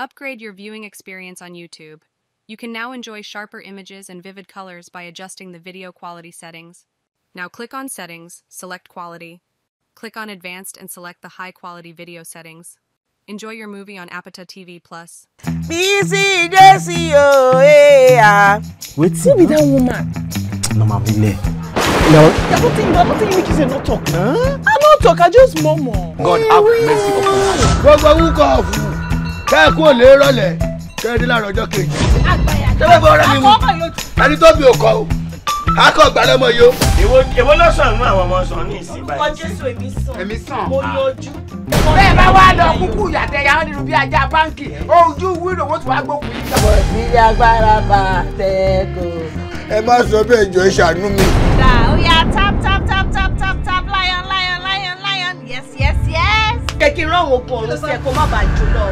Upgrade your viewing experience on YouTube. You can now enjoy sharper images and vivid colors by adjusting the video quality settings. Now click on Settings, select Quality. Click on Advanced and select the High Quality Video settings. Enjoy your movie on Apata TV Plus. Busy oh, Wait, see me that woman. No, ma vile. No. Nothing, nothing make you say no talk, nah. I not talk, I just murmur. God eh, have mercy upon us. God, God, God. kẹ́ kú ò rọlẹ̀ kẹ́ dín láàárọ̀ ọjọ́ kejì. tẹ́lẹ̀ bọ́ ọ̀rẹ́ mi wù ẹni tó bí òkọ o akọ gbàdọ̀ mọ yó. èwo ló sàn mú àwọn ọmọ sàn ní ìsìn báyìí. ọkọ jésù èmi sàn èmi sàn mo yọjú. bẹ́ẹ̀ bá wá lọ kúkú yàtẹ̀yà wọn nínú bí ajá báńkì ojú wúlò wọ́n ti wá gbókùn yìí. mo ti agbára bá tẹ́ ẹ má sọ bẹ́ẹ̀ jọ ìṣàánú mi. ó yá tap tap tap tap tap tap lion lion lion lion yes yes yes kẹ̀kí rán òun kan ọ̀run sí ẹ kó má bàa jù lọ.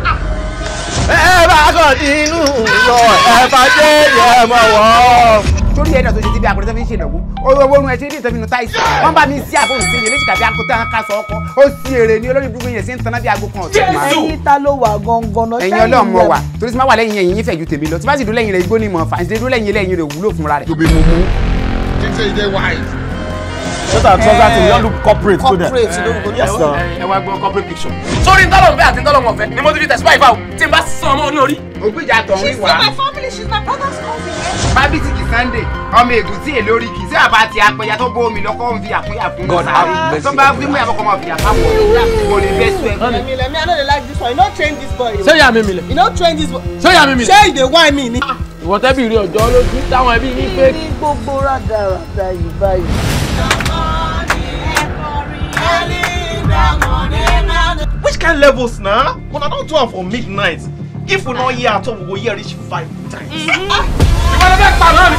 ẹ bá kàn nínú lọ ẹ bá dé yẹ mọ wọ. torí ẹ̀dá tó ṣe ti bí àpẹẹrẹ tó fi ń ṣe ìnáwó owó orun ẹtí ní ìtọ́bínú táìsì wọ́n bá mi sí àbòrò sí ìyẹn léjìká bí akótó akásọ ọkọ ó sì èrè ní olórí burúkú yẹn sí ń taná bí aago kan ọ̀sẹ̀ máa. ẹyin ta ló wà gangan náà. ẹyin ọlọ́run mọ wà torí tí máa wà lẹ́yìn ẹ̀yìn yín fẹ̀ ju tèmi lọ tí bá sì dúró lẹ́yìn rẹ̀ igbó ni mọ̀ fà ń ṣe dúró lẹ́yìn lẹ́yìn rẹ̀ wúlò fúnra rẹ̀. tóbi mo mú títí ìdẹ́wà yìí ṣọ́tà tọ́sà tí wọ́n lu corporate tó dẹ̀. corporate eh, picture. sórí ntọ́lọ̀ nbẹ àti ntọ́lọ̀ mọ̀fẹ́ ni she's my family she's my brother's cousin. bábítì kì Sunday like this boy. You no train this boy. Ṣé ìyá mi mi lẹ̀? You no this boy. Ṣé ìyá mi mi lẹ̀? Ṣé ìdè wá mi ni? Ìwọ́n tẹ́bí rí ọjọ́ lójú táwọn ẹbí ní fake. Ní gbogbo rádaràda yìí báyìí. Which kind of levels now? Nah? Well, I don't do it for midnight. If we're not here at all, we go here reach five times. Ìwọ́n fẹ́ pa náà ni.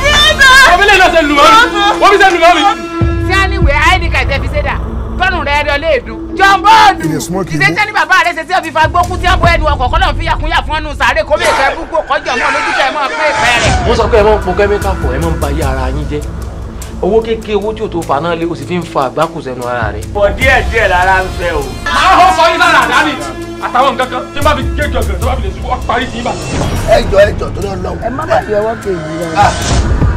Omi lè lọ ṣe lùmọ́ mi. Omi ṣe lùmọ́ mi. Ṣé a ní ìwé ID kàìtẹ́ fi ṣẹ́dà? Tọ́nù rẹ̀ ẹ̀rọ lè dùn. John Bond! Ìṣe tí ẹni bàbá rẹ̀ ṣe tí ó fi fa gbókú tí ó bọ ẹnu ọkọ̀ kọ́lọ̀ fi yàkúnyà fún ẹnu sàárè kó lè fẹ́ gbogbo kọjọ́ mọ́ lójúkẹ́ mọ́ pé ìpẹ́ rẹ̀. Mo sọ pé ẹ máa ń po kẹ́míkà pọ̀, ẹ máa ń ba iye ara yín jẹ́ owó kékeré owó tí o tó fa náà lé o sì fi ń fa àgbákù sẹ́nu ara rẹ̀. bọ̀ díẹ̀ díẹ̀ lára ń fẹ́ o. màá hó sọ yín lára àdáni àtàwọn nǹkan kan tí bá fi gé jọ̀gàn tó bá fi lè sùn kó parí sí ibà. ẹ jọ ẹ jọ tó lọ lọ. ẹ má bàa fi ọwọ́ kejì rẹ.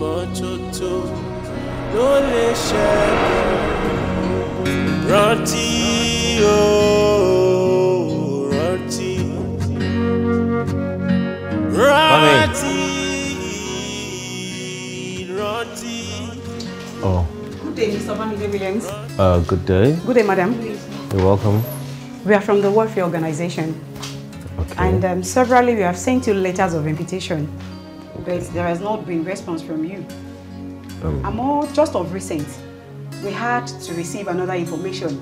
Oh. Good day, Mr. Bamide Uh, good day. Good day, madam. You're welcome. We are from the Welfare Organization. Okay. And um, severally we have sent you letters of invitation. but there has not been response from you. Um. Àmọ́ just of recent, we had to receive another information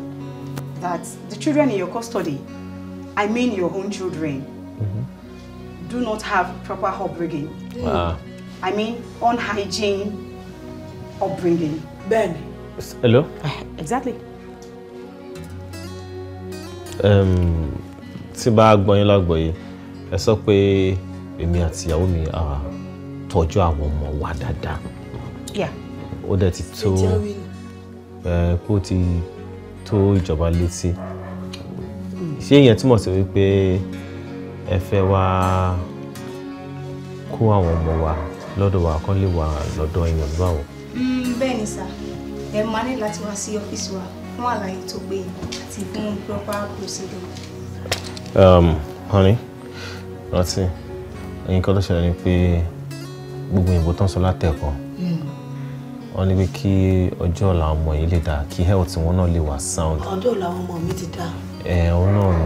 that the children in your custody, I mean your own children, mm -hmm. do not have proper upbringing. Ah. I mean unhygiene upbringing. Ben. Hello? Exactly. Um, Tiba bá gbọ́n yín lágbọ̀ọ́ yìí ẹ sọ pé èmi àti mi àà ah, tọ́jú àwọn ọmọ wa dáadáa. ó dẹ̀ ti tó kó ti tó ìjọba létí. ṣé ìyẹn túmọ̀ sí wípé ẹ fẹ́ wá kó àwọn ọmọ wa lọ́dọ̀ wa kán lè wà lọ́dọ̀ èèyàn báwo. Mm, bẹ́ẹ̀ ni sà ẹ máa ní láti wá sí ọ́fíìsì wa fún àlàyé tó péye àti fún proper procedure. Um, honey, rántí, ẹ̀yin kọ́ ló ṣẹlẹ̀ ni pé gbogbo òyìnbó tán sọ látẹ̀kọ́ wọ́n ní pé kí ọjọ́ ọ̀la ọmọ yìí lè dáa kí health wọn náà lè wà sound. ọjọ́ ọ̀la ọmọ mi ti dáa. ẹ òun náà ni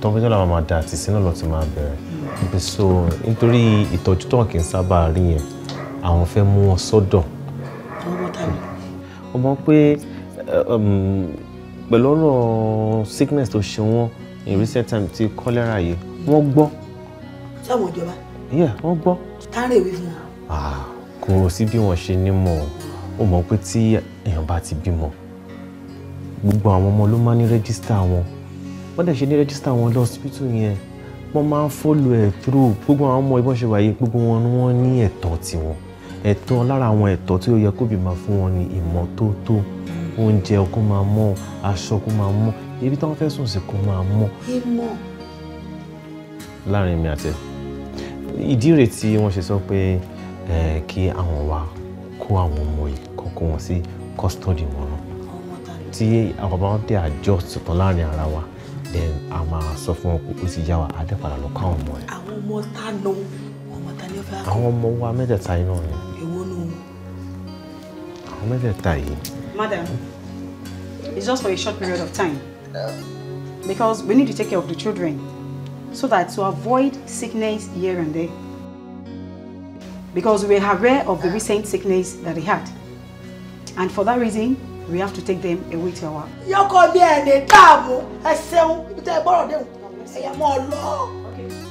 tọ́pẹ́jọ́ làwọn máa da àtìsí náà lọ ti máa bẹ̀rẹ̀ ibi mm. so nítorí ìtọ́jú tó kì í sábà rí yẹn àwọn fẹ́ mú wọn sọ́dọ̀. ọmọ tàbí. ọmọ pé um, pẹ̀lú ọ̀rọ̀ sickness tó ṣe wọ́n in recent time ti cholera yìí wọ́n gbọ́. sáwọn ìjọba. yẹ wọ́n gbọ́. tá a Ah, kò sí bí wọ́n ṣe ní mọ̀ ó mọ̀ pé tí èèyàn bá ti bímọ gbogbo àwọn ọmọ ló máa ní rẹ́gísítà wọn wọ́n dẹ̀ ṣe ní rẹ́gísítà wọn lọ síbítù yẹn wọ́n máa ń fọ́lù ẹ̀ through gbogbo àwọn ọmọ ìbọn ṣe wáyé gbogbo wọn ni wọ́n ní ẹ̀tọ́ tiwọn ẹ̀tọ́ lára àwọn ẹ̀tọ́ tí ó yẹ kóbi máa fún wọn ní ìmọ́tótó oúnjẹ kó máa mọ́ aṣọ kó máa mọ́ ibi tí wọ́n fẹ́ sùn sí kó máa mọ́. láàrin mi àtẹ ìdí rẹ̀ tí ṣe sọ pé kí àwọn wa kó àwọn ọmọ yìí kọ́kọ́ wọn sí custody wọn náà tí àwọn bá wọn tẹ adjust tán láàrin ara wa then a máa sọ fún wọn pé ó yá wa á lọ kó àwọn ọmọ yẹn. àwọn ọmọ tá a nọ ọmọ tá a ní fẹ́. àwọn ọmọ wa mẹ́tẹ̀ẹ̀ta yìí náà ni. èwo nu. àwọn mẹ́tẹ̀ẹ̀ta yìí. madam it's just for a short period of time because we need to take care of the children so that to avoid sickness here and there because we are aware of the recent sickness that he had. And for that reason, we have to take them away to our. Yọkọ bí ẹni káàmù ẹsẹ̀hún ibi tẹ́ ẹ gbọ́dọ̀ dẹ̀hùn ẹ̀yà mọ́ ọ lọ.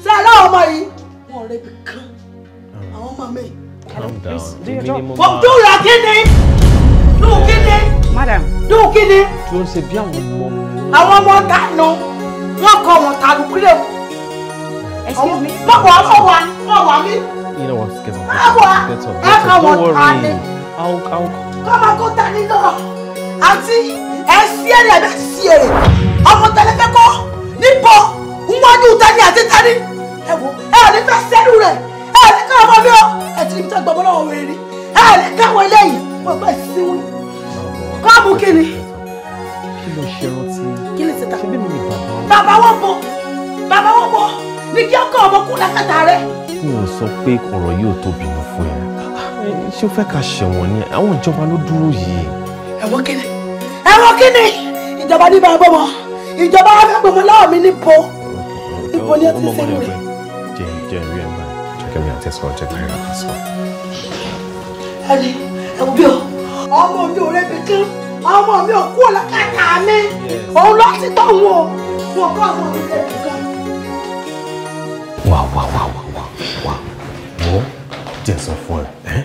Ṣé ẹ láwọn ọmọ yìí? Wọ́n rẹ̀ bí kan àwọn ọmọ mi. Calm down. Do your job. Do dùn ra kíni? Dùn kíni? Madam. Dùn kidney. You don't say. ṣe bí àwọn ọmọ. Àwọn ọmọ dànù, wọ́n kọ wọn tàlùkúlẹ̀. Excuse me. Bọ́kọ̀ ọmọ wa, ọmọ wa mi. You know what? Get up. Get up. Get up. Don't worry. I'll, I'll. Come and go down in love. Àǹtí, ẹ sí èrè àbẹ́ ti sí èrè. Ọmọ tẹ́lẹ̀ fẹ́ kọ́ níbo níwájú tani àti tani. Ẹ wo ẹ ò ní fẹ́ sẹ́nu rẹ̀. Ẹ ò ní ká ọmọ mi o. Ẹ ti níbi tó gbọ́ bọ́lá òwe rí. Ẹ ò ní káwọn eléyìí. Mo bá síwí. Kọ́ọ̀bù kí come on. ló ṣe rántí? Kí ni ti ta? Ṣé bí mi ni bàbá? Bàbá wọ́n bọ̀. Bàbá wọ́n bọ̀. Ní kí ọkọ̀ ọmọkùnrin lákàtà rẹ̀ mò ń sọ pé ọ̀rọ̀ yóò tóbi nù fún ẹ ṣé o fẹ́ ká ṣẹ̀wọ̀n ni àwọn ìjọba ló dúró yìí. ẹ̀wọ̀n kíni ẹ̀wọ̀n kíni ìjọba ní bàbá bọ̀ ìjọba wa fẹ́ gbọmọ láwọn mi níbo níbo ni ó ti sẹ́nu rẹ̀. jẹ jẹ rí ẹ báyìí jọkẹ́ mi àti ẹ̀sọ́ jẹ káyọ̀ àti ẹ̀sọ́. ẹni ẹ̀wù bí o ọmọ mi ò rẹbi kán ọmọ mi ò kú ọ̀làkàtà mi òun lọ sí tọ̀hún o wọn kọ́ ọmọ mi rẹbi kán. wà wà wà wá mo, jẹ́ sọ fún ẹ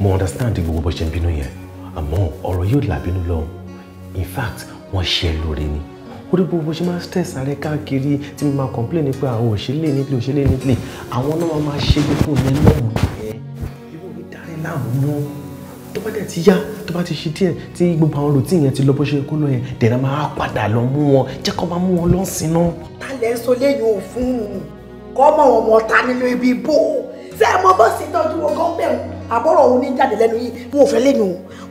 mo understand gbogbo bó ṣe ń bínú yẹn àmọ́ ọ̀rọ̀ yóò là bínú lọ in fact wọ́n ṣe lóore ni orí gbogbo ṣe máa ń stress ààrẹ káàkiri tí mo máa complain nípa àwọn òṣèlè nílé òṣèlè nílé àwọn náà máa ṣe gbogbo yẹn lọ́wọ́ yẹn ìwọ ní dárí láàmú mọ́ tó bá dẹ̀ ti yá tó bá ti ṣe díẹ̀ tí gbogbo àwọn routine yẹn ti lọ bó ṣe kó lọ yẹn dẹ̀rẹ̀ máa padà lọ mú wọn jẹ́ máa mú wọn lọ́sìn náà. ta lẹ sọ lẹ́yìn òfun kọ́ wọn wọn ta nínú ibi bò ṣé ẹ mọ bó sì tọ́jú wọn gan bẹ̀rù àbọ̀rọ̀ òun ní jáde lẹ́nu yìí wọn ò fẹ́ lẹ́nu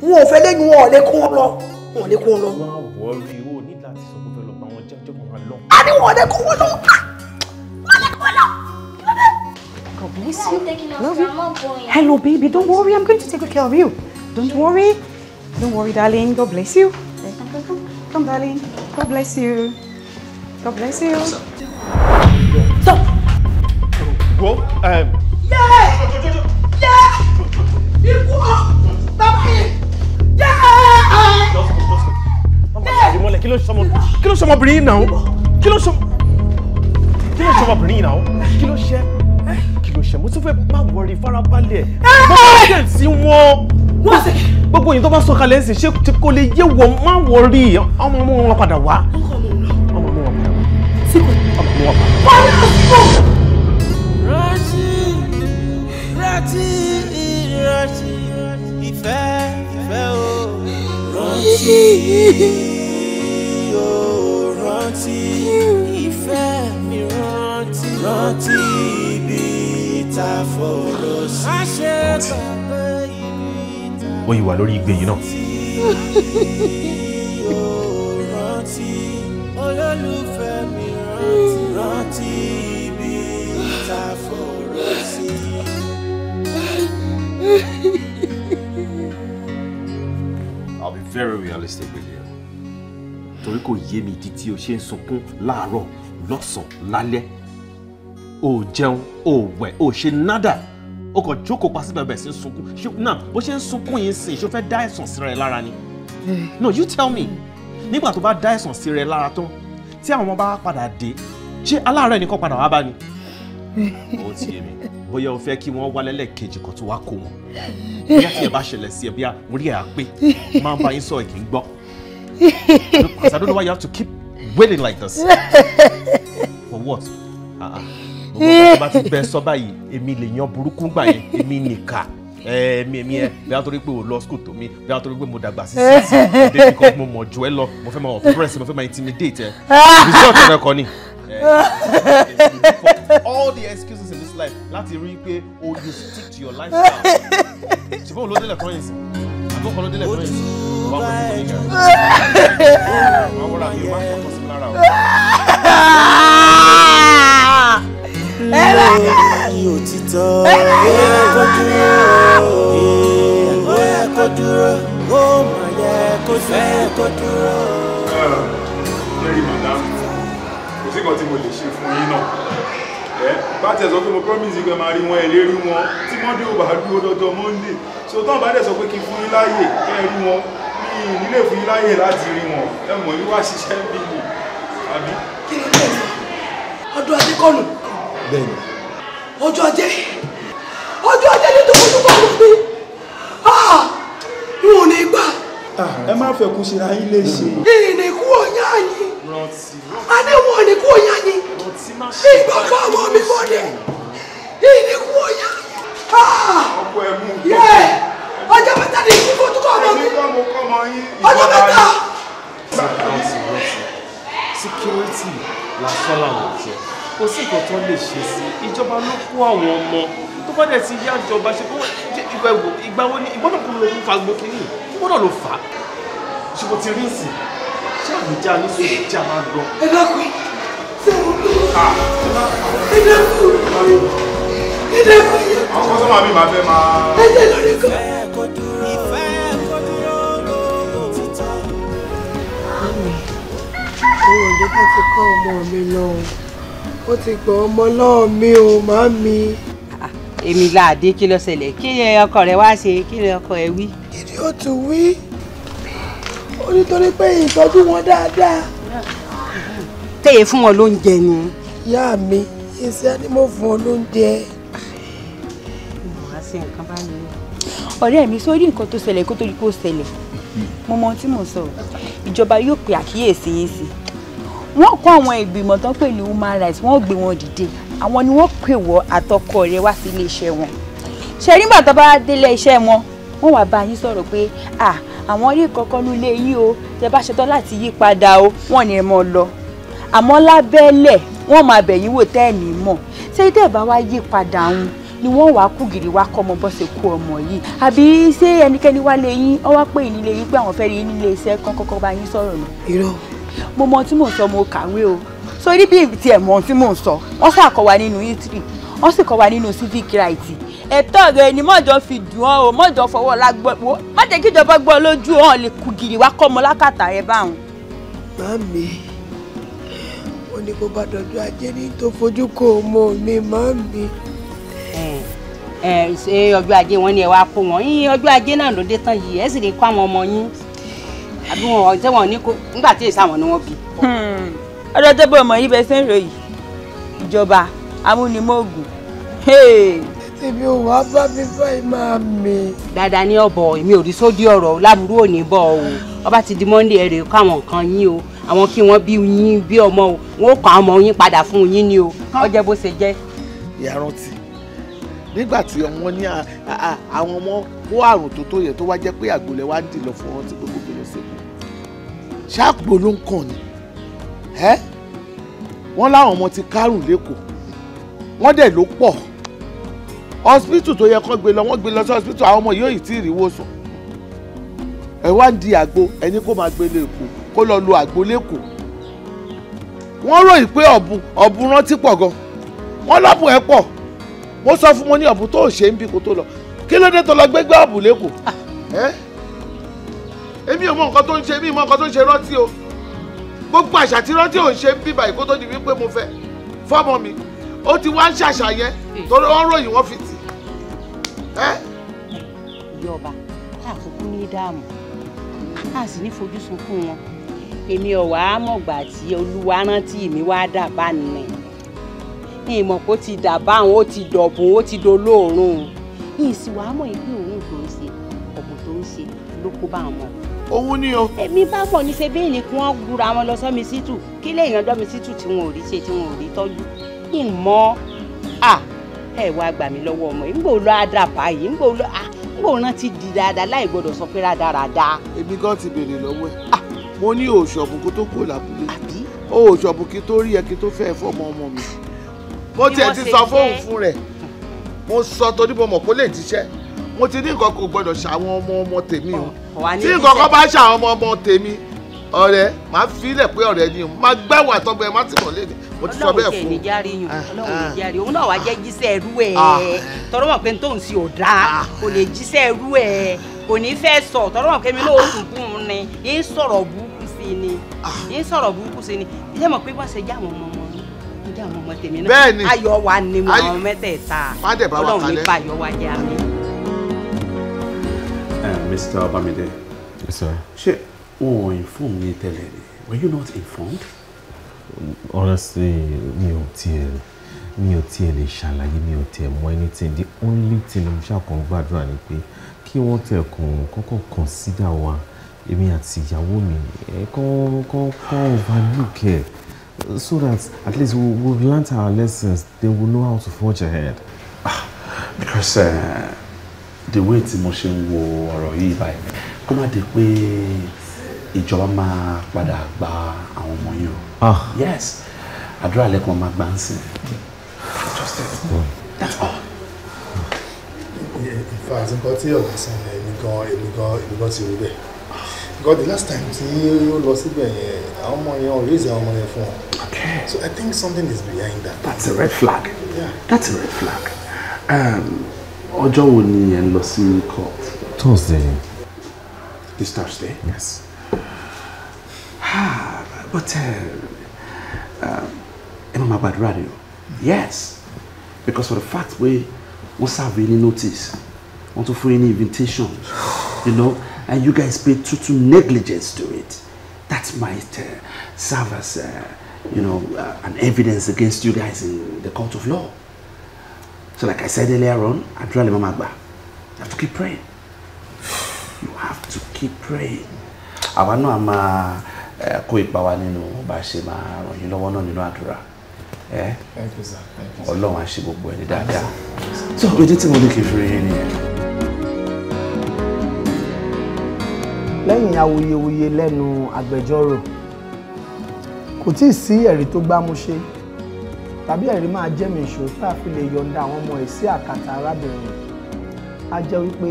wọn ò fẹ́ lẹ́nu wọn ò lè kún wọn lọ wọn ò lè kún wọn lọ. a ní wọn ò lè kún wọn lọ ah! wọn lè kún wọn lọ. God bless you. Love you. Hello, baby. Don't worry. I'm going to take good care of you. Don't worry. Don't worry, darling. God bless you. Come, darling. God bless you. God bless you. Stop. Yeah! Yeah! yẹ́ẹ̀ yẹ́ẹ̀ ikú Yeah! bàbá yìí yẹ́ẹ̀. kí ló sọmọ kí ló sọmọbìnrin yìí náà kí ló sọmọ kí ló sọmọbìnrin yìí náà kí ló ṣe kí ló ṣe mo tún fẹ́ má wọrí farabalẹ̀ mo máa jẹ́ sí wọn gbogbo yìí tó bá sọ̀kalẹ̀ ẹ̀sìn ṣé kò lè yé wọ má wọrí ọmọ ọmọ wọn padà wá ọmọ ọmọ wọn padà wá ọmọ ọmọ wọn padà wá rántí ìrántí ìfẹ́ ìfẹ́ o rántí o rántí ìfẹ́ mi rántí rántí ibi tá a sí rántí. ó lórí igbe yìí náà. olólùfẹ́ mi rántí rántí ibi tá a sí. I'll be very realistic with you. Torí ko yé mi ìdí tí o ṣe ń sunkún láàárọ̀ lọ́sàn-án lálẹ́. O jẹun, o wẹ̀, o ṣe nádà. O kàn jókòó pa síbẹ̀ bẹ̀ sí sunkún. Ṣé náà bó ṣe ń sunkún yìí sìn ṣé o fẹ́ dá ẹ̀sàn síra ẹ ni? No, you tell me. Nígbà tó bá dá ẹ̀sàn síra ẹ lára tán, tí àwọn ọmọ bá padà dé, ṣé aláàárẹ̀ nìkan padà ni? ó ti yé mi bóyá o fẹ́ kí wọ́n wá lẹ́lẹ́kejì kan tó wá kó wọn bóyá tí bá ṣẹlẹ̀ sí ẹ bóyá mo rí ẹ àpé máa bá yín sọ ẹ kì í because I don't know why you have to keep wailing like this for what owó bá ti bẹ sọ báyìí èmi lè yan burúkú gbà yẹn èmi nìka èmi èmi ẹ bí a torí pé o lọ school tó mi bí a torí pé mo dàgbà sí sísì ọdẹ nìkan mo mọ̀ jù ẹ lọ mo fẹ́ máa oppress mo fẹ́ máa intimidate ẹ result ẹ kọ ni all the excuses in this life láti rí pé o oh, you stick to your lifestyle ṣùgbọ́n òun ló délẹ̀ fún yìí àgbọ̀kọ̀ ló délẹ̀ fún yìí wà á wọlé fún yìí wà á wọlé àmì ìwà àkọ́kọ́ sí lára o. Ẹ̀rọ òtítọ́ yóò kó dúró, ó yẹ kó dúró, ó mà yẹ kó fẹ́ kó dúró. Jẹ́rìí ah, màdá, kò sí kan tí mo lè ṣe fún yín náà ẹ bá tẹ̀ sọ pé mo promise pé máa rí wọn ẹ̀ lè wọn tí monday ò bá dúró dọ́jọ́ monday so tán bá dẹ̀ sọ pé kí fún yín láàyè kẹ́ ẹ rí wọn ní ìnílé fún yín láàyè láti rí wọn ẹ mọ̀ yín wá ṣiṣẹ́ bí mi àbí. kí ló dé ọdún ajé kọlù. bẹ́ẹ̀ni. ọjọ́ ajé ọjọ́ ajé ni tòun tó bá wù mí. Ah, ẹ má fẹ́ kú síra yín lè ṣe. ìrìnì kú ọ̀yá adéwọ̀n ni kú ọ̀yá yín ọmọ mi mọ̀ ni ìrìnì kú ọ̀yá ah! ọjọ́ mẹ́ta ni ikú kò tún ọmọ mi ọjọ́ mẹ́ta. security lásán làwọn jẹ kò sí nǹkan tó lè ṣe sí ìjọba ló kó àwọn ọmọ tó bá dẹ̀ ti yá ìjọba ṣe kó ìgbà wo ni ìgbọ́dọ̀ kó lóun fa gbókè nìyí ìwọ náà ló fà á ṣùgbọ́n ti rí nsìn ṣé àbújá ní sòrò tí a máa ń lọ. ẹ dákun ṣé mo lò ó ẹ dákun ẹ dákun. àwọn kọ́sọ́mà mi máa fẹ́ máa. ẹ jẹ́ lórí kan. àwọn òjòjò ti kọ́ ọmọ mi lọ ó ti gbọ́ ọmọ náà mi ò má mi èmi láàdé kí ló ṣẹlẹ̀ kí ni ọkọ rẹ wá ṣe kí ni ọkọ ẹ wí. ìdí ó ti wí ó nítorí pé ìtọ́jú wọn dáadáa. téye fún wọn lóúnjẹ ni. ìyá mi iṣẹ́ ni mo fún ọ lóúnjẹ. wàá ṣe nǹkan bá mi. ọ̀rẹ́ mi sórí nǹkan tó ṣẹlẹ̀ kó tó di kó ṣẹlẹ̀ mo mọ ohun tí mò ń sọ ìjọba yóò pe àkíyèsí yín sí wọ́n kó àwọn ìgbìmọ̀ tán pẹ̀lú human rights wọ́n gbé wọn dìde àwọn ni wọ́n pè wọ́ àtọkọ rẹ wá sí iléeṣẹ́ wọn ṣe nígbà tó bá délé iṣẹ́ wọn wọ́n wàá bá yín sọ̀rọ̀ pé à àwọn rí kankan nílé yín o tẹ bá ṣetán láti yí padà o wọ́n ní mọ́ lọ àmọ́ lábẹ́lẹ̀ wọ́n máa bẹ̀yìn wò tẹ́ẹ̀mí mọ̀ ṣé tẹ́ ẹ̀ bá wá yí padà ń ni wọ́n wàá kú gìrì wá kọ́ ọmọ bọ́ ṣe kú ọmọ yìí àbí ṣé ẹnikẹ́ni wá lé yín ọ wá pé ìnílé yín pé àwọn fẹ́ rí yín nílé iṣẹ́ kọ́kọ́kọ́ bá yín sọ̀rọ̀ nù. irọ́ mo mọ tí mò ń sọ mo kàwé o sorí e e oh, eh, eh, ní bí ti ẹ̀ mọ̀ tí mò ń sọ wọ́n ṣàkọ́ nínú history wọ́n sì kọ́ nínú civic rights ẹ̀tọ́ rẹ ni mọ́jọ fi dùn ọ́ o mọ́jọ fọwọ́ lágbọ́ wo má jẹ́ kí ìjọba gbọ́ lójú ọ̀hún lè kú gìrì wá kọ́ ọmọ lákàtà rẹ báwọn. màmí wọn ní kó bá dọdún ajé ní tó fojú kó ọmọ mi màmí. ẹ ṣe ajé wọn ni ẹ wá kó wọn yín ajé náà ló dé tán yìí ẹ sì lè kó àwọn ọmọ yín àbí wọn nígbà tí èsì àwọn ni bí. Hmm. ọdọ tó bọ̀ mọ̀ ibẹ̀ ṣe ń ròyìn ìjọba amúnimóògùn. èmi ò wá bá mi báyìí máa mi. dáadáa ní ọ̀bọ̀ èmi ò rí sódì ọ̀rọ̀ láburú òní bọ̀ o ọba ti di monday ẹ̀rẹ̀ kọ́ àwọn nǹkan yín o àwọn kí wọ́n bí yín bí ọmọ o wọn ó kọ́ àwọn ọmọ yín padà fún yín ni o ọjẹ́ bó ṣe jẹ́. ìyàrá ti nígbà tí ọmọ ní àwọn ọmọ kó àrùn tó tó yẹ tó wá jẹ́ pé àgbòlẹ̀ wá ń dì lọ fún ọtí gbogbo gbòòrò sí i ló ń kàn ní ẹ́ wọ́n láwọn ọmọ ti kárùn lẹ́kọ̀ọ́ wọ́n dẹ̀ ló pọ̀ hospital tó yẹ kán gbé lọ wọ́n gbé lọ sí hospital àwọn ọmọ yóò yìí tí ì ríwó sùn ẹ wá ń di àgbo ẹni kó máa gbé lẹ́kọ̀ọ́ kó lọ lo àgbo lẹ́kọ̀ọ́ wọ́n ròyìn pé ọ̀bùn ọ̀bùn rántí pọ̀ gan wọ́n lọ́bùn ẹ̀ pọ̀ mo sọ fún mo ní ọ̀bùn tó ṣe ń bí kó tó lọ kí ló dé tó lọ gbégbé ọ̀bùn lẹ́kọ̀ọ́ ah. èmi ò mọ nǹkan tó ń ṣe èmi ò mọ nǹkan tó ń ṣe rántí o gbogbo àṣà tí rántí ò ń ṣe ń bíbà yìí kó tó di wípé mo fẹ́ fọ́mọ mi ó ti wá ń ṣàṣà yẹn torí wọ́n ròyìn wọ́n fi tì. ìjọba àkókò ní dààmú a sì ní fojú sunkún wọn èmi ọ̀wá mọ̀gbà tí olúwa rántí mi wá dà bá nìyẹn ìmọ̀ kó ti dà bá àwọn ó ti dọ̀bùn ó ti dolóòórùn ìsìwámọ̀ ìpín òun tó ń ṣe ọ̀bùn tó ń ṣe ló kó bá àwọn ọmọ òun ni o. èmi bá pọ̀ ní ṣe bẹ́ẹ̀lì kí wọ́n gbura wọn lọ sọ́mi sítù kí lèèyàn dọ́mi sítù tí wọn ò rí ṣe tí wọn ò rí tọ́jú ìmọ̀ à ẹ wá gbà mí lọ́wọ́ ọmọ yìí ń gbò lọ àdàpà yìí ń gbò lọ à ń gbò rán ti di dáadáa láì gbọdọ̀ sọ pé rádaràda. èmi gan ti béèrè lọ́wọ́ ẹ̀ mo ní òṣùọ̀bù kó tó kó làbúlé òṣùọ̀bù kí tó rí ẹ kí tó fẹ́ fọmọ ọmọ mo ti ní nǹkan kò gbọdọ̀ ṣàwọn ọmọ ọmọ tèmi o tí nǹkan kan bá ṣàwọn ọmọ ọmọ tèmi ọ̀rẹ́ máa fi ilẹ̀ pé ọ̀rẹ́ ni o máa gbáwò àtọ́gbọ́ ẹ má ti mọ̀ léde mo ti sọ bẹ́ẹ̀ fún un. ọlọ́run kẹ̀lé járe yùn ah, ọlọ́run lè ah. járe òun náà wàá jẹ́ jíṣẹ́ ẹrú ẹ̀ ah. tọ́rọ́ mọ̀ pé n tóun sí ọ̀dà kò lè jíṣẹ́ ẹrú ẹ̀ kò ní fẹ́ sọ tọ́rọ́ mọ̀ pé mi náà ó dùn fún un ni yín sọ̀rọ̀ burúkú sí ni yín sọ̀rọ̀ burúkú sí ni ilé mọ̀ pé wọ́n ṣe já àwọn ọmọ ọmọ ní já àwọn ọmọ tèmi náà ayọ̀ wa ni mo àwọn mẹ́tẹ̀ẹ̀ta ọlọ́run ní bá ayọ̀ wa jẹ́ àmì. Mr. Bamide. Yes, sir. She, oh, ò inform mi tẹ́lẹ̀ ni? Were you not informed? Honestly, me ò me mi ò tiẹ̀ lè ṣàlàyé mi anything. The only thing mo ṣàkàn gbàdúrà ni pé kí wọ́n tẹ̀ kàn kọ́kọ́ consider wa èmi àti ìyàwó mi ẹ̀ kọ́ kọ́ overlook ẹ̀ so that at least we we'll, learn our lessons then we know how to forge ahead. Ah, because. Uh, the way tí mo ṣe ń wo ọ̀rọ̀ yìí báyìí kó má di pé ìjọba máa padà gba àwọn ọmọ yìí o. Ah. yes àdúrà lẹ́kọ̀ọ́ máa gbà ń sìn. just it that's all. in fact nǹkan tí ọ̀gá sọ ni èmi gan èmi gan èmi gan ti rí bẹ́ẹ̀ because the last time tí ó lọ síbẹ̀ yẹn àwọn ọmọ yẹn raise àwọn ọmọ yẹn fún wọn. okay so i think something is behind that. that's a red flag. yeah that's a red flag. Um, ọjọ́ wo ni ẹ ń lọ sí court. thursday. this thursday. yes. ah but uh, uh, ẹ má bad radio yes because for the fact we, wọ́n have any notice want to fún any invitation you know and you guys pay total negligence to it that might uh, serve as uh, you know uh, an evidence against you guys in the court of law. So like I said earlier on, Adura Mama Agba, you have to keep praying. You have to keep praying. Àwa náà máa kó ipa wa nínú bá a ṣe máa ràn yín lọ́wọ́ náà nínú àdúrà. Ọlọ́run á ṣe gbogbo ẹni dáadáa. So ojú tí mo ní kì í fi rí nìyẹn. Lẹ́yìn awuyewuye lẹ́nu agbẹjọ́rò, kò tí ì sí ẹ̀rí tó gbámúṣé tàbí ẹ̀rí máa jẹ́ mi ìṣó tá a fi lè yọ̀ǹda àwọn ọmọ ẹ̀ sí àkàtà arábìnrin a jẹ́ wípé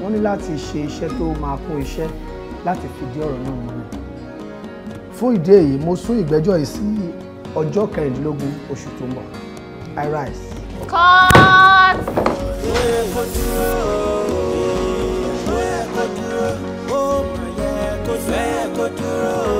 wọ́n ní láti ṣe iṣẹ́ tó máa kún iṣẹ́ láti fìdí ọ̀rọ̀ náà múlẹ̀ fún ìdí èyí mo sún ìgbẹ́jọ́ yìí sí ọjọ́ kẹrìndínlógún oṣù tó ń bọ̀ i rise. cut. ó yẹ kó dúró ó kó dúró.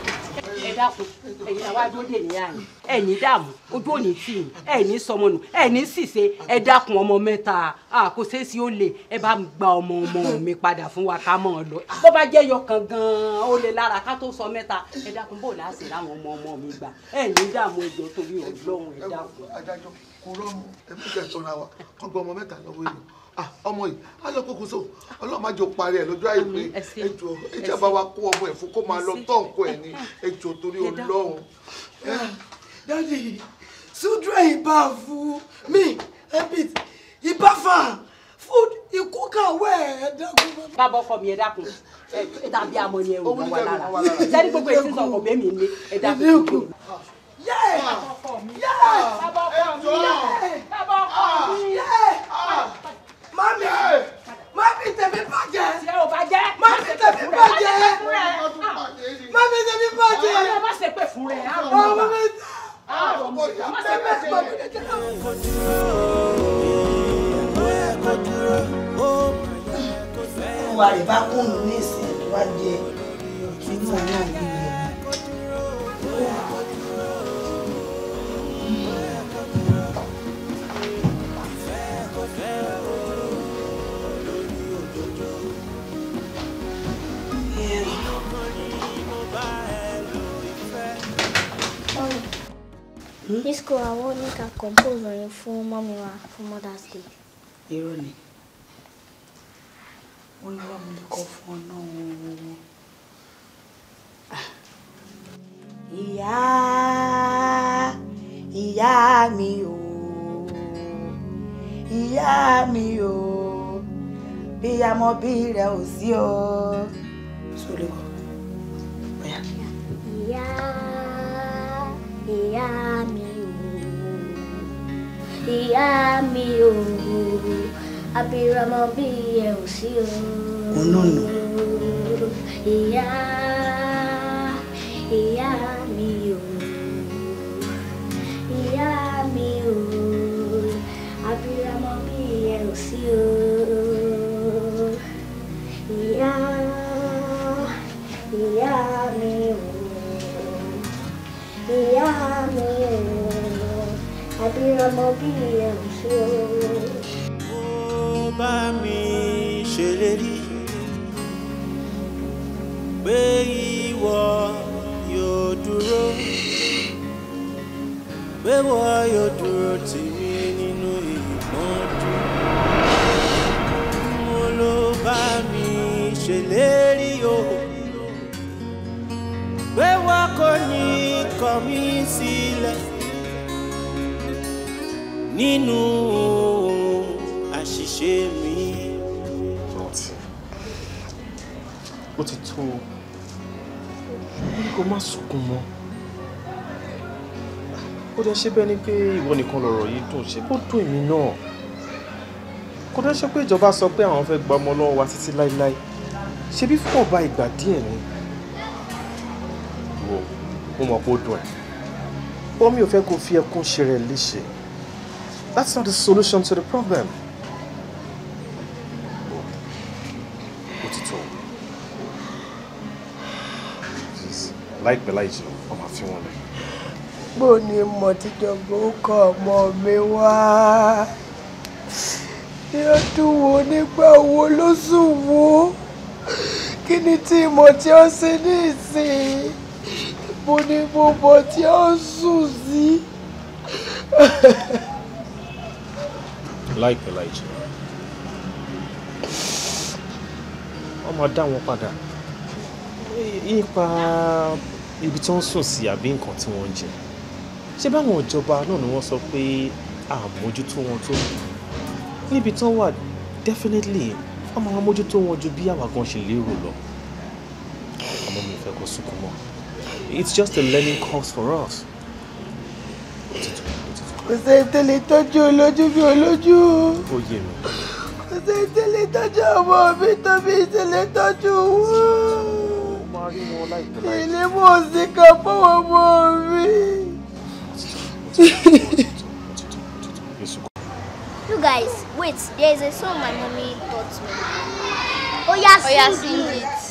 dákun ẹ̀yin àwa dúró dè ní àyè ẹ̀yin dààmú ojú òní tì yín ẹ̀yin sọmọ nù ẹ̀yin ṣìṣe ẹ dákun ọmọ mẹ́ta kò ṣeé ó lè ẹ bá gba ọmọ ọmọ mi padà fún wa ká mọ̀ ọ́ lọ bó bá jẹ́ yọkàn gan-an ó lè lára ká tó sọ mẹ́ta ẹ dákun bò láṣẹ láwọn ọmọ ọmọ mi gbà ẹ̀yin dààmú ẹjọ́ torí ọlọ́run ẹ dákun. adájọ́ kò rọrùn ẹ Ah, ọmọ yìí á lọ kókó so ọlọ́run má jò parí ẹ̀ lọ́jọ́ àìpé ẹjọ ẹjọ bá wa kó ọmọ ẹ̀ fún kó máa lọ tọ́ nǹkan ẹ̀ ní ẹjọ torí ọlọ́run. dadi sudra ibà fún mi ebit ibà fà food ikú kàwé ẹ dákun. bàbá ọkọ mi ẹ dákun amọ ni ẹ wò wá lára sẹ́ni gbogbo ẹ̀ sísọ ọkọ̀ bẹ́ẹ̀ mi ní ẹ dákun yẹ bàbá ọkọ mi yẹ bàbá ọkọ mi yẹ bàbá ọkọ mi ah! ah! yẹ mami mami tèmi bàjẹ́ ah, mami tèmi bàjẹ́ mami tèmi bàjẹ́ ọmọ mi tèmi bàjẹ́. Olúwa rẹ̀ bá kún un ní ìsìn ìwádìí ẹ̀ nínú ọ̀nà ìgbìmọ̀. Hmm? ní school àwọn oníkà compose orin fún mọ́mi wa fún mother's day. irọ́ ni wọ́n yọ àmì kọ́ fún ọ náà wọ́n. ìyá ìyá mi o ìyá mi o bí amọ bí rẹ ò sí o. sólè kọ. ìyá ìyá mi o ìyá mi o abiyamọ bí ẹ ò sí o ìyá ìyá mi o ìyá mi o abiyamọ bí ẹ ò sí o ìyá ìyá mi o. Ìyá mi ròyìn abiyamọ bí ẹ̀ṣẹ̀ o. Ó bá mi ṣèlérí pé ìwọ yóò dúró pé ìwọ yóò dúró pé wọn kò ní kọ̀ mí sílẹ̀ nínú àṣìṣe mi. ó ti tó o ní kó má sunkún mọ́ ó dẹ́ ṣe bẹ́ẹ̀ ni pé ìwọ nìkan lọ̀rọ̀ yìí dùn ṣe bó dùn èmi náà kò dẹ́ ṣe pé ìjọba sọ pé àwọn fẹ́ gba ọmọ lọ́wọ́ wa títí láéláé ṣebí fún ọba ìgbà díẹ̀ ni mo mọ̀ pé dùn ẹ̀. omi ò fẹ́ kó fi ẹkún ṣe rẹ̀ léṣe that's not the solution to the problem. òtítọ́ láìpẹ́ láì jìnnà ọmọ àfi wọn lẹ. bó ni mo ti jọgbó kọ ọmọ mi wá ní ọdún wo nígbà wo ló sùn wo kí ni tí mo ti ọ sí ní mo ní gbogbo tí ó sùn sí. láìpẹ́ láì jẹ́ wọ́n máa dá wọn padà nípa ibi tí wọ́n sùn sí àbí nǹkan tí wọ́n ń jẹ ṣé báwọn ìjọba náà ni wọ́n sọ pé àmójútó wọn tó níbi tí wọ́n wà definitely wọ́n máa mójútó wọn ju bí àwa gan ṣe lérò lọ àmọ́ mi ò fẹ́ kó sunkún it's just a learning course for us. you guys wait there is a song my mommy taught me. yeah, sing it.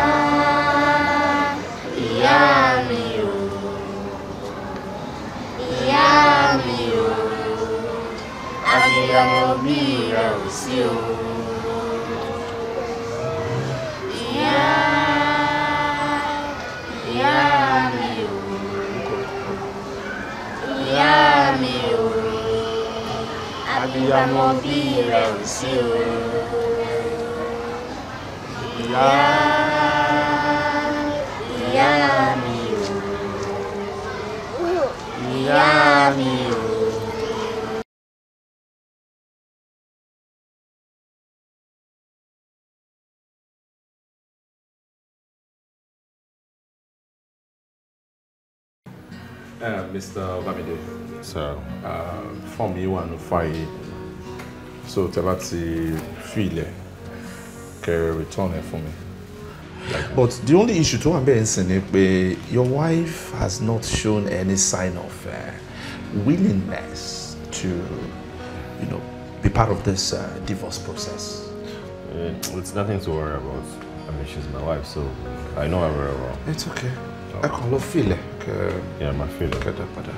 de amor me auxiliou. Abbiamo silenzio. Yamio. Yamio. Uh, Mr. Bamide. Sir. Uh, me, yìí want to fàyè. So tẹ bá the fi eh? Can you return ẹ̀ fún mi. But the only issue tó be bẹ́ẹ̀ ń sìn your wife has not shown any sign of uh, willingness to you know, be part of this uh, divorce process. Uh, it's nothing to worry about. I mean, she's my wife, so I know her very well. It's okay. ẹ kàn lọ fìlẹ̀ kẹ yeah ma fìlẹ̀ kẹdẹ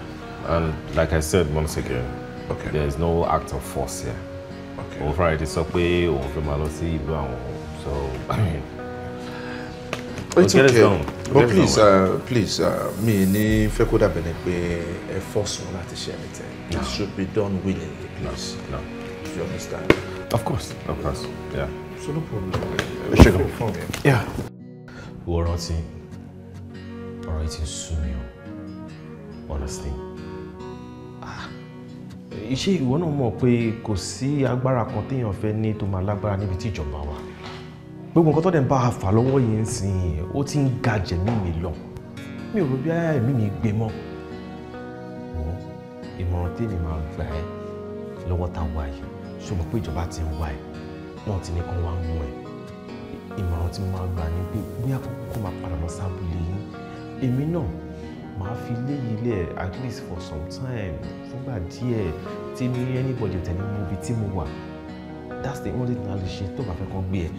and like i said once again okay. there is no act of force here òun fúnra rẹ̀ ti sọ pé òun fẹ́ máa lọ sí ìlú àwọn so i mean. it's okay, okay. but please uh, please uh, mi ní fẹ́ kó dàbẹ̀ ni pé ẹ force wọn láti ṣe anything it should be done willingly please no, no. you understand. of course of course yeah. so no problem. ẹ ṣe kàn fún mi. wọ́n rántí ọ̀rọ̀ yìí ti sú mi o honestly ah, ṣé ìwọ náà mọ̀ pé kò sí agbára kan téèyàn fẹ́ ní tó máa lágbára níbi tí ìjọba wà gbogbo nǹkan tó dẹ̀ ń bá a fà lọ́wọ́ yìí ń sìn yìí ó ti ń ga jẹ̀mí mi lọ mi ò rò bí ayá ẹ̀mí mi gbé mọ́ òun ìmọ̀ràn tèmi máa gbà ẹ́ lọ́wọ́ tá a wà yìí ṣó mọ̀ pé ìjọba ti ń wá ẹ̀ náà ti ní kó wá èmi náà màá fi lé yìí at least for some time fúngbà díẹ̀ tí mi rí anybody tẹ̀lé mú ibi tí mo wà that's the only thing a lè ṣe tó bá fẹ́ kọ́ gbé ẹ.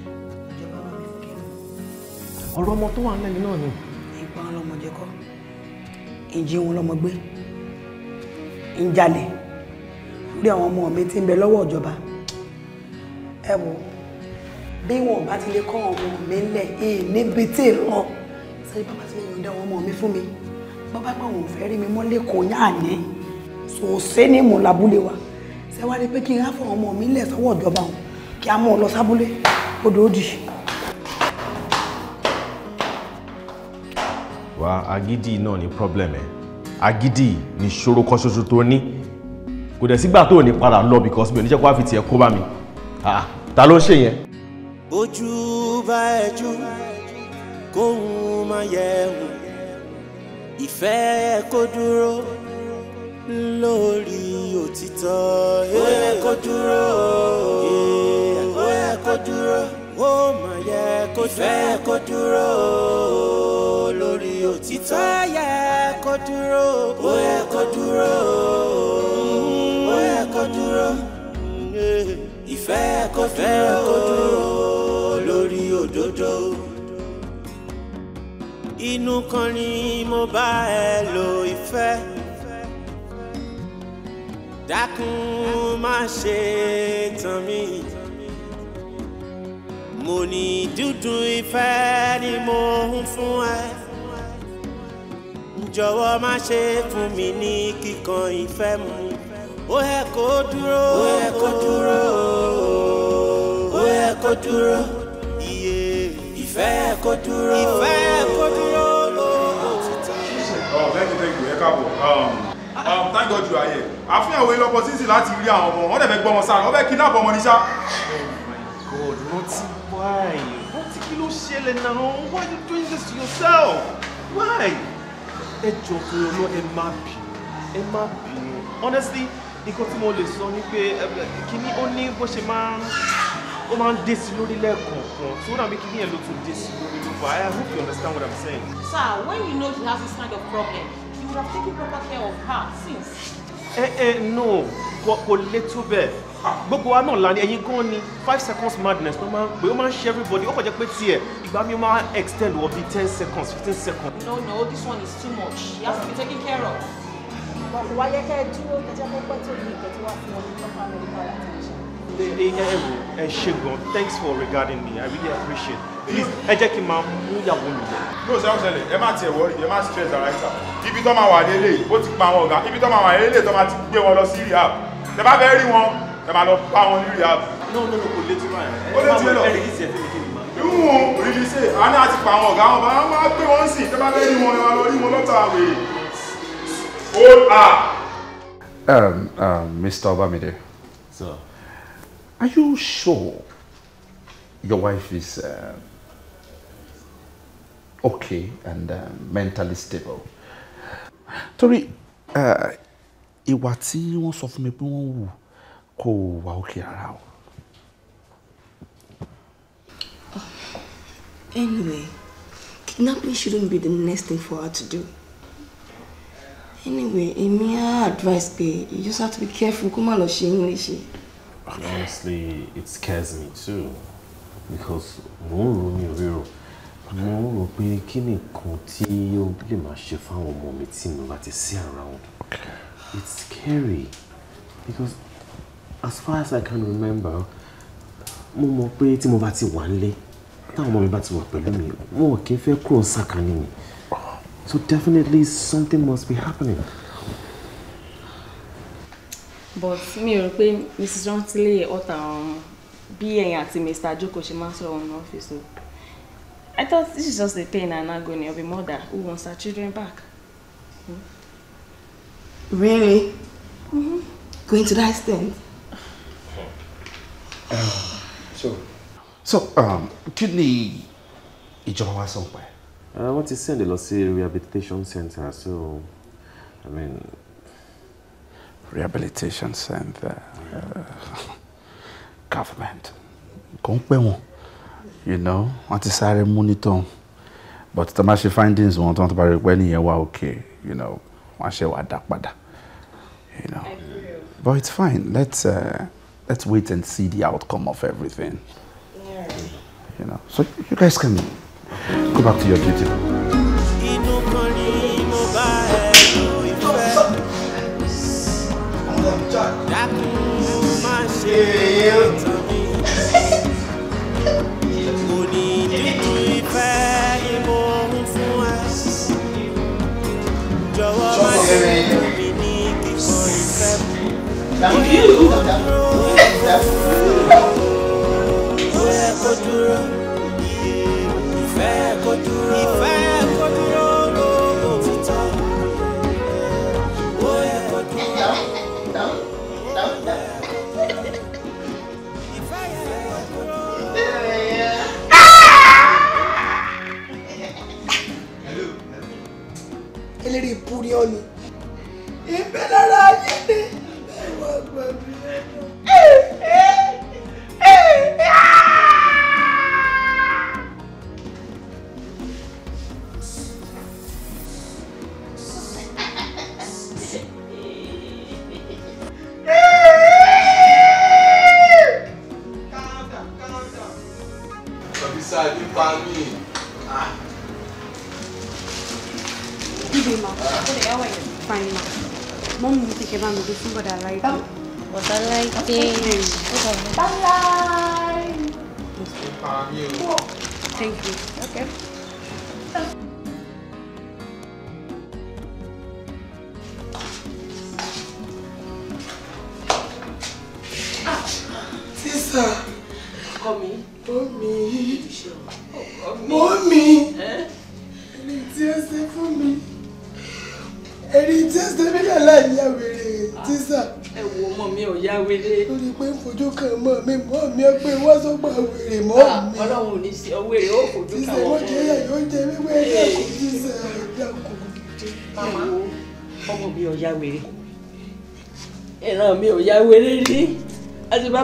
ọ̀rọ̀ ọmọ tó wà nílẹ̀ náà ni. ìpa ọlọmọdé kọ́ ìjì wọn lọmọ gbé ń jalè lórí àwọn ọmọ mi tí ń bẹ lọ́wọ́ ìjọba ẹ wò bí wọn ò bá ti lè kọ́ ọmọ mi lẹ̀ ẹ níbi tí ì lọ sẹ́yìn bàbá ti lè yọ̀ǹda àwọn ọmọ mi fún mi bọ́ bá gbọ́ fẹ́ rí mi mọ́ lẹ́kọ̀ọ́ yá àní sòsé ní mò wa ṣé rí pé kí n á fọ̀rọ̀ ọmọ mi lẹ̀ sọ́wọ́ ìjọba òun kí a mú ọ lọ sábúlé odò ó dì. wá agídí náà ní problem ẹ agídí ní ṣòro kan ṣoṣo tó ní kò dẹ̀ sígbà tó ní padà lọ because mi ò ní jẹ́ kó wá fi tiẹ̀ kó bá mi ah, ta ló ń ṣe yẹn. ojú bá ẹjú. E kóhun má yẹ̀ wò ìfẹ́ kó dúró lórí òtítọ́ ó yẹ kó dúró ó yẹ kó dúró ó má yẹ kó dúró ìfẹ́ kó dúró lórí òtítọ́ ó yẹ kó dúró ó yẹ kó dúró mm-hmm. ó yẹ kó dúró ìfẹ́ kó dúró lórí òdodo inú kan ni mo bá ẹ lò ìfẹ́ dákun má ṣe tàn mí mo ní dúdú ìfẹ́ ni mo ń fún ẹ jọ̀wọ́ má ṣe fún mi ní kíkan ìfẹ́ mu ó yẹ kó dúró ó yẹ kó dúró ó yẹ kó dúró ìfẹ́ kò dúró. ìfẹ́ kò dúró. lẹ́yìn oh, thank you ẹ um, um, thank God you are here àfihàn òwe lọ́pọ̀ sísì láti rí àwọn ọmọ wọn dẹ̀fẹ̀ gbọ́mọ sáà wọ́n fẹ́ kidnap ọmọ oh God rántí why rántí kí ló ṣẹlẹ̀ náà why you doing this to yourself why. ẹ jọ fún yọ lọ ẹ má bínú ẹ má bínú honestly nǹkan tí mo lè sọ ni pé kíní ó ní bó ṣe máa ń ó máa ń dé sí lórí lẹ́ẹ̀kọ̀ọ̀kan so ó dàbí kíní yẹn ló tún dé sí lórí lóko I hope you understand what I'm saying. Sir, when you know she has this kind of problem you would have taken proper care of her since. ẹ eh, ẹ eh, no kò lè tó bẹ́ẹ̀ gbogbo wa náà lánàá ẹ̀yin gan ni five seconds madness ló máa ń pè ó máa ń ṣe everybody ó kàn jẹ́ pé tiẹ̀ ìgbà mi máa extend wọ bíi ten seconds fifteen seconds. no no this one is too much She has to be taken care of. ọ̀pọ̀ wáyé kẹ́ ẹ dúró kẹ́jẹ́ kó pẹ́ tó ní ìtọ́jú wá fún ọ ní tọ́ka mẹ́rin padà ẹ ṣe gan thanks for regarding me i really appreciate please ẹ jẹ́ kí n máa mú ìyàwó mi lọ. yóò ṣe ọ̀ṣẹ̀lẹ̀ ẹ má tiẹ̀ wọ́ọ̀rì ẹ má stress ara ẹ̀ sà ibi tó máa wà lélẹ̀ ó ti pa àwọn ọ̀gá ibi tó máa wà lélẹ̀ tó máa ti gbé wọn lọ sí rehab tẹ bá fẹ́ rí wọn tẹ máa lọ bá wọn ní rehab. no no no kò lè tí wọn ẹ ẹ máa wọ ẹ rìlísì ẹ fẹ́ mi kí ni máa. yóò rìlísì àná àti pa àwọn ọ̀gá wọn bá wọn máa gbé wọn sìn tẹ bá fẹ́ rí wọn ẹ máa lọ rí wọn lọ́tà àwèrè. ó à. Mr. Obamide. Sir. So. Are you sure your wife is uh, okay and uh, mentally stable? Tori, uh, ìwà tí wọ́n sọ fún mi pé wọ́n wù kò wà òkè rárá o. Ah, anyway, kidnapping shouldn't be the next thing for her to do. Anyway, èmi á advice pé you just have to be careful kó má lọ ṣe English. And honestly, it scares me too. Because mo ń ro mi ríro. Mo ń rò pé kí nìkan tí ó lè máa ṣe fáwọn ọmọ mi tí mi bá ti sí around. It's scary. Because as far as I can remember, mo mọ̀ pé tí mo bá ti wà nílé, táwọn ọmọ mi bá ti wà pẹ̀lú mi, wọn ò kí ń fẹ́ kúrò ń sàkánì mi. So definitely something must be happening but mi ò rò pé mrs rantilé ọ̀tà ọ̀hún bí ẹ̀yin àti mr Joko ṣe máa ń sọ̀rọ̀ ní o i thought this is just a pain and agony of a mother who wants her children back. really mm-hmm. going to that extent. Um, so so um, kí ni ìjọba wa sọ pé. Uh, wọ́n ti send lọ sí rehabilitation center so i mean rehabilitation center uh, government kò ń pẹ́ you know wọ́n ti sáré monitor but tó máa ṣe findings wọn tó wọ́n tó bá rí pé nìyẹn okay you know wọ́n á ṣe wà dá you know but it's fine let's uh, let's wait and see the outcome of everything yeah. you know so you guys can go back to your duty. dákun you. ṣe tàn mí. mo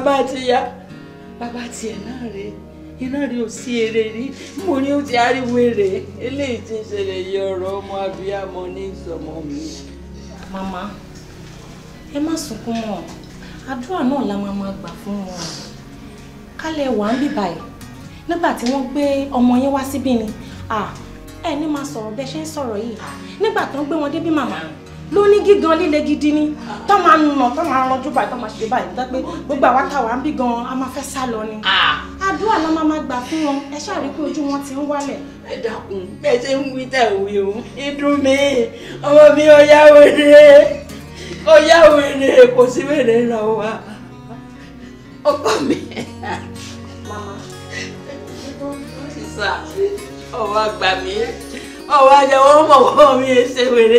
bàbá ti ya bàbá tiẹ̀ náà rè iná rí òsì èrè rí mo ní ó ti ariwo èrè eléyìí ti ṣẹlẹ̀ yìí ọ̀rọ̀ ọmọ abiyamọ ní ìsọmọ mi. màmá ẹ má sunkún mọ́ àdúrà náà la máa máa gbà fún wọn kálẹ̀ wà ń bì báyìí nígbà tí wọ́n gbé ọmọ yẹn wá síbí ni ẹ ní máa sọ̀rọ̀ bẹ́ẹ̀ ṣe ń sọ̀rọ̀ yìí nígbà tó ń gbé wọn débí màmá ló ní gígan líle gidi ni tó máa ń nà tó máa ranjú báyìí tó máa ṣe báyìí tó pé gbogbo àwa táwa ń bí gan a máa fẹ́ sá lọ ni. àdúrà ló máa máa gbà fún wọn ẹ ṣáà rí pé ojú wọn ti ń wálẹ̀. ẹ dákun bẹ́ẹ̀ ṣe ń wí tẹ̀ wí o ìdùn mi ọmọ mi ò yá wèrè ò kò sí wèrè lọ wa ọkọ mi. mama sísá àgbà mi ọwọ́ àjẹwọ́ mọ̀wọ́ mi ṣe wèrè.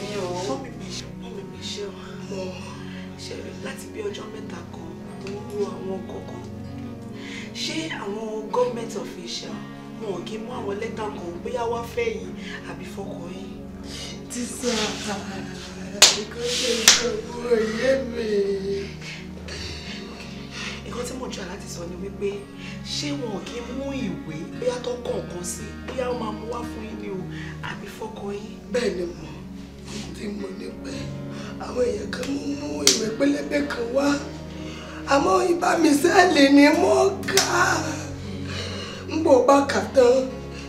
ṣé àwọn government official wọn ò kí mú àwọn lẹ́tà kan bóyá wá fẹ́ yìí àbí fọkọ yìí. ti sọ nǹkan ṣe ìṣòro ìyé mi. nǹkan tí mo jọ láti sọ ni wípé ṣé wọn ò kí mú ìwé bóyá tó kọ̀ọ̀kan sí bóyá wọn máa mú wá fún yín ni o àbí fọkọ yín. bẹ́ẹ̀ ni mo ti mọ̀ ní pé àwọn èèyàn kan mú ìwé pélébé kan wá àmọ́ ibà mi sẹ́ẹ̀lì ni mo kà ń bò bá kà tán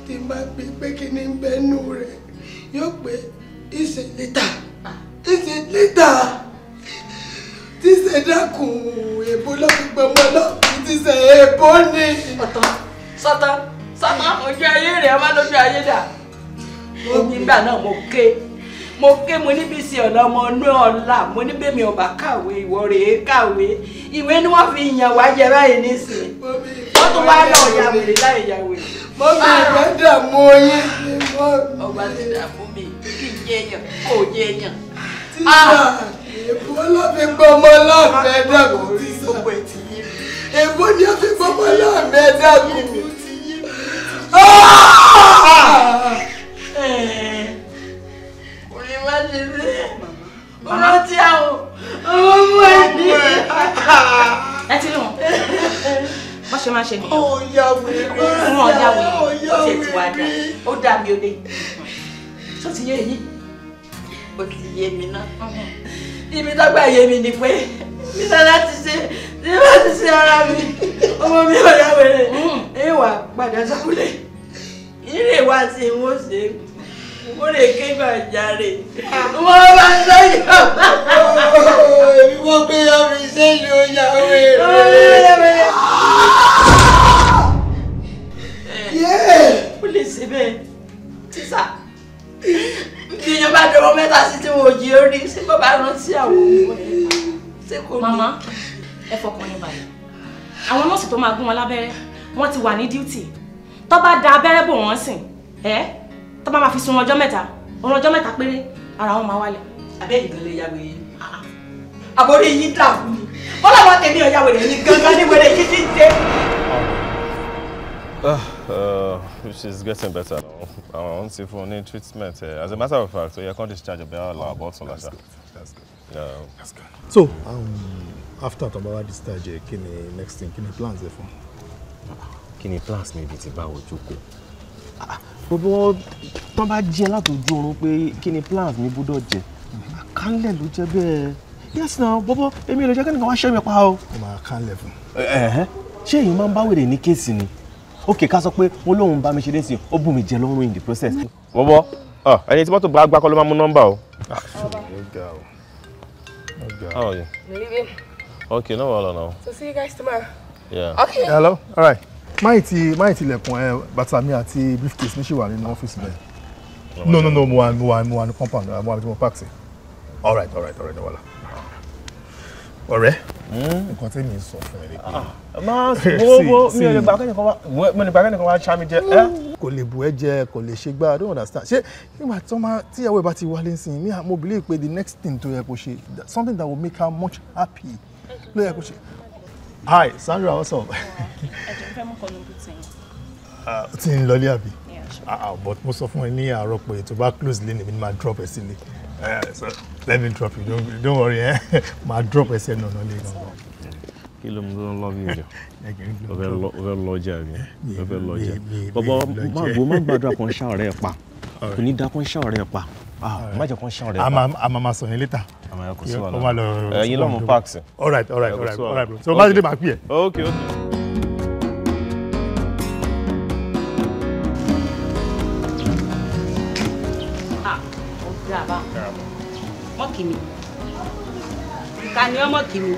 tí n bá gbé pé kí ni ń bẹnu rẹ̀ yóò pé ìṣe lítà ìṣe lítà tí ṣe dákun èbó ló fi gbọmọ náà tí ṣe èbó ni. ọ̀tọ̀ sọ́tọ̀ sọ́tọ̀ ojú ayé rẹ̀ a máa lójú ayé dà. nígbà náà mo ké mo ké mo níbi sí ọ̀la ọmọ inú ọ̀la mo ní bèmi ọ̀bà kàwé ìwọ rèé kàwé ìwé ni wọ́n fi yàn wá jẹ báyìí nísìnyí wọ́n tún wá lọ ìyá wèrè láì ìyá wèrè. mo bí ìwé dààmú oyin. ọba ti dààmú mi kí n jẹ yàn kó o jẹ yàn. tíṣà èèbó ah! ló fi gbọmọ láàfẹ dàgbò tíṣà èèbó ni ó fi gbọmọ láàfẹ dàgbò. Hey má ṣe sí rántí àwọn àwọn ọmọ ẹni. ẹ ti rí wọn wọ́n ṣe máa ṣe nìyẹn ó yá wèrè fún ọ̀yá wèrè ó tiẹ̀ ti wá dà ó dà mí ó lè yí tó ti yé yín ó ti yé mi náà ibi tọ́gbà yé mi ni pé mi náà láti ṣe ní láti ṣe ara mi ọmọ mi ọ̀yá wèrè ìwà padà sábúlẹ̀ ìrè wa ti ń wọ́n ṣe é mo lè ké bàjáre wọ́n bá sọ́yìn ọ̀bá. èmi wọ́n gbé ọmọ iṣẹ́ ìlú ọjà ọmọ èrè. ó lè ṣe bẹ́ẹ̀ tíṣà bí èèyàn bá dọwọ́ mẹ́ta sí tí wọ́n jí orí ṣé kò bá rántí àwọn ọmọ ẹ̀ ṣé kò ní. màmá ẹ fọkàn ní balẹ̀ àwọn nọ́ọ̀sì tó máa gún wọn lábẹ́rẹ́ wọ́n ti wà ní díútì tó bá da abẹ́rẹ́ bò wọ́n sìn ẹ́ tó bá máa fi sun ọjọ́ mẹ́ta ọ̀rọ̀ ọjọ́ mẹ́ta péré ara wọn máa wálẹ̀. abẹ́ ìgbọ̀n lè yàgbé yìí ah, àbórí yìí dààmú ni wọ́n làwọn tèmi ọ̀yà wẹ̀rẹ̀ ní gangan ní wẹ̀rẹ̀ yìí ti ń dé. she's ah, uh, getting better now. Àwọn ti fún ní treatment. Uh, as a matter of fact, we are going to discharge ọ̀bẹ àwọn làwọn bọ́ọ̀tún lọ́sà. So, um, after Tobawa discharge, kí next thing? Kí plans ẹ fún? Kí plans mi bi ti bá ojú gbogbo wọn tán bá jí ẹ látòjú oorun pé kí ni plans mi gbọ́dọ̀ jẹ àkànlẹ̀ ló jẹ́ bẹ́ẹ̀ yes na bọ́bọ́ èmi ló jẹ́ kẹ́nìkan wá ṣẹ́ mi pa o. ó máa kànlẹ̀ fún. ṣé èyí máa ń bá wèrè ní kéèsì ni ókè ká sọ pé wọn lóun bá mi ṣe léṣe ó bù mí jẹ lọ́rùn in the process. bọ́bọ́ ah, ẹni tí mọ́tò bá gbá kọ́ ló máa mú nọ́mbà o. Ah, How are you? Okay, no, no, no. So see you guys tomorrow. Yeah. Okay. Hello. All right máyì ti máyì ti lẹ̀kùn ẹ bàtà mi àti briefcase mi ṣì wà nínú ọ́fíìsì bẹ́ẹ̀ no no no mo wà mo wà mo wà ní compound mo wà ní mo park sí all right all right all right wàhálà ọ̀rẹ́ hmm, nǹkan tí mi sọ fún ẹ ni pé. Ah, máa wo wo mi ò lè gba akẹ́nìkan wá mi ò lè gba akẹ́nìkan wá ṣá mi jẹ. kò lè bu ẹ jẹ kò lè ṣe gbá i don't understand ṣé nígbà tí ọmọ tíyàwó ẹ bá ti wálé sí mi mo believe pé the next thing tó yẹ kó ṣe something that will make her much happy ló yẹ kó ṣe Hi, Sandra, what's up? Ó ti ń Yeah, sure. Ah, ah, but mo sọ fún ẹ ní àárọ̀ pé tó bá close lé ni mi máa drop ẹ sílé. Eh, so let me drop you, don't, don't worry, eh? Máa drop a sẹ́nu no, no, no. Kí ló ń lọ lọ́ọ̀bì ìjọ? Ó fẹ́ lọ́jà mi, ó fẹ́ lọ́jà. Bọ̀bọ̀ máa gbàdúrà kan ṣá ọ̀rẹ́ ẹ̀ pa, kò ní dá kan ṣá ọ̀rẹ́ májọ kan ṣan rẹ pa a máa sọ yẹn létà o máa lọ ẹyin lọmọ parks. all right all right all right all right bro so bá ti dé máa pè é. ok ok. Ah, mọ́kì mi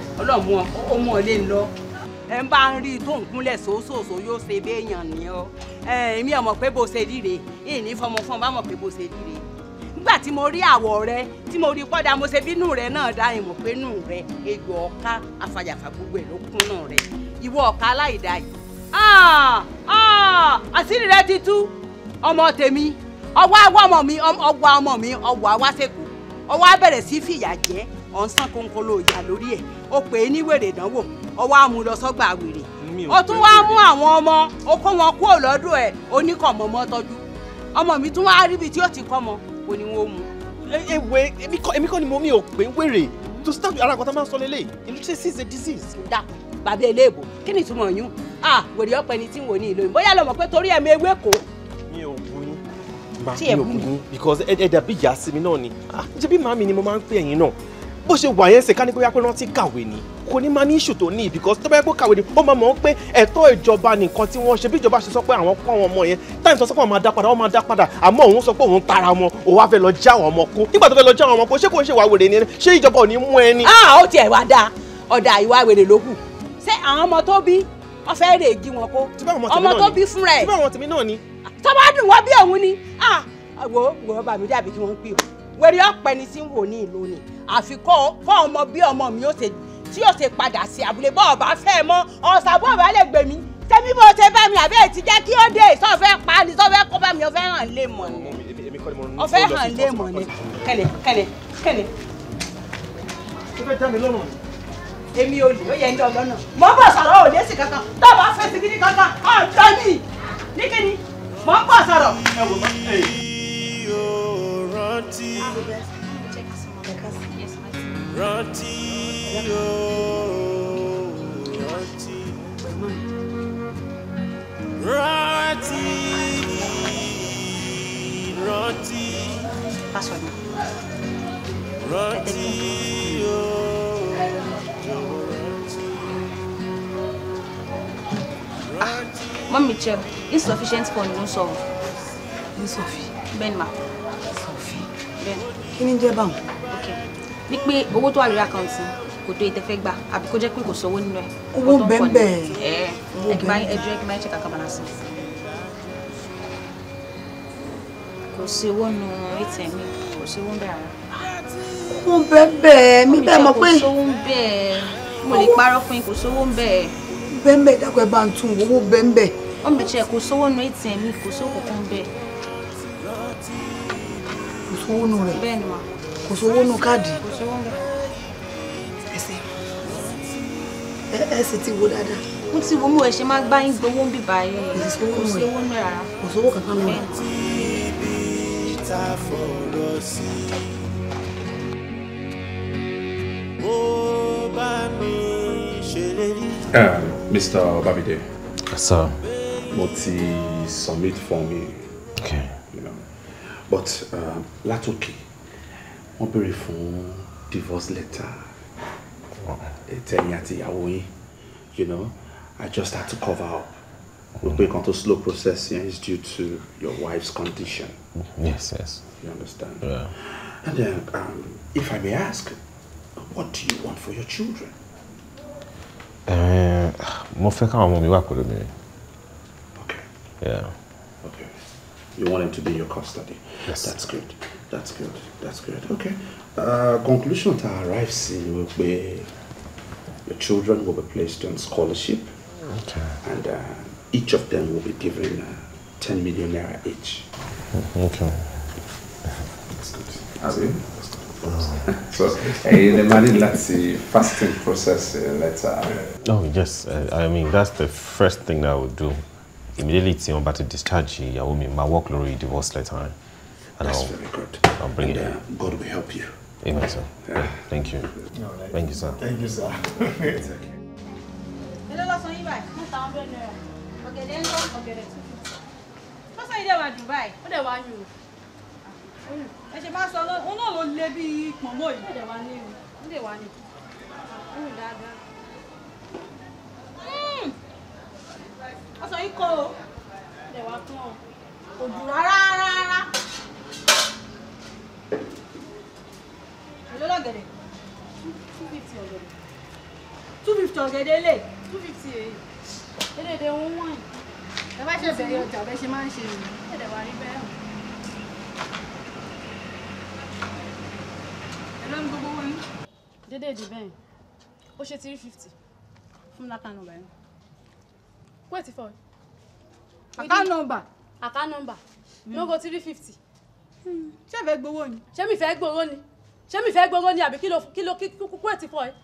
ọmọ ilé ń ẹ ń bá ń rí tó ń kúnlẹ̀ sòósòòsò yóò ṣe béèyàn ni ọ èmi ọmọ pé bó ṣe ríre èyí ní fọmọ bá mọ̀ pé bó ṣe ríre nígbà tí mo rí àwọ̀ rẹ tí mo rí pọ́dà mo ṣe bínú rẹ náà dá ìmọ̀ pé nù rẹ egbò ọ̀ka afàjàfà gbogbo ẹ̀ ló kún náà rẹ ìwọ ọ̀ka aláìda yìí ah! Ah! àṣírí rẹ ti tú ọmọ tèmi ọwọ́ awọ́ ọmọ mi ọwọ́ ọmọ mi ọwọ́ awásẹ̀kù ọwọ́ abẹ̀rẹ̀ sí fìyà jẹ́ ọ̀nsán kónkóló ìyá lórí ẹ̀ ó pè é ní wèrè ìdánwò ọwọ́ amú lọ sọ́gbà wèrè ó tún wá mú àwọn ọmọ ó kó wọn kúrò lọ́dọ̀ ẹ̀ oníkọ̀mọ́mọ́ tọ́jú ọmọ mi tún wá ríbi tí ó ti kọ́ mọ́ èwo ni wọ́n mú. ewé èmi kọ́ ni mo mi ò pé wèrè to start with ara nǹkan tá a máa ń sọ lélẹ̀ illiteracy is a disease. da bàbá eléèbó kí ni ìtumọ̀ yún ah wèrè ọ̀pẹ ni tí n wò ní ìlú yìí bóyá lọ mọ̀ pé torí ẹ̀mí ewé kò. mi ò bu yín. tí ẹ bu because ẹ̀dà bíjà sí mi náà ni ah, ṣebí màmí ni mo máa ń pè ẹ̀yin náà bó ṣe wà yẹn ṣe ká ní bóyá pé rántí kàwé ni kò ní máa ní ìṣù tó ní because tó bá yẹ kó kàwé ni ó máa mọ̀ pé ẹ̀tọ́ ìjọba nìkan tí wọ́n ṣe bí ìjọba ṣe sọ pé àwọn kọ́ àwọn ọmọ yẹn táyì tó sọ pé wọ́n máa dá padà wọ́n máa dá padà àmọ́ òun sọ pé òun tara wọn òun wá fẹ́ lọ já àwọn ọmọ kó nígbà tó fẹ́ lọ já àwọn ọmọ kó ṣé kò ń ṣe wà wèrè ni ṣé ìjọba ò ní mú ẹ ni. a ah, ó tiẹ̀ wá dáa ọ̀dà ìwà wèrè ló kù ṣé àwọn ọmọ tó bí wọ́n fẹ́ ah wo wo wẹ̀rí ọ̀pẹ ni tí ń wò ní ìlú ni àfi kọ́ ọmọ bí ọmọ mi ó ṣe tí ó ṣe padà sí abúlé bọ́ ọba fẹ́ mọ́ ọ̀sà bọ́ ọba lè gbè mí tẹ́bí bó ṣe bá mi àbẹ́ ti jẹ́ kí ó dé sọ́fẹ́ pa ni sọ́fẹ́ kọ́ bá mi ọ̀fẹ́ hàn lé mọ̀ ni ọ̀fẹ́ hàn lé mọ̀ ni kẹ̀lẹ̀ kẹ̀lẹ̀ kẹ̀lẹ̀. ṣé fẹ́ tẹ́ mi lọ́nà ni èmi ò lè ó yẹ ní ọlọ́nà mọ́ bọ̀ sọ̀rọ̀ ò lẹ́sìn kankan tó bá fẹ́ sí kíní kankan ọ̀dọ́ rántí rántí ooo rántí rántí rántí rántí ooo jọ̀wọ́ rántí rántí. mọ́mí chef insufficient fund ló ń sọ̀rọ̀. insufficient. bẹ́ẹ̀ ma kí ni jẹ́ báwọn. wípé owó tó wà lórí àkáǹtì kò tó ètè fẹ́ gbà àbí kó jẹ́ pé kò sówó nínú ẹ̀. owó bẹ́ẹ̀ ẹ̀ ẹ̀jú ẹ̀kí máa ń ṣèkà kàmánà sí. kò sí owó nu atm mi kò sí owó ń bẹ̀ rárá. owó bẹ́ẹ̀ mi bẹ́ẹ̀ mọ̀ pé. kò sówó ń bẹ̀ mo lè parọ́ fún yín kò sówó ń bẹ̀. bẹ́ẹ̀ bẹ́ẹ̀ dákọ̀ ẹ bá ń tún owó bẹ́ẹ̀ bẹ́ẹ̀. wọ́n bẹ̀ ṣe kò sówó nu atm mi kò sówó kankan bẹ́ẹ̀ sówó nù rẹ̀ bẹ́ẹ̀ ni mà kò sówó nù káàdì kò sówó nù ẹsẹ̀ ẹsẹ̀ ti wo dáadáa mo ti wo mú ẹ ṣe máa gbá yín gbowó ń bìbá yín kò sówó nù rẹ̀ kò sówó kankan nù rẹ̀. Uh, ah, Mr. Babide. Yes, sir. Mo ti submit for me. Okay but uh, that's okay. wọ́n béèrè fún divorce letter tẹ̀yìn àti ìyàwó yín you know I just had to cover up wípé kan tó slow processing. yẹn is due to your wife's condition. yes yes. you understand. Yeah. and then um, if I may ask what do you want for your children. Eh, mo fẹ́ káwọn ọmọ mi wà pẹ̀lú mi. okay. Yeah. You want him to be your custody. Yes. That's good. That's good. That's good. Okay. Uh, conclusion to arrive in will be your children will be placed on scholarship. Okay. And uh, each of them will be given uh, 10 million naira each. Okay. That's good. That's good. Oh. so, in the money, that's the fasting process uh, later. Oh, yes. I, uh, I mean, that's the first thing I would do. immediately tí wọ́n bá ti discharge ìyàwó mi máa work lórí divorce letter And That's I'll, very good. I'll bring and, it. Uh, God will help you. Amen, sir. Yeah. Yeah, thank you. right. Thank you, sir. Thank you, sir. Hello, lọ Ẹ ṣe máa sọ ọ́n ló lé bí pọ̀nmọ́ yìí. Ó dẹ̀ wá ní ìlú. Ó dẹ̀ wá ní. Ó rìn dáadáa. aṣọ yìí kọ́ o ẹ̀wà fún ọ kò jù rárá rárá. èló lọ́gẹ̀dẹ̀ two fifty ọ̀gẹ̀dẹ̀ two fifty ọ̀gẹ̀dẹ̀ lè two fifty èyí eléde wọn wọ̀nyí. ẹ bá ṣe bẹ̀rẹ̀ ọjà bẹ́ẹ̀ ṣe máa ń ṣe nìyí ẹ̀dẹ̀ wà rí bẹ́ẹ̀ hàn. èló ni gbogbo wọn ní. dédé ìdí bẹ́ẹ̀ ó ṣe three fifty fún lákàánú bẹ́ẹ̀ wait for it. account number. account number hmm. no go three fifty. Hmm. ṣé ìfẹ́ gbowó ni. ṣé mi fẹ́ gbowó ni ṣé mi fẹ́ gbowó ni àbí kí kilo kí ló kí kúkú wait for it.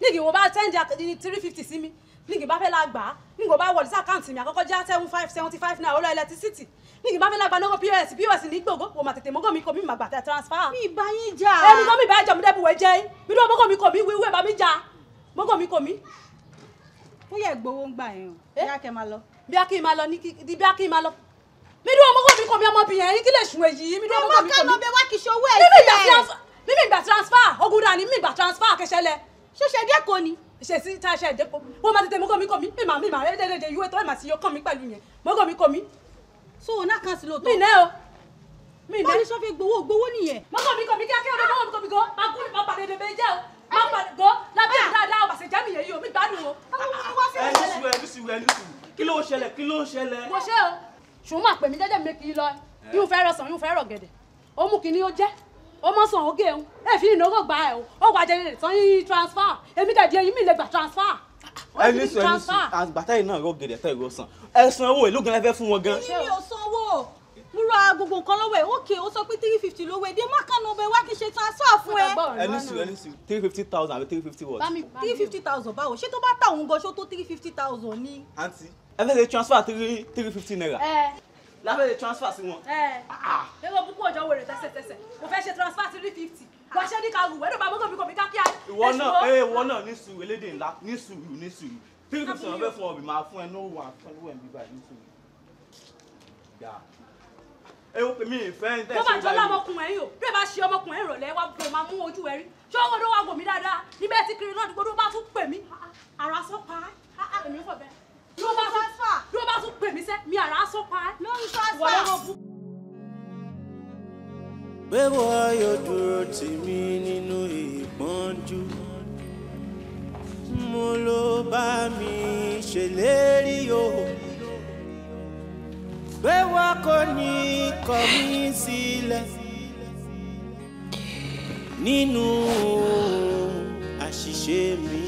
nígbì wo bá send three fifty See me. nígbì bá fẹ́ la bar. Nigga, nígbì wo bá wọlé sí àkáǹtì mi àkọ́kọ́ já seven five seventy five naira ọlọ́ ẹlẹtírísítì nígbì bá fẹ́ la gbà náà pọ́s pọ́s ní gbogbo wò mà tètè mọ́gọ́ mi kò mí mà gbà tẹ transfer. mi ìbá yín jà. ẹni kọ́ mi ìbá ẹjọ́ mi dẹ́bu wẹ̀ jẹ́ mi dúró mọ́gọ́ mi kò mí wíwú We bá mi jà mọ́gọ́ mi kò mí bóyá ìgbowó ń gbà yẹn o bí a kẹ máa lọ. bí a kì í máa lọ ní kí bí a kì í máa lọ mi dúró ọmọ kò mi kò mi ọmọ bìyẹn yín kí lè sùn èyí mi dúró ọmọ mi kò mi. ọmọ kan lọ bẹ wá kì í ṣe owó ẹ sílẹ̀. mímì ìgbà transfer ogun dání mímì ìgbà transfer kẹsẹlẹ. ṣoṣe díẹ̀ kò ní. ṣèṣì tá a ṣe ẹ̀dẹ́kọ̀ wọ́n máa tètè mú kọ́mi kọ́mi mímà mímà ẹ̀ẹ́dẹ́dẹ́dẹ́ ìwé tó ti yọ kọ́mi pẹ̀lú yẹn mọ́ kọ́mi kọ́mi. so má padà gbọ́ lábẹ́ dáadáa ọ̀bàṣẹ jẹ́mi yẹn yìí omi gbádùn o. ẹ lùsù ẹ lùsù ẹ lùsù kí ló ń ṣẹlẹ̀ kí ló ń ṣẹlẹ̀. mo ṣe o ṣùgbọ́n máa pè mí jẹ́jẹ́ mi kì í lọ yóò fẹ́ rọ sàn yóò fẹ́ rọ gẹ̀dẹ̀ ó mú kinní ó jẹ́ ó mọ̀ sàn ogé òun èfi ìnáwó gba ẹ̀ ó wà jẹ́ lè tán yín transfer èmi dẹ̀ di eyín mi lè gbà transfer ẹ ní sọ ẹ ní sọ àgbàtà yìí náà rọ gẹ̀dẹ̀ tẹ̀ rọ sàn ẹ san owó èlò gan ẹ fẹ́ fún wọn gan. èmi ò sanwó mo ra gbogbo nǹkan lọ́wọ́ ẹ̀ ókè ó sọ pé three fifty lówó ẹ̀ dé má kàn náà bẹ́ẹ̀ wá kí n ṣe transfer fún ẹ. ẹni sùn three fifty thousand àbí three fifty what. bami three fifty thousand báwo ṣé tó bá tà òun gan ṣó tó three fifty thousand ni. àǹtí ẹ fẹ́ ṣe transfer three three fifty naira. lábẹ́ ṣe transfer sí wọn. ẹ ẹ ẹ lọ búkú ọjọ́ wèrè tẹ́sẹ̀tẹ́sẹ̀ mo fẹ́ ṣe transfer three fifty wọ́n ṣe ní ká wù wẹ́n ló bá mọ́tò mi kò mí ká kí á. ìwọ náà ẹ ìwọ náà ní sùúrù elédè ńlá ní sùúrù ní sùúrù three fifty wọn fẹ́ fún ọbì máa fún ẹ ní òwò àfẹnwó ẹ̀ bíbá ní sùúrù ewu pèmí ìfẹ́ ń tẹ̀sí ìgbà yìí. tó bá jọ lọ́mọkùnrin yìí o bí ẹ bá ṣe ọmọkùnrin ìrọ̀lẹ́ wa gbọ́dọ̀ máa mú ojú ẹ rí ṣé owó ló wà wò dáadáa níbẹ̀ tí kiri náà gbọ́dọ̀ bá tún pè mí ara sọ pa á èmi fọ̀ bẹ́ẹ̀ ló bá tún pè mí sẹ́ mi ara sọ pa á. ló ń sọ àṣà wọ́n lọ bú. dúró tì mí nínú ìpọ́njú mo ló bá mi ṣèlérí yòó pé wọn kò ní kọ̀ mí sílẹ̀ nínú àṣìṣe mi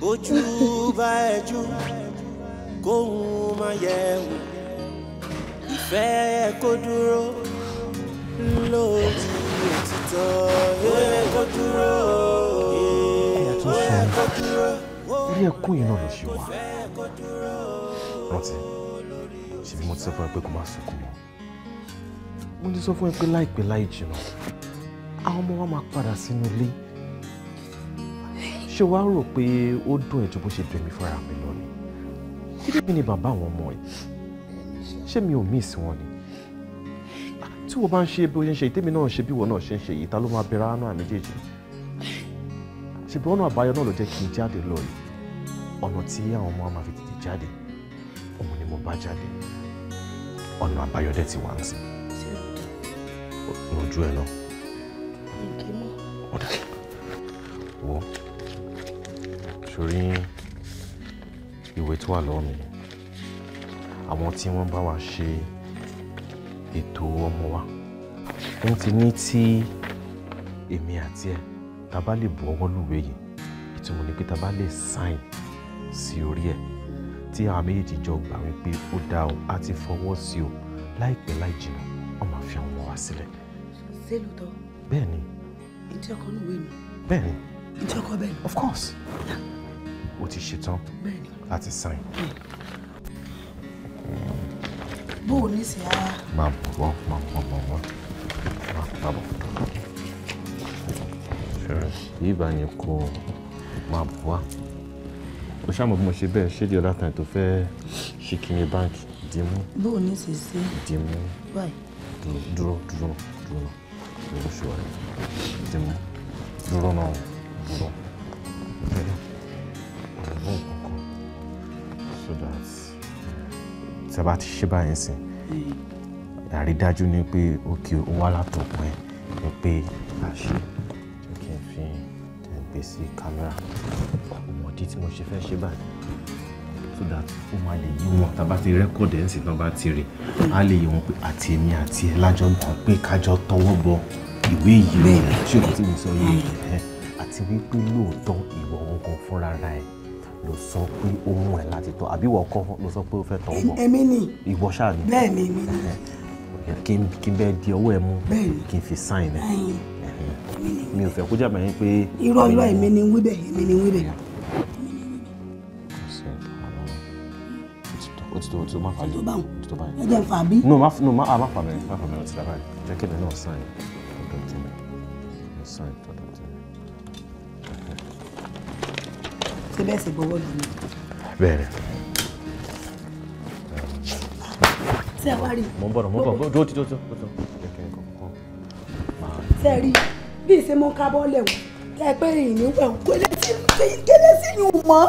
bójú bá ẹjú kóhun má yẹ wò ìfẹ́ kó dúró lójú òtítọ́ ó yẹ kó dúró ó kó dúró ilé ẹkún yìí náà ló ṣe wá rántí ṣèbí mo ti sọ fún ẹ pé kó má sunkún mọ́ mo ti sọ fún ẹ pé láìpẹ́ láì jìnnà àwọn ọmọ wa máa padà sínú ilé ṣé wàá rò pé ó dùn ẹ́ ju bó ṣe dùn mí fúnra mi lọ ni kíkẹ́ mi ni bàbá àwọn ọmọ ẹ̀ ṣé mi ò mí ìsìn wọn ni tí wọ́n bá ń ṣe bí ó ṣe ń ṣe tèmi náà ṣe bí wọ́n náà ṣe ń ṣe yìí ta ló máa bẹ̀rẹ̀ àánú àmì jèjì ṣèbí ọ̀nà àbáyọ náà ló jẹ́ kí n jáde lọ yìí ọ̀nà tí àwọn ọmọ máa fi tètè jáde mo bá jáde ọ̀nà àbáyọdẹ ti wà nsìn lójú ẹ náà ọ̀dà wo sórí ìwé tó wà lọ́wọ́ mi àwọn tí wọ́n bá wa ṣe ètò ọmọ wa wọ́n ti ní tí èmi àti ẹ̀ tá a bá lè bu ọwọ́ lùwé yìí ìtumọ̀ ni pé tá a bá lè sáìn sí orí ẹ̀ tí àwọn méjèèjì jọ gbà wípé ó dá o a ti fọwọ́ sí o láìpẹ́ láì jìnnà wọn máa fi ọmọ wa sílẹ̀. ṣé lóòótọ́. bẹ́ẹ̀ ni. ìdí ọkọ ní ìwé mi. bẹ́ẹ̀ ni. ìdí ọkọ bẹ́ẹ̀ of course. o ti ṣetán. bẹ́ẹ̀ ni. a ti sign. bó o ní sí ara. máa bọ̀ wọ́n máa bọ̀ wọ́n wọ́n máa bọ̀. ìbànú kò máa bọ̀ wá o ṣáà mọ̀ bí mo ṣe bẹ́ẹ̀ ṣé di ọ̀dà tàn tó fẹ́ ṣe kiri báńkì dìímú. bó o ní ṣe ṣe. dìímú dúró dúró dúró dúró dúró ṣe wà ní dìímú dúró náà dúró bẹ́ẹ̀ ọ̀rọ̀ so that tí a bá ti ṣe báyìí sìn hmm. àrídájú ni pé òkè ó wá látọ̀pọ̀ ẹ̀ pé a sí kámẹ́rà ọmọdé tí mo ṣe fẹ́ ṣe báyìí so that ó máa lè yí wọn tàbá ti rẹ́kọ̀dẹ̀ ẹ̀ tán bá ti rí a lè yí wọn pé àti èmi àti ẹ lájọ gbà pé kájọ tọwọ́ bọ ìwé yìí rẹ̀ ṣé o ti mi sọ yìí ẹ àti wípé lóòótọ́ ìwọ ogun fúnra ra ẹ ló sọ pé ó mú ẹ láti tọ àbí ìwọ kọ́ ló sọ pé ó fẹ́ tọwọ́ bọ èmi ni ìwọ ṣáà ni bẹ́ẹ̀ ni èmi ni kí n bẹ́ẹ̀ di ọwọ́ ẹ mú kí n fi sáìn ẹ mi ò fẹ́ kó jàmbá yín pé. irọ́ irọ́ èmi ni wíbẹ̀ èmi ni wíbẹ̀. o ti tó o ti tó má fà bẹ́ẹ̀. o ti tó báyìí. ẹ jẹ́ fà bí. no ma no ma a má fà bẹ́ẹ̀ má fà bẹ́ẹ̀ o ti dábàá yìí jẹ́ kí ni náà sàn yìí ọ̀dọ̀ tí mi sàn yìí ọ̀dọ̀ tí mi. ṣé bẹ́ẹ̀ sì gbọ́wọ́ lù mí. bẹ́ẹ̀ ṣé ẹ wá rí. mo ń bọ̀ mo ń bọ̀ dúró tí tó tó tó tó jẹ́ kí n kọ́. ṣé ẹ rí i bí ìṣe mọ́ kábọ́ lẹ̀wọ̀n tẹ́ pé ìníwẹ̀ kélé sí ni ò mọ́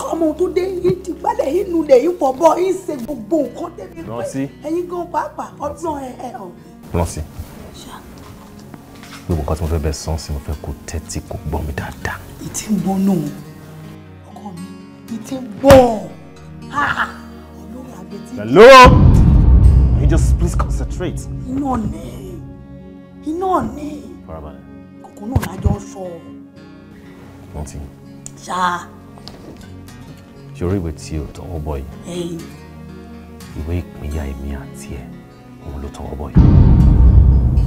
kọ́mọ tó dé yìí ti gbálẹ̀ yìí nu lẹ̀ yìí fọ̀ bọ́ yìí ṣe gbogbo nǹkan débi pé ẹ̀yin gan pàápàá ọdún ẹ̀ ẹ̀ ọ̀. lọ́sìn gbogbo nǹkan tí mo fẹ́ bẹ sàn sí mo fẹ́ kó tẹ́tí kó gbọ́ mi dáadáa. ìtì ń bọ́ náà ọkọ mi ìtì ń bọ̀ ọlọ́run àgbẹ̀tì. hello can you just please concentrate. náà ni iná ni farabalẹ̀ kòkó náà lájọ sọ. wọ́n ti. ṣá. ṣe orí ìwé tí o tọwọ́ bọ̀ yìí ìwé ìpínyà èmi àti ẹ̀ òun ló tọwọ́ bọ̀ yìí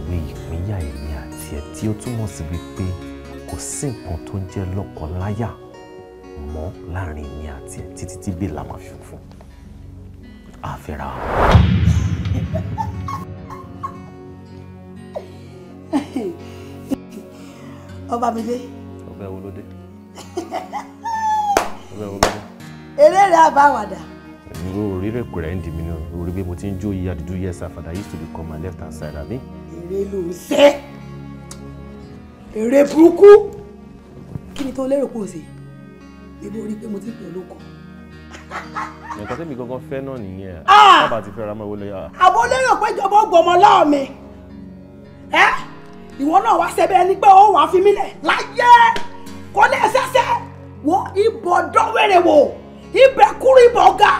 ìwé ìpínyà èmi àti ẹ̀ tí ó túmọ̀ sí wípé kò sí nǹkan tó ń jẹ́ lọ́kọláya mọ́ láàrin mi àti ẹ̀ títí tí bèèlà máa fi fún un àfẹ́ra. ọba mi dé. ọbẹ̀ wo ló dé. ọbẹ̀ wo ló dé. eré rẹ̀ àbáwàdà. ìró orí rẹ̀ pẹ̀rẹ́ ń di mi náà orí bí mo ti ń jó yíya dúdú yes àfàdà used to become my left hand side àbí. eré ló ń sẹ́ eré burúkú kí ni tó lérò pò sí ibo orí pé mo ti pè ọ́ lóko nǹkan tẹ́mi gangan fẹ́ náà nìyẹn ah! bàbá ti fẹ́ ra mọ́ ìwọlé. Ah. àbólérò pé ìjọba ó gbọmọ láàmì ẹ́ ìwọ náà wá sẹ́bẹ̀ ẹni pé ó wàá fi mí lẹ̀ láyé kò lè ṣẹṣẹ wọ ibọ̀ dọ́wẹ́rẹ̀ wò ibẹ̀ kúrú ibọ̀ ọ̀gá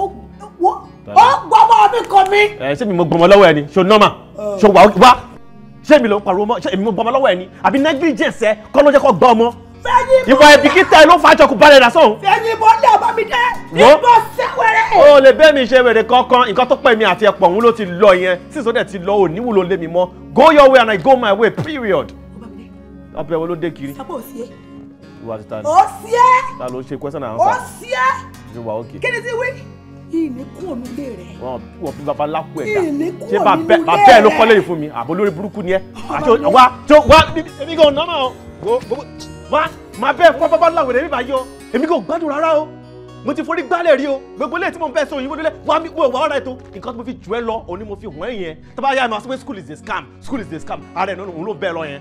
ó gbọ́mọ mi kàn mí. ẹ ṣé mi mo gbọmọ lọ́wọ́ ẹ ni ṣo nọọma ṣo wà wá ṣé mi ló ń pariwo mọ ṣé mi mo gbọmọ lọ́wọ́ ẹ ni àbí negligence ẹ kọ́ ló jẹ́ kó gbọ́ ọmọ ìwà ìbìkítà ló fa àjọkù balẹ̀ lásán. fẹ́yìn bó lè ọba mi dẹ́ níbo sẹ́wẹ̀rẹ̀. o lè bẹ́ẹ̀ mi ṣe wèrè kankan nǹkan tó pẹ́ mi àti ẹ̀pọ̀ òun ló ti lọ yẹn sísọ dẹ̀ ti lọ òní wúlò lé mi mọ́ go your way and I go my way period. ọbẹ̀ wo ló dé kiri. sábà ò sí ẹ́. ìwà ti ta ni. ó sí ẹ́. ta ló ṣe question and answer. ó sí ẹ́. ìwà òkè. kí ni ti wí ìníkù ònúlé rẹ. wọn wọ fún baba lápò ẹ̀dá ìníkù ònúlé rẹ. ṣé bàbá ẹ ló kọ́lé yìí fún mi àbólórí burúkú ni ẹ àti wá tó wá èmi gan nánà gbogbo wá máa bẹ́ẹ̀ fún bábá láwèrè mi bá yọ èmi kò gbádùn rárá o mo ti forí gbálẹ̀ rí o gbogbo ilé tí mo ń bẹ́ẹ̀ sọ òyìnbó délé wá mi wò wá ọ̀rẹ́ tó nǹkan tí mo fi jù ẹ lọ òní mo fi hùwẹ́ yẹn tó bá yá ẹ máa sọ school is a scam school is a scam ara ẹ̀ náà òun ló bẹ́ẹ̀ lọ yẹn.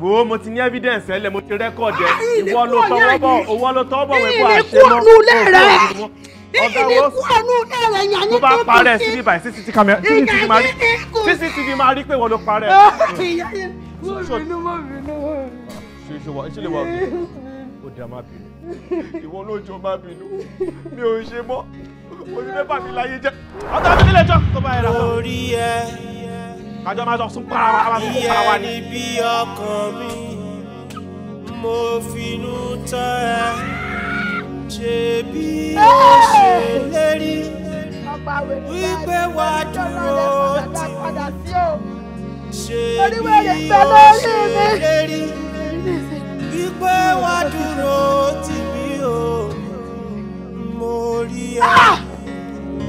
wo mo ti ní evidence ẹlẹ mo ti rẹkọọdù ẹ ìwọ ló tọwọ́ bọ̀ ìwọ ló tọwọ́ bọ̀ wẹ bọ àṣẹ mọ òkú ọ̀dàwọ̀ tó bá parẹ́ sí bíbá ẹ̀ cctv camera cctv máa rí cctv máa rí pé wọ́n ló parẹ́. ṣe wà ṣe lè wà òkè ó dá má bínú ìwọ ló jọ má bínú mi ò ṣe mọ́ ojú mẹ́fà mi láyé jẹ́ ọ̀tá mi nílẹ̀ jọ tó bá yẹra sọ. ẹ kájọ máa jọ sún para wa máa sún para wa ni. ìyẹn níbi ọkàn mi mo finú tán ẹ ṣe ó ṣe lérí wípé wà dúró tì ṣe ó ṣe lérí wípé wá dúró tì mí o mo rí ọ ah!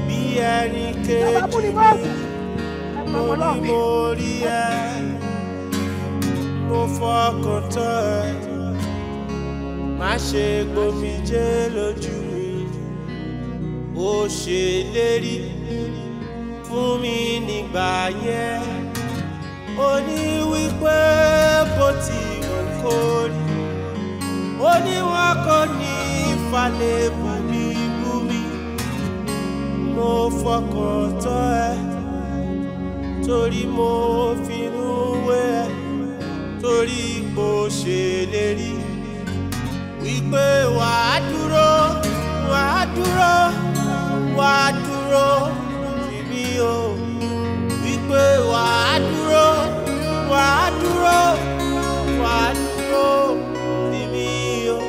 bí ẹni kejì mo rí mo rí ẹ mo fọkàn tán ẹ má ṣe gbomijé lójú mi ó ṣèlérí fún mi nígbà yẹn ó ní wípé bó ti rí kórì ó ní wọn kò ní falẹ̀ bùnmi bùnmi mo fọkàn tán ẹ torí mo finú wé ẹ torí ipò ṣèlérí wípé wàá dúró wàá dúró wàá dúró tìmí o wípé wàá dúró wàá dúró wàá dúró o tì mí o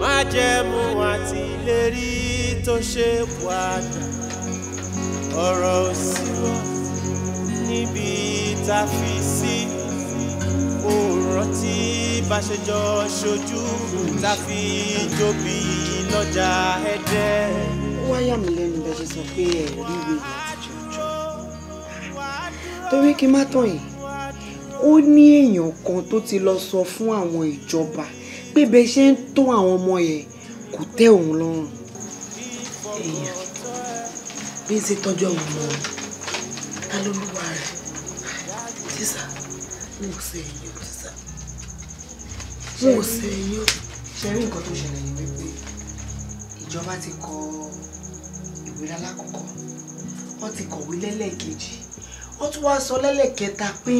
májẹ̀mú àti ìlérí tó ṣe wàdà ọ̀rọ̀ òsì lọ níbi tá fi sí o rántí bá ṣe jọ ṣojú tá fi jóbi lọ́jà ẹ̀dẹ́. wọ́n yà mí lẹ́nu bẹ́ẹ̀ ṣe sọ pé ẹ̀rí ìwé àtijọ́ torí kí n má tàn yìí ó ní èèyàn kan tó ti lọ sọ fún àwọn ìjọba pé bẹ́ẹ̀ ṣe ń tó àwọn ọmọ yẹn kò tẹ́ òun lọ́rùn. èèyàn bí ń ṣe tọ́jú àwọn ọmọ rẹ̀ ta ló lúwa rẹ̀ tíṣà n ò ṣe èèyàn tíṣà n ò ṣe èèyàn. ṣe rí nǹkan tó ṣẹlẹ̀ yìí wípé ìjọba ti kọ ìwé alákọ̀ọ́kọ́ wọ́n ti kọ̀wé lẹ́lẹ́kejì wọ́n tún wá sọ lẹ́lẹ́kẹta pé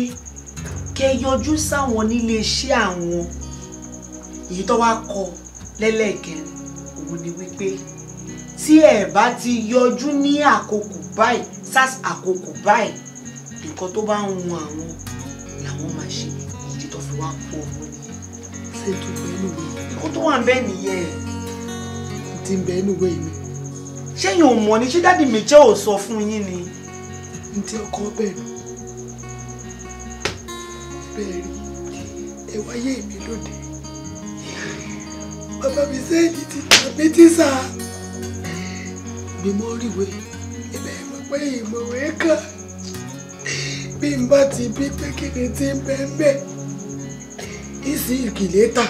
kẹ yọjú sáwọn nílé iṣẹ́ àwọn èyí tó wá kọ lẹ́lẹ́kẹrin òun ni wípé tí ẹ bá ti yọjú ní àkókò báyìí sars àkókò báyìí nǹkan tó bá ń wọn àwọn làwọn máa ṣe ìdí tó fi wá kó owó nìyẹn. ṣé tó bẹ́ẹ̀ nù wẹ̀? kó tó wà bẹ́ẹ̀ nìyẹn. ti bẹ́ẹ̀ nù wẹ̀ mi. ṣé yóò mọ̀ ni ṣé dáàdi mi jẹ́ ò fún yín ni. n ọkọ bẹ́ẹ̀ nù bẹ́ẹ̀ rí ẹ wáyé mi lóde bàbá mi sẹ́ẹ̀dì ti tà mí tí sà bí ríwe ibẹ̀ mọ̀ pé ìmọ̀wé kàn bí n bá ti bí pé kí ni ti ń bẹ́ẹ̀ bẹ́ẹ̀ ìsì ìkìlẹ́tà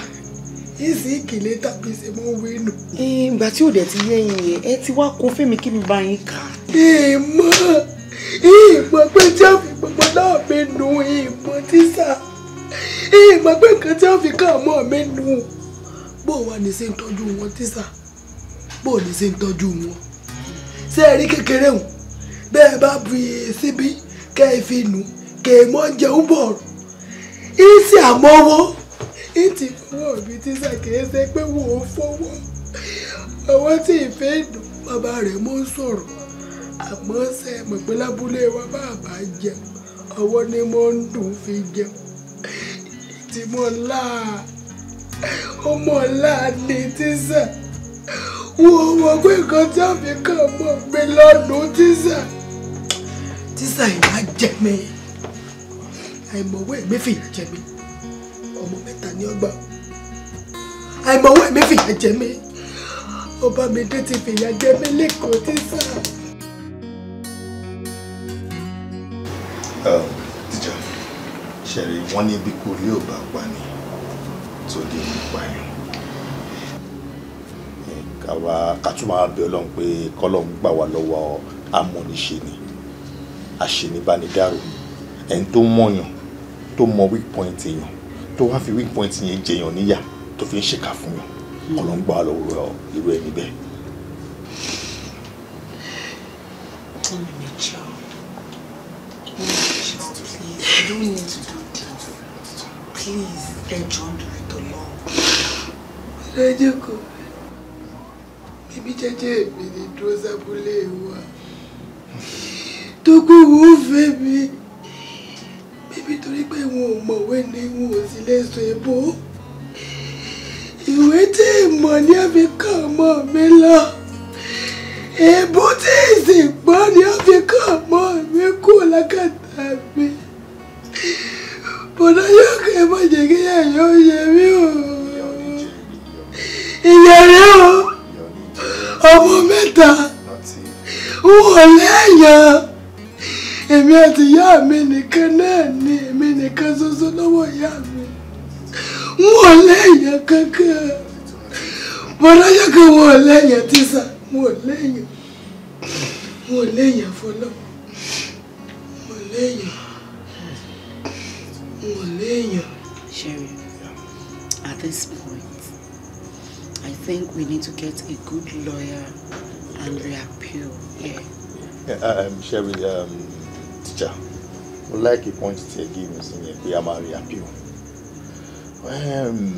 ìsì ìkìlẹ́tà bí ṣe mọ́ wínú. ìgbà tí ò dẹ̀ ti yẹ́yìn yẹn ẹ ti wá kún fún mi kí mi bá yín kà á ìmọ̀ pé tí wọ́n fi gbogbo náà mi nu ìmọ̀ tíṣà ìmọ̀ pé nǹkan tí wọ́n fi kàn mọ́ mi nu bó wà ní ṣe ń tọ́jú wọn tíṣà bó ní ṣe ń tọ́jú wọn ṣé ẹ rí kékeré hùn bẹ́ẹ̀ bá bu síbí kẹ́ ẹ fi nù kẹ́ ẹ mọ́ jẹun bọ̀ ìsì àmọ́wọ́ ìtì fọwọ́ mi tíṣà kìí ṣe pé wò ó fọwọ́ àwọn tí ìfẹ́ dùn bàbá rẹ̀ mọ́ sọ̀rọ̀ àmọ́ ṣe mọ̀ pé lábúlé wa bá àbá jẹ ọwọ́ ni mo ń dùn fi jẹ tí mo là ó mọ̀ láàánú tí sà wọ́n wọ́n pé nǹkan tí a fi kàn mọ́ mi lọ́dún tí sà tí sà ìyá jẹ mi àìmọ̀wé mi fìyà jẹ mi ọmọ mẹ́ta ní ọgbà àìmọ̀wé mi fìyà jẹ mi ọba mi dé ti fìyà jẹ mi lẹ́kọ̀ọ́ tí tíjà ṣẹ̀rí wọ́n ní bí kò lé òbá pa ni tó lè mú pààyàn àwa kàtúmọ̀ abẹ ọlọ́run pé kọ́lọ́run gbà wá lọ́wọ́ amọ̀níṣe ni àṣenibánidárò ẹni tó mọ̀yàn tó mọ weak point èèyàn tó wá fi weak point yẹn jẹyàn níyà tó fi ń ṣèkà fún yàn kọ́lọ́run gbà wá lọ́wọ́ irú ẹni bẹ́ẹ̀. Tell me, You don't need to do this. Please, enjoy it alone. Rajako, bíbí jẹ́jẹ́ mi ni dúró sábúlé wa. Tókù wò ó fẹ́ mi. Bíbí torí pé wọn ò mọ̀wé ni wọn ò sì lè sọ èbó. Ìwé You ìmọ̀ ni a fi kàn mọ́ mi lọ. Èbó tí ìsìn gbọ́ ni a on? kàn mọ́ mi kú lákàtà mi bọ̀dá yóò kẹ́ ẹ má jẹ́ kí ẹ̀yìn ó yẹ mí o ìyẹ̀rẹ́ o ọmọ mẹ́ta wọ̀ lẹ́yìn èmi àti ìyá mi nìkan náà ni èmi nìkan ṣoṣo lọ́wọ́ ìyá mi wọ̀ lẹ́yìn kankan bọ̀dá yóò kẹ́ wọ̀ lẹ́yìn tíṣà wọ̀ lẹ́yìn wọ̀ lẹ́yìn àfọlọ́ wọ̀ lẹ́yìn léèyàn. Sherry, at this point, I think we need to get a good lawyer and reappeal here. Yeah, uh, um, Sherry, um, teacher, would like a point to take in since we are reappeal. Um,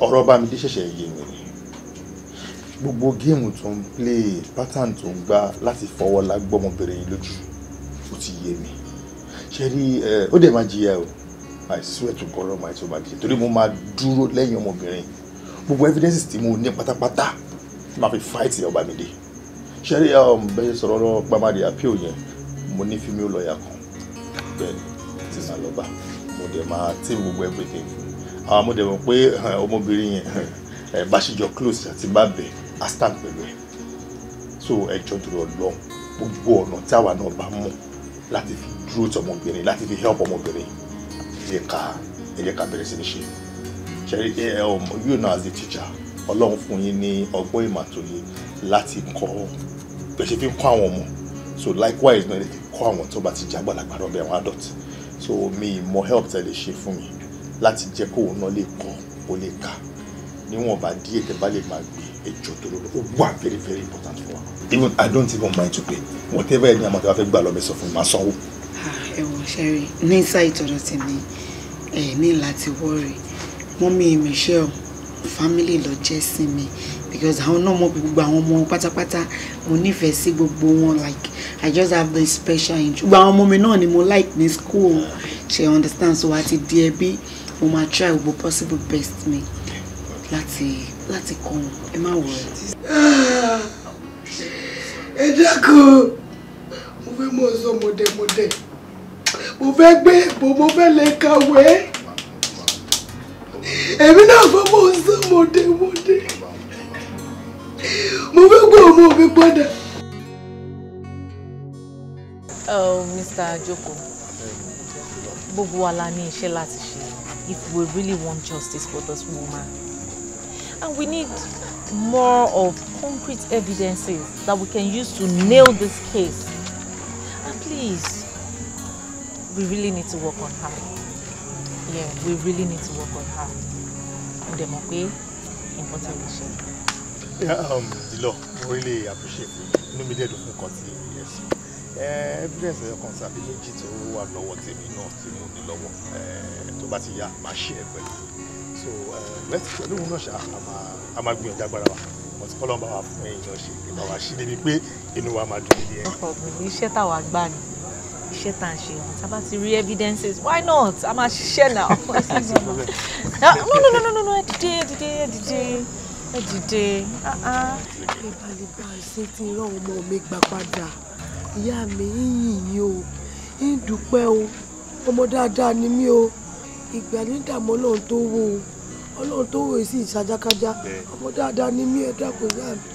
ọ̀rọ̀ Bámidé ṣẹ̀ṣẹ̀ yé mi ni. Gbogbo géèmù tó ń play pattern tó ń gbá láti fọwọ́ la gbọ́mọbìnrin yìí lójú ó ti yé mi. Ṣé rí uh, ó dẹ̀ máa jìyà o. I swear to God Almighty bá jẹ torí mo máa dúró lẹ́yìn ọmọbìnrin gbogbo evidences tí mo ní pátápátá tí màá fi fight ẹ̀ ọba mi dé ṣẹ́rí um, bẹ́ẹ̀ sọ̀rọ̀ lọ́wọ́ pàmádé appeal yẹn mo ní female lawyer kan bẹ́ẹ̀ tí màá lọ bá mo dẹ̀ máa tí gbogbo everything fún àwọn mo dẹ̀ mọ̀ pé eh, ọmọbìnrin yẹn eh, bá ṣe jọ close àti bá bẹ̀ á stand pẹ̀lú ẹ̀ so ẹjọ́ tó lọ lọ gbogbo ọ̀nà tí àwa náà bá mọ̀ láti fi dúró tọmọbìnrin láti fi help ọmọbìnrin jẹ́ ká bẹ̀rẹ̀ sí ní ṣe ṣẹ́rí ẹ ọmọ um, you know as a teacher ọlọ́run fún yín ní ọgbọ́n ìmọ̀ tó ní láti kọ́ bẹ́ẹ̀ ṣe fi ń kọ́ àwọn ọmọ so likewise náà ẹ ti kọ́ àwọn tó bá ti jẹ́ àgbàlagbà náà bẹ́ẹ̀ àwọn adult so mi mọ help tẹ lè ṣe fún mi láti jẹ́ kó òun náà lè kọ́ ó lè kà níwọ̀n bá díẹ̀ tẹ bá lè máa gbé ẹjọ́ tó lórí ó wà very very important for wa even I don't even mind to pay whatever ẹni àmọ́ tí wàá fẹ́ gbà lọ mi sọ fún mi máa sanwó ẹ̀wọ̀n ṣẹ́rí ní sáìtì ọ̀dọ̀ ti ní ẹ̀ ní láti wọ́ọ̀rì mọ́mí michelle family lọ jẹ́ sí mi because àwọn náà mọ̀ pé gbogbo àwọn ọmọ pátápátá mo nífẹ̀ẹ́ sí gbogbo wọn like i just have this special interest gbogbo àwọn ọmọ mi náà ni mo like ní school She understand so àti di ẹbí mo máa try gbogbo possible best mi láti láti kọ́ wọn ẹ má wọ̀ ẹ́. Ah, ẹ dákun mo fẹ́ mọ̀ ọ́ sọ mọ̀dẹ̀mọ̀dẹ̀ mo fẹ́ gbé èbò mo fẹ́ lè kàwé èmi náà fẹ́ mo sọ mo dé mo dé mo fẹ́ gbọ́ ọmọ mi padà. Oh, Mr. Joko, gbogbo wa la ní iṣẹ́ láti ṣe if we really want justice for this woman and we need more of concrete evidences that we can use to nail this case and please we really need to work on her yeah we really need to work on her mo dẹ̀ mọ̀ pé nǹkan tẹ̀ lè Dilo really appreciate inú mi dẹ̀dùn fún nǹkan tí ẹ sọ evidence ẹ̀yọ kan tàbí need to wà lọ́wọ́ tèmi náà tí mo ní lọ́wọ́ tó bá ti yá máa ṣe ẹ so let's. pẹ̀lú òun náà ṣá a máa gbìyànjú agbára wa ọtí kọ́lọ́ọ̀ bá wa fún ẹ̀yìn náà ṣe ìgbà wa ṣe débi pé inú wa máa dùn ní ẹ̀. ọkọ mi iṣẹ́ táwa gbà ni iṣẹ́ tá à ń ṣe ọ̀hún tá a bá ti rí evidences why not a máa ṣiṣẹ́ náà. no no no no no no ẹ dìde ẹ dìde ẹ dìde ẹ dìde. ìbálòpọ̀ àìsàn ti rán ọmọ mi gbà padà ìyá mi ń yìn yín o ń dúpẹ́ o ọmọ dáadáa ni mí o ìgbà ní ìdààmú ọlọ́run tó wò ó ọlọ́run tó wò ó sì ṣàjákájá ọmọ dáadáa ni mí ẹ dákun ìyá mi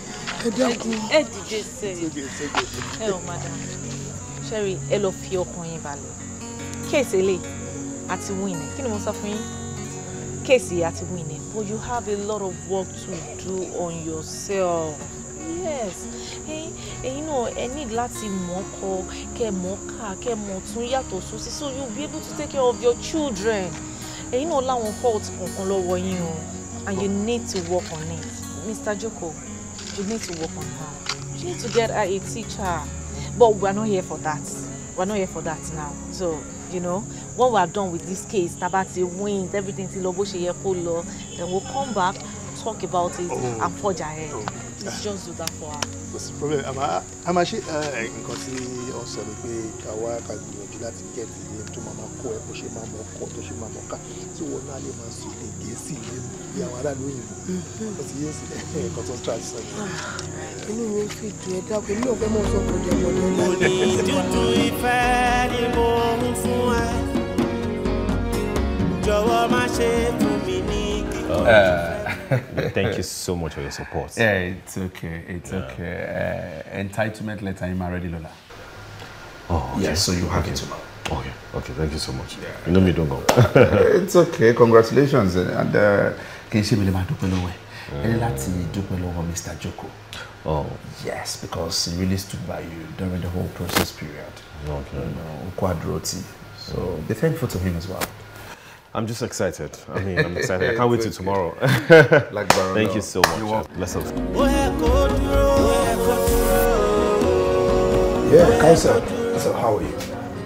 ẹ dákun. ẹ dìde sẹ ẹ ò má dáa ṣẹ́rí ẹ lọ fi ọkàn yín balẹ̀ kéèsì lè àti wíìnì kí ni mo sọ fún yín kéèsì àti wíìnì but you have a lot of work to do on yourself yes ẹ̀yin náà ẹ need láti mọ̀ kọ kẹ́ mọ̀ ká kẹ́ mọ̀ tún yàtọ̀ sósì so you be able to take care of your children ẹ̀yin náà láwọn fault kankan lọ́wọ́ yín o and you need to work on it Mr. Joko you need to work on her you need to get her a teacher. But we are not here for that. We are not here for that now. So, you know, when we are done with this case, Tabati wins, everything ti lọ bó ṣe yẹ kó lọ, then we'll come back, talk about it, oh. and forge ahead. Oh. Let's just do that for her. What's problem? A máa ṣe nǹkan tí ó sọ ni pé ká wá ká gbìyànjú láti get ilé tó máa máa kọ́ ẹ bó ṣe máa mọ̀ ọkọ̀ tó ṣe máa mọ̀ ká tí wọ́n náà lè máa sọ èdè Gẹ̀ẹ́sì lẹ́nu bí àwọn aráàlú òyìnbó mm-hmm. ó ti yé sí ẹ̀kọ́ tó ń tra sọ yìí. Ah, inú mi ń fi dùn ẹ dákun inú ọ̀fẹ́ mọ̀ sọ kò jẹ́ mọ̀ ní mo ní dúdú ìfẹ́ ni mo mú fún ẹ jọ̀wọ́ má ṣe fún mi ní kíkọ́. Eh. Thank you so much for your support. Yeah, it's okay. It's yeah. okay. Uh, entitlement letter in already, Lola. Oh, okay. yes. So you have okay. it tomorrow. Okay. Okay. Thank you so much. Yeah. You know me, don't go. it's okay. Congratulations eh, and. Uh, kì í ṣe mi lè máa dúpẹ́ lọ́wọ́ ẹ̀ ẹ ní láti dúpẹ́ lọ́wọ́ Mr. Joko. Oh. Yes, because he really stood by you during the whole process period. Okay. You know, Ukwadroti. So be thankful to him as well. I'm just excited. I mean, I'm excited. I can't wait till tomorrow. like Baron, Thank you so much. You're welcome. Bless us. Yeah, Kaiser. So how are you?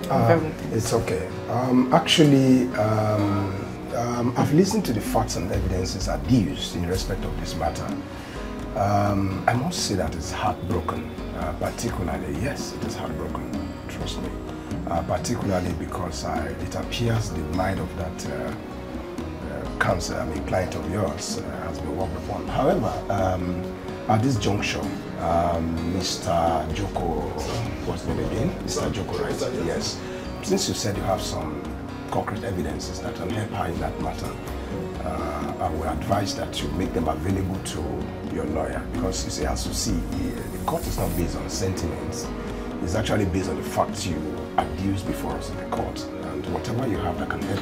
Uh, it's okay. Um, actually, um, um, I've listened to the facts and evidences adduced in respect of this matter. Um, I must say that it's heartbroken, uh, particularly, yes, it is heartbroken, trust me, uh, particularly because I, uh, it appears the mind of that uh, uh counsel, I mean, client of yours uh, has been worked upon. However, um, at this juncture, Mr. Um, Joko, what's the name again? Mr. Joko, right? Yes. Since you said you have some concrete evidences that will help her in that matter. Uh, I would advise that you make them available to your lawyer because you see, as you see, the court is not based on sentiments. It's actually based on the facts you adduce before us in the court. And whatever you have that can help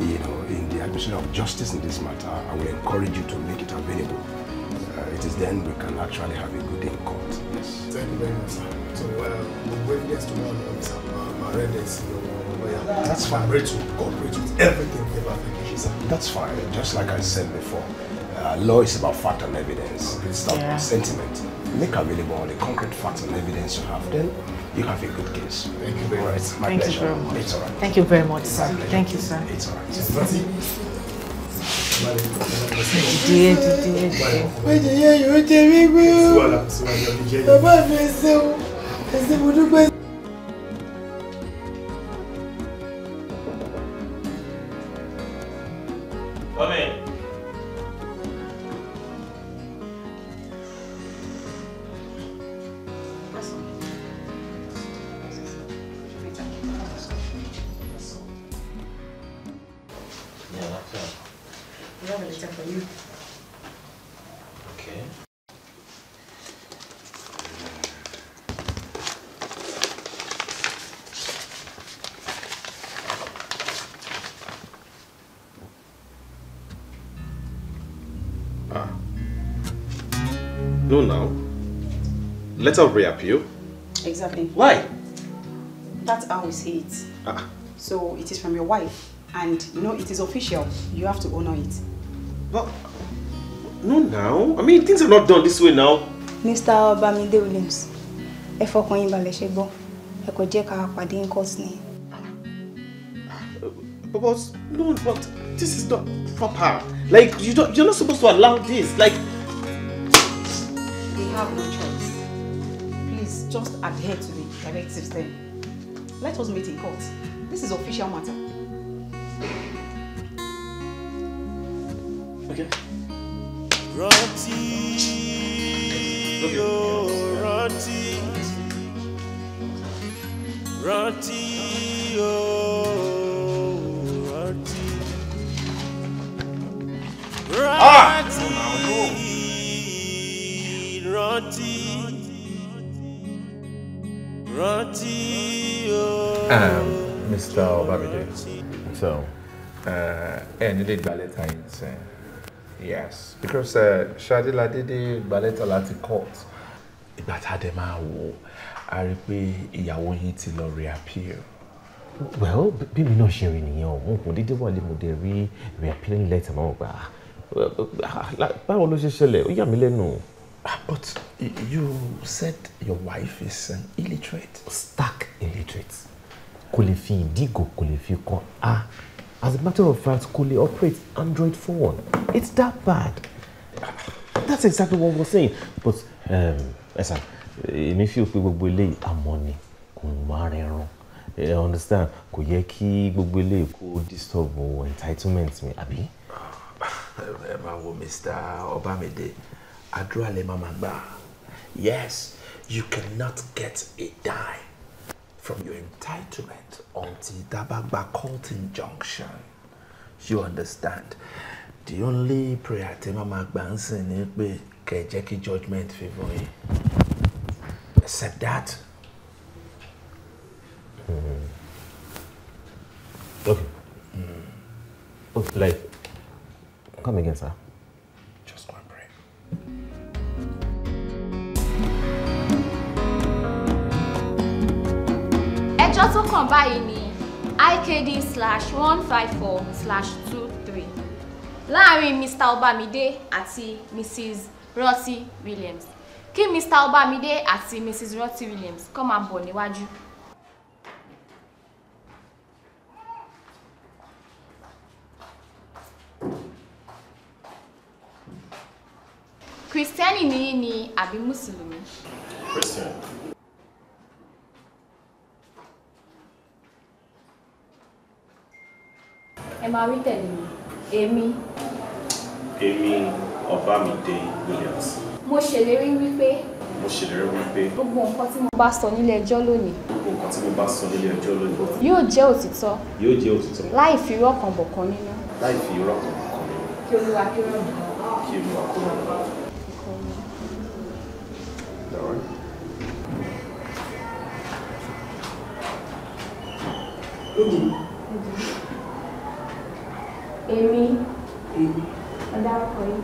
you know, in the administration of justice in this matter, I will encourage you to make it available. Uh, it is then we can actually have a good day in court. Yes. Thank you very much, sir. So, uh, we'll wait uh, to know, sir. my readiness, lawyer. That's fine. Ready to cooperate with everything ever That's fine. Just like I said before, uh, law is about fact and evidence. It's not yeah. sentiment. Make available all the concrete facts and evidence you have, then you have a good case. Thank you very much. Right. My Thank pleasure. You very much. It's all right. Thank you very much, sir. Thank you, sir. It's all right. It's díẹ̀ mental reappeal. Exactly. Why? That's how we see it. Ah. So it is from your wife. And you know, it is official. You have to honor it. But, no now. I mean, things are not done this way now. Mr. Bamide Williams, If I yín in, ṣe gbọ́. Ẹ kò jẹ́ ká pàdé in course. But, no, but this is not proper. Like, you don't, you're not supposed to allow this. Like... We have no choice. just adhere to the directives then. Let us meet in court. This is official matter. Okay. Okay. Rántí, yo, oh, rántí, rántí, yo, oh, rántí, ah! rántí, rántí. Um, Mr. Babide, so, uh, ẹ ní lè gba lẹ́tà yìí sẹ́yìn. Yes, because uh, Ṣadéládé dé did the láti court. Ìgbà tá a dẹ̀ i repeat, he won't ti reappear. Well, bí mi náà ṣe rí nìyẹn o, mo kò dédé wọlé mo reappearing later, máa gbà. Báwo ló ṣe ṣẹlẹ̀? Ó yà mí lẹ́nu. Ah, but you said your wife is an um, illiterate. Stark illiterate. Kò lè fi ìdígò kò fi kọ A. As a matter of fact, kò operates Android phone. It's that bad. That's exactly what we're saying. But ẹ̀sán um, èmi fi òpin gbogbo eléyìí àmọ́ ni kò má rẹran. I eh, understand kò yẹ kí gbogbo eléyìí kó disturb entitlement mi àbí. Ah, ẹ máa wo Mr. Obamide àdúrà lè máa máa gbà yes you cannot get a dime from your entitlement until dabagba court injunction you understand the only prayer tí máa máa gbà ń sìn ni pé kẹ̀ jẹ́ kí judgement favour yín accept that. Mm okay. Mm. okay like come again sir. ẹjọ́ tó kàn báyìí ni ikd slash one five four slash two three láàrin mr obamide àti mrs rotty williams kí mr obamide àti mrs rotty williams kọ́ máa bọ̀ níwájú. kristẹni nìyí ni àbí mùsùlùmí. christian. ẹ máa rí tẹ̀lé mi èmi. èmi Ọbámidé Williams. mo ṣèlérí wípé. mo ṣèlérí wípé. gbogbo nǹkan tí mo bá sọ nílé ẹjọ́ lónìí. gbogbo nǹkan tí mo bá sọ nílé ẹjọ́ lónìí. yóò jẹ́ òtítọ́. yóò jẹ́ òtítọ́. láì fi irọ́ kan bọ̀ kan nínú. láì fi irọ́ kan bọ̀ kan nínú. kí Olúwa kí ó ràn kí Olúwa kó ràn mí. Ooh èmi ọ̀dàpọ̀ yìí.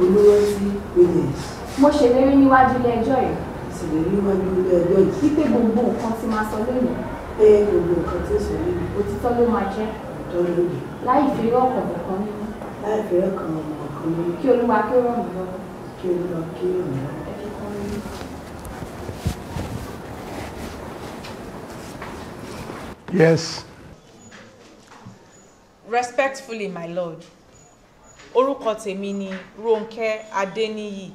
olówó sí williams. mo ṣèlérí níwájú ilé ẹjọ́ yìí. ṣèlérí níwájú ilé ẹjọ́ yìí. wípé gbogbo nǹkan ti máa sọ lónìí. pé gbogbo nǹkan ti sọ lónìí. òtítọ́ ló máa jẹ́. òtítọ́ lónìí. láì fi irọ́ ọ̀kan kankan nínú. láì fi irọ́ kankan nínú. kí olúwa kí ó ràn Yes respectfully my lord orúkọ tèmi ni Rónkẹ́ Adéníyì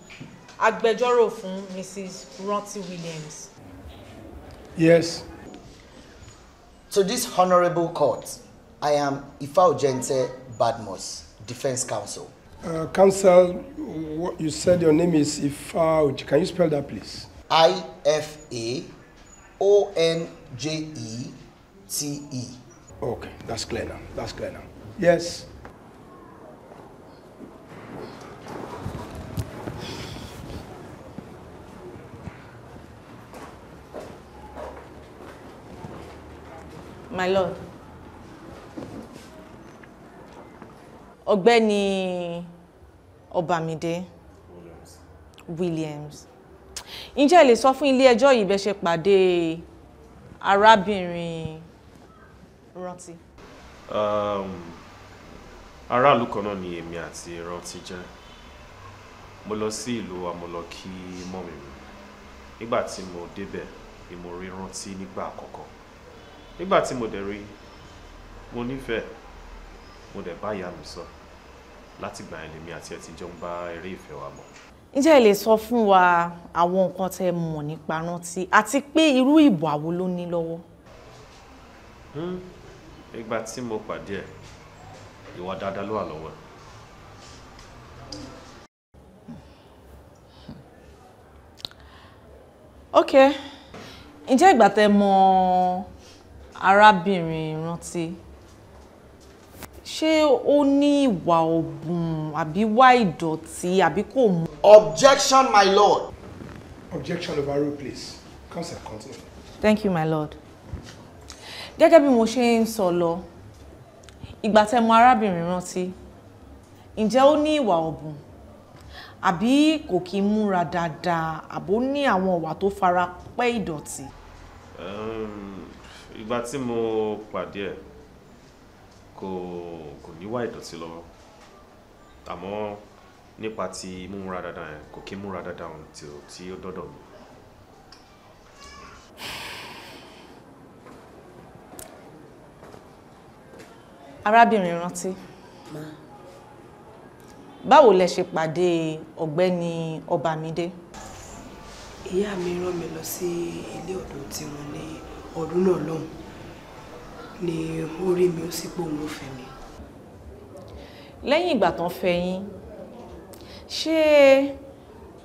agbẹjọ́rò fún mrs Rántí Williams. yes. to this honourable court i am Ifa Ifaojente Badmus defence counsel. Uh, counsel you said your name is Ifaoj can you spell that please. i f a o n j e t e. okay that's clear now that's clear now. Yes. My lord. Ọ̀gbẹ́ni Obamide Williams. Ǹjẹ́ ẹ lè sọ fún ilé ẹjọ́ yìí bẹ́ ṣe pàdé arábìnrin Rántí? Um, aráàlú kan náà ni èmi àti rántí jẹ́ mo lọ sí ìlú wa mo lọ kí mọ́mì mi nígbà tí mo débẹ̀ ni mo rí rántí nígbà àkọ́kọ́ nígbà tí mo dẹ̀ rí mo nífẹ̀ẹ́ mo dẹ̀ bá ìyá mi sọ látìgbà yẹn lèmi àti ẹ̀ ti jọ ń bá eré ìfẹ́ wa mọ̀. ǹjẹ́ ẹ lè sọ fún wa àwọn nǹkan tẹ́ mọ̀ nípa rántí àti pé irú ìbò àwo ló ní lọ́wọ́. Hmm, nígbà tí mo pàdé ẹ̀ ìwà dáadáa ló wà lọ́wọ́ ẹ̀. ok ǹjẹ́ ìgbà tẹ́ mọ arábìnrin rántí ṣé ó ní ìwà ọ̀bùn àbí wá ìdọ̀tí àbí kò mú. objection my lord. objection overruled please counsel continue. thank you my lord gẹ́gẹ́ bí mo ṣe ń sọ lọ ìgbà tẹ́ mọ arábìnrin rántí ǹjẹ́ ó ní ìwà ọ̀bùn àbí kò kí ń múra dáadáa àbó ní àwọn ìwà tó fara pẹ́ ìdọ̀tí. ìgbà tí mo pàdé ẹ̀ kò kò níwà ìdọ̀tí lọ́wọ́ àmọ́ nípa ti múra dáadáa kò kí múra dáadáa ohun tí ó dọ́dọ̀ mi. arábìnrin rántí báwo lẹ ṣe pàdé ọ̀gbẹ́ni Ọbámidé. ìyá mi rán mi lọ sí ilé ọ̀dọ̀ tí wọ́n ní ọdún náà lọ́hùn ni ó rí mi ó sì pé òun ò fẹ́ mi. lẹ́yìn ìgbà tán fẹ́ yín ṣé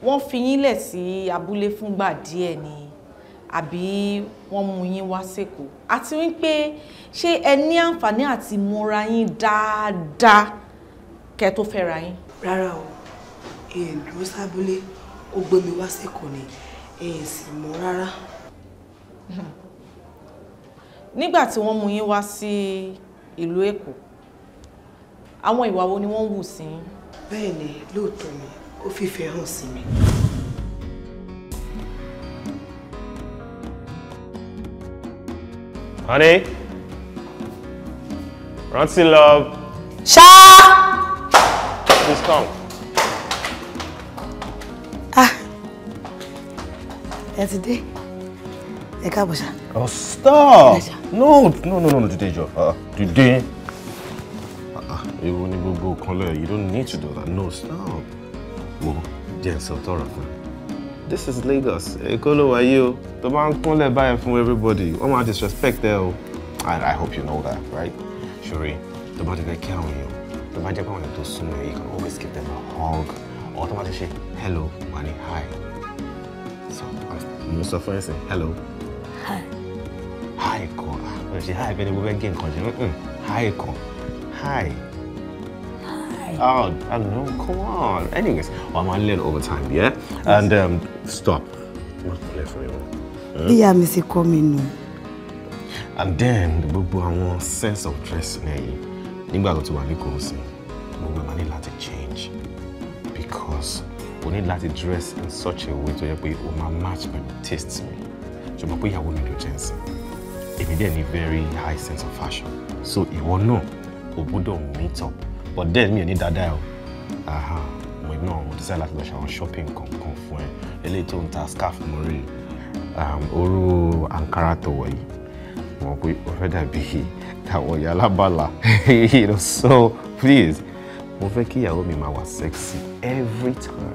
wọ́n fi yín lẹ̀ sí abúlé fúngbà díẹ̀ ni àbí wọ́n mú yín wá sẹ́kọ̀ọ́ àti wípé ṣé ẹ ní àǹfààní àti mọra yín dáadáa kẹ tó fẹ́ra yín. rárá o èèyàn dúró sábúlé ó gbé mi wá sẹ́kọ̀ọ́ ni èèyàn sì mọ̀ rárá. nígbà tí wọ́n mú yín wá sí ìlú èkó àwọn ìwà wo ni wọ́n wù sí yín. bẹ́ẹ̀ ni lóòótọ́ mi ó fìfẹ́ hàn sí mi. Honey? Rántí love. Ṣá. Please come. Ah. Ẹ ti dé. Oh stop. No no no no dìde jọ. Ah, dìde. Ah, ah, ewu ni gbogbo kan You don't need to do that. No stop. Wo jẹ́ sọ this is Lagos Èkó ló wáyé The tó bá ń kúnlẹ̀ everybody wọ́n máa disrespect ẹ o I hope you know that right ṣòrí tó bá ti fẹ́ kí àwọn èèyàn tó bá jẹ́ pé àwọn èèyàn you can always give them a hug or tó bá ti hello money, hi so most of us say hello hi hi kan mo ṣe hi pé ní again, fẹ́ gé nǹkan ṣe hi kan hi. Oh, I know, come on. Anyways, well, I'm a little over time, yeah? And um, stop. Not play for you. Yeah, Missy, come in and then gbogbo àwọn sense of dressing ẹ̀yìn nígbà tó ti wà ní kòsìn gbogbo ẹ̀ máa ní láti change because o ní láti dress in such a way tó yẹ pé o máa match my taste mi ṣùgbọ́n pé ìyàwó mi ló jẹ́ ǹsìn èmi dẹ̀ ní very high sense of fashion so ìwọ náà o gbọ́dọ̀ meet up but then mi ò ní dáadáa o mo náà mo decide láti lọ ṣe shopping kankan fún ẹ eléyìí tó ń ta scarf mo rí um, orú ankara tó wọ̀ yìí mọ̀ pé ó fẹ́ dàbí àwọn ìyá alábàlà so please mo fẹ́ kí ìyàwó mi máa wà sexy every time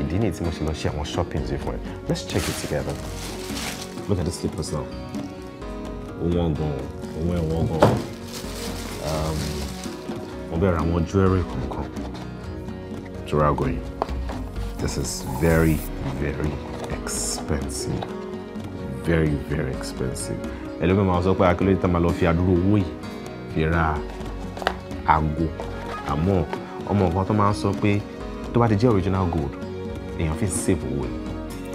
ìdí nìyí tí mo ṣe lọ ṣe àwọn shopping yìí fún ẹ let's check it together look at the slippers now owó ọgàn owó ẹ̀wọ̀n ọgàn mo bẹ̀rẹ̀ àwọn jewelry kankan jura ọgàn yìí this is very very expensive very very expensive ẹlòmíì máa sọ pé akílódé tá máa lọ fi àdúrà owó yìí fi ra àgò àmọ́ ọmọ nǹkan tó máa ń sọ pé tó bá ti jẹ́ original gold èèyàn fi ń save owó ni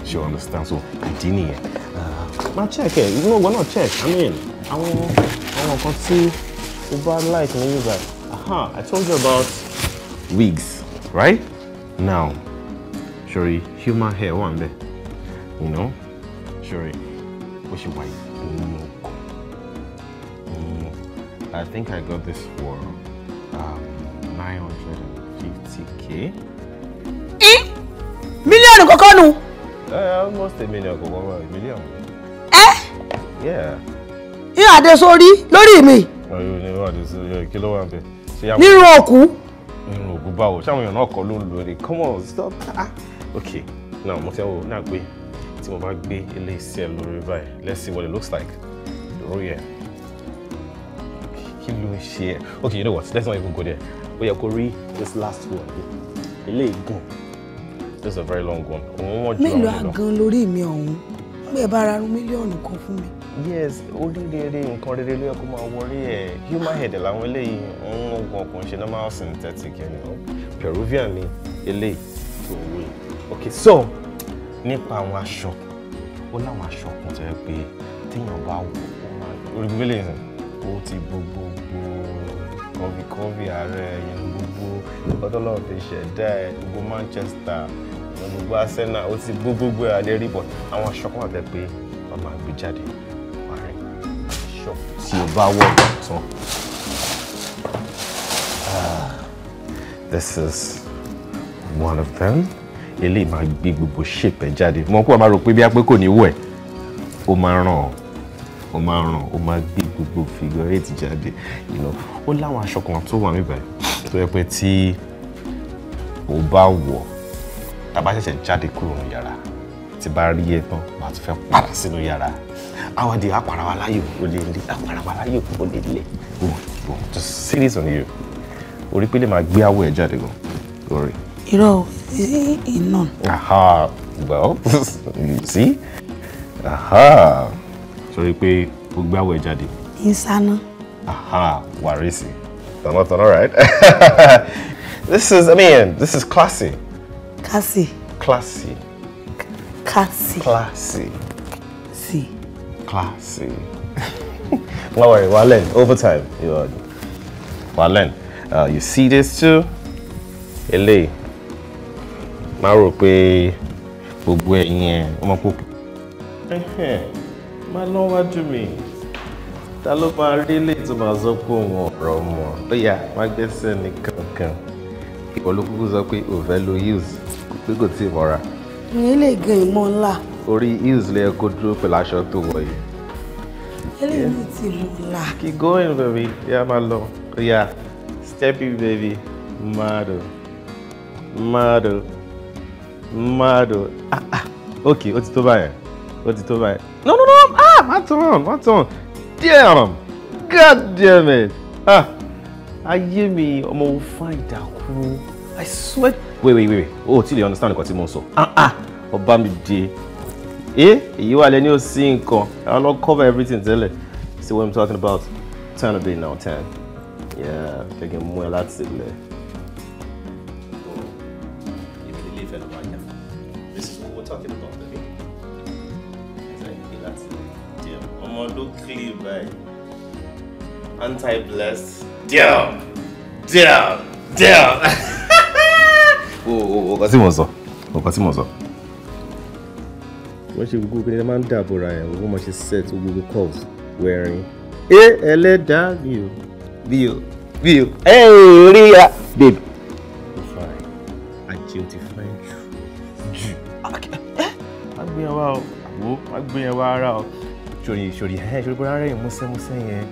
ṣe understand so ìdí nìyẹn máa check ẹ inú ọgbọ́n náà check i mean àwọn àwọn nǹkan tí o bá like ní yorùbá aha i told you about wigs right now sorry human hair wà ń bẹ you know sorry ó ṣe wáyé. I think I got this for um, 950k. Eh? Million, kankan nu? Uh, almost a million kankan, a million. Eh? Yeah. You are the lórí mi. me? Oh, ni you àdé sórí kí ló wà ń bẹ̀? Nínú òkú. Nínú òkú báwo? Ṣé àwọn èèyàn náà kọ́ ló ń lò Come on, stop. Ah. Okay, now mo fẹ́ wo náà pé tí mo bá gbé ilé iṣẹ́ lórí báyìí, let's see what it looks like. Ìró yẹn kí ló ń ṣe ẹ okay you know what let's not even go there ó yẹ kó rí this last one ilé ìgùn this is a very long one òun wọ́n jù àwọn lọ. mélòó àgàn lórí mi ọ̀hún pé ẹ bá ra mílíọ̀nù kan fún mi. yes oríire nǹkan rere ló yẹ kó máa wọrí ẹ human head làwọn eléyìí ń oògùn ọkùnrin ṣe normal synthetic ẹni ọ peruvian ni eléyìí tó wé ok so nípa àwọn aṣọ ó láwọn aṣọ kan tó yẹ pé téèyàn bá wò ó máa orí gbogbo eléyìí ó ti gbogbo kọ́bíkọ́bí ààrẹ ìyẹn gbogbo ọtọ́lọ́run fi ṣẹ̀dá ẹ gbogbo Manchester gbogbo Arsenal ó ti gbogbogbò ẹ̀ àlérí bọ̀ àwọn aṣọ kan wà pé wọ́n máa gbé jáde wà rẹ̀ aṣọ tí o bá wọ̀ tán. Ah, this is one of them eléyìí máa gbé gbogbo ṣèpẹ jáde Mo kó o máa rò pé bí apẹ kò ní wọ ẹ o máa ràn ọ o máa ràn o máa gbé gbogbo figure eight jáde you know ó láwọn aṣọ kan tó wà níbẹ̀ tó yẹ pé tí o bá wọ̀ tá a bá ṣẹ̀ṣẹ̀ jáde kúrò ní yàrá tí bá rí ẹ tán màá tún fẹ́ padà sínú yàrá àwọn di aparawa láyò ó lè lé láyò ó lè lé o on you orí pé lè máa gbé àwọ̀ ẹ̀ jáde gan lórí. irọ́ o iná. aha well you see aha sọ pé ó gbé àwọ̀ ẹ̀ jáde. Insana. Aha, Warisi. Done up, done all right. this is, I mean, this is classy. Classy. Classy. Classy. Classy. Si. Classy. Don't worry, Walen, overtime. You Walen, uh, you see this too? Ele. Máa rò pé gbogbo ẹ̀yin ẹ̀ ọmọ púpọ̀. Máa lọ́wájú mi ta ló máa rí lè tó máa sọ pé òun ọ̀rọ̀ mọ̀ lóyà má gbẹ́sẹ̀ ní kankan ìwọ ló kúkú sọ pé òfẹ́ lo heels pé kò tí ì mọ́ra. mi lè gan ìmọ̀ ńlá. orí heels lè kó dúró pẹ̀lú aṣọ tó wọ̀ yìí. eléyìí ti lò ńlá. kí going baby yá máa lọ lóyà steppy baby mado mado mado ah ah ok ó ti tó báyẹn ó ti tó báyẹn no no no ah má tán má tán damn! God damn it! Ah! Ayé mi ọmọ wo fa ìdàkúrú. I swear. Wait wait wait wait. Oh, till you understand the question, mo Ah, ah. mi de. Ẹ èyí wà lẹ́ni ó sí nǹkan. I lọ cover everything tẹ́lẹ̀. See what I'm talking about? Turn a bit now, turn. Yeah, kẹ̀kẹ́ mú ẹ láti lẹ̀. like anti-blessed. Damn! Damn! Damn! Oh, oh, oh! kàn sí mo sọ, wo kàn sí mo sọ. Wọ́n ṣe gbogbo kí ni ẹ máa ń dààbò ra ẹ̀ gbogbo máa ṣe set gbogbo curves wẹ̀rin. Ẹ ẹlẹ́dàá mi o. Bí o bí o. Ẹ rí ya babe. Ajé o ti Fine. jù. Jù. Má gbé yẹn wá o. Àwo má ara o sori sori ẹ sori bóyá rẹ̀ músẹ́ músẹ́ yẹn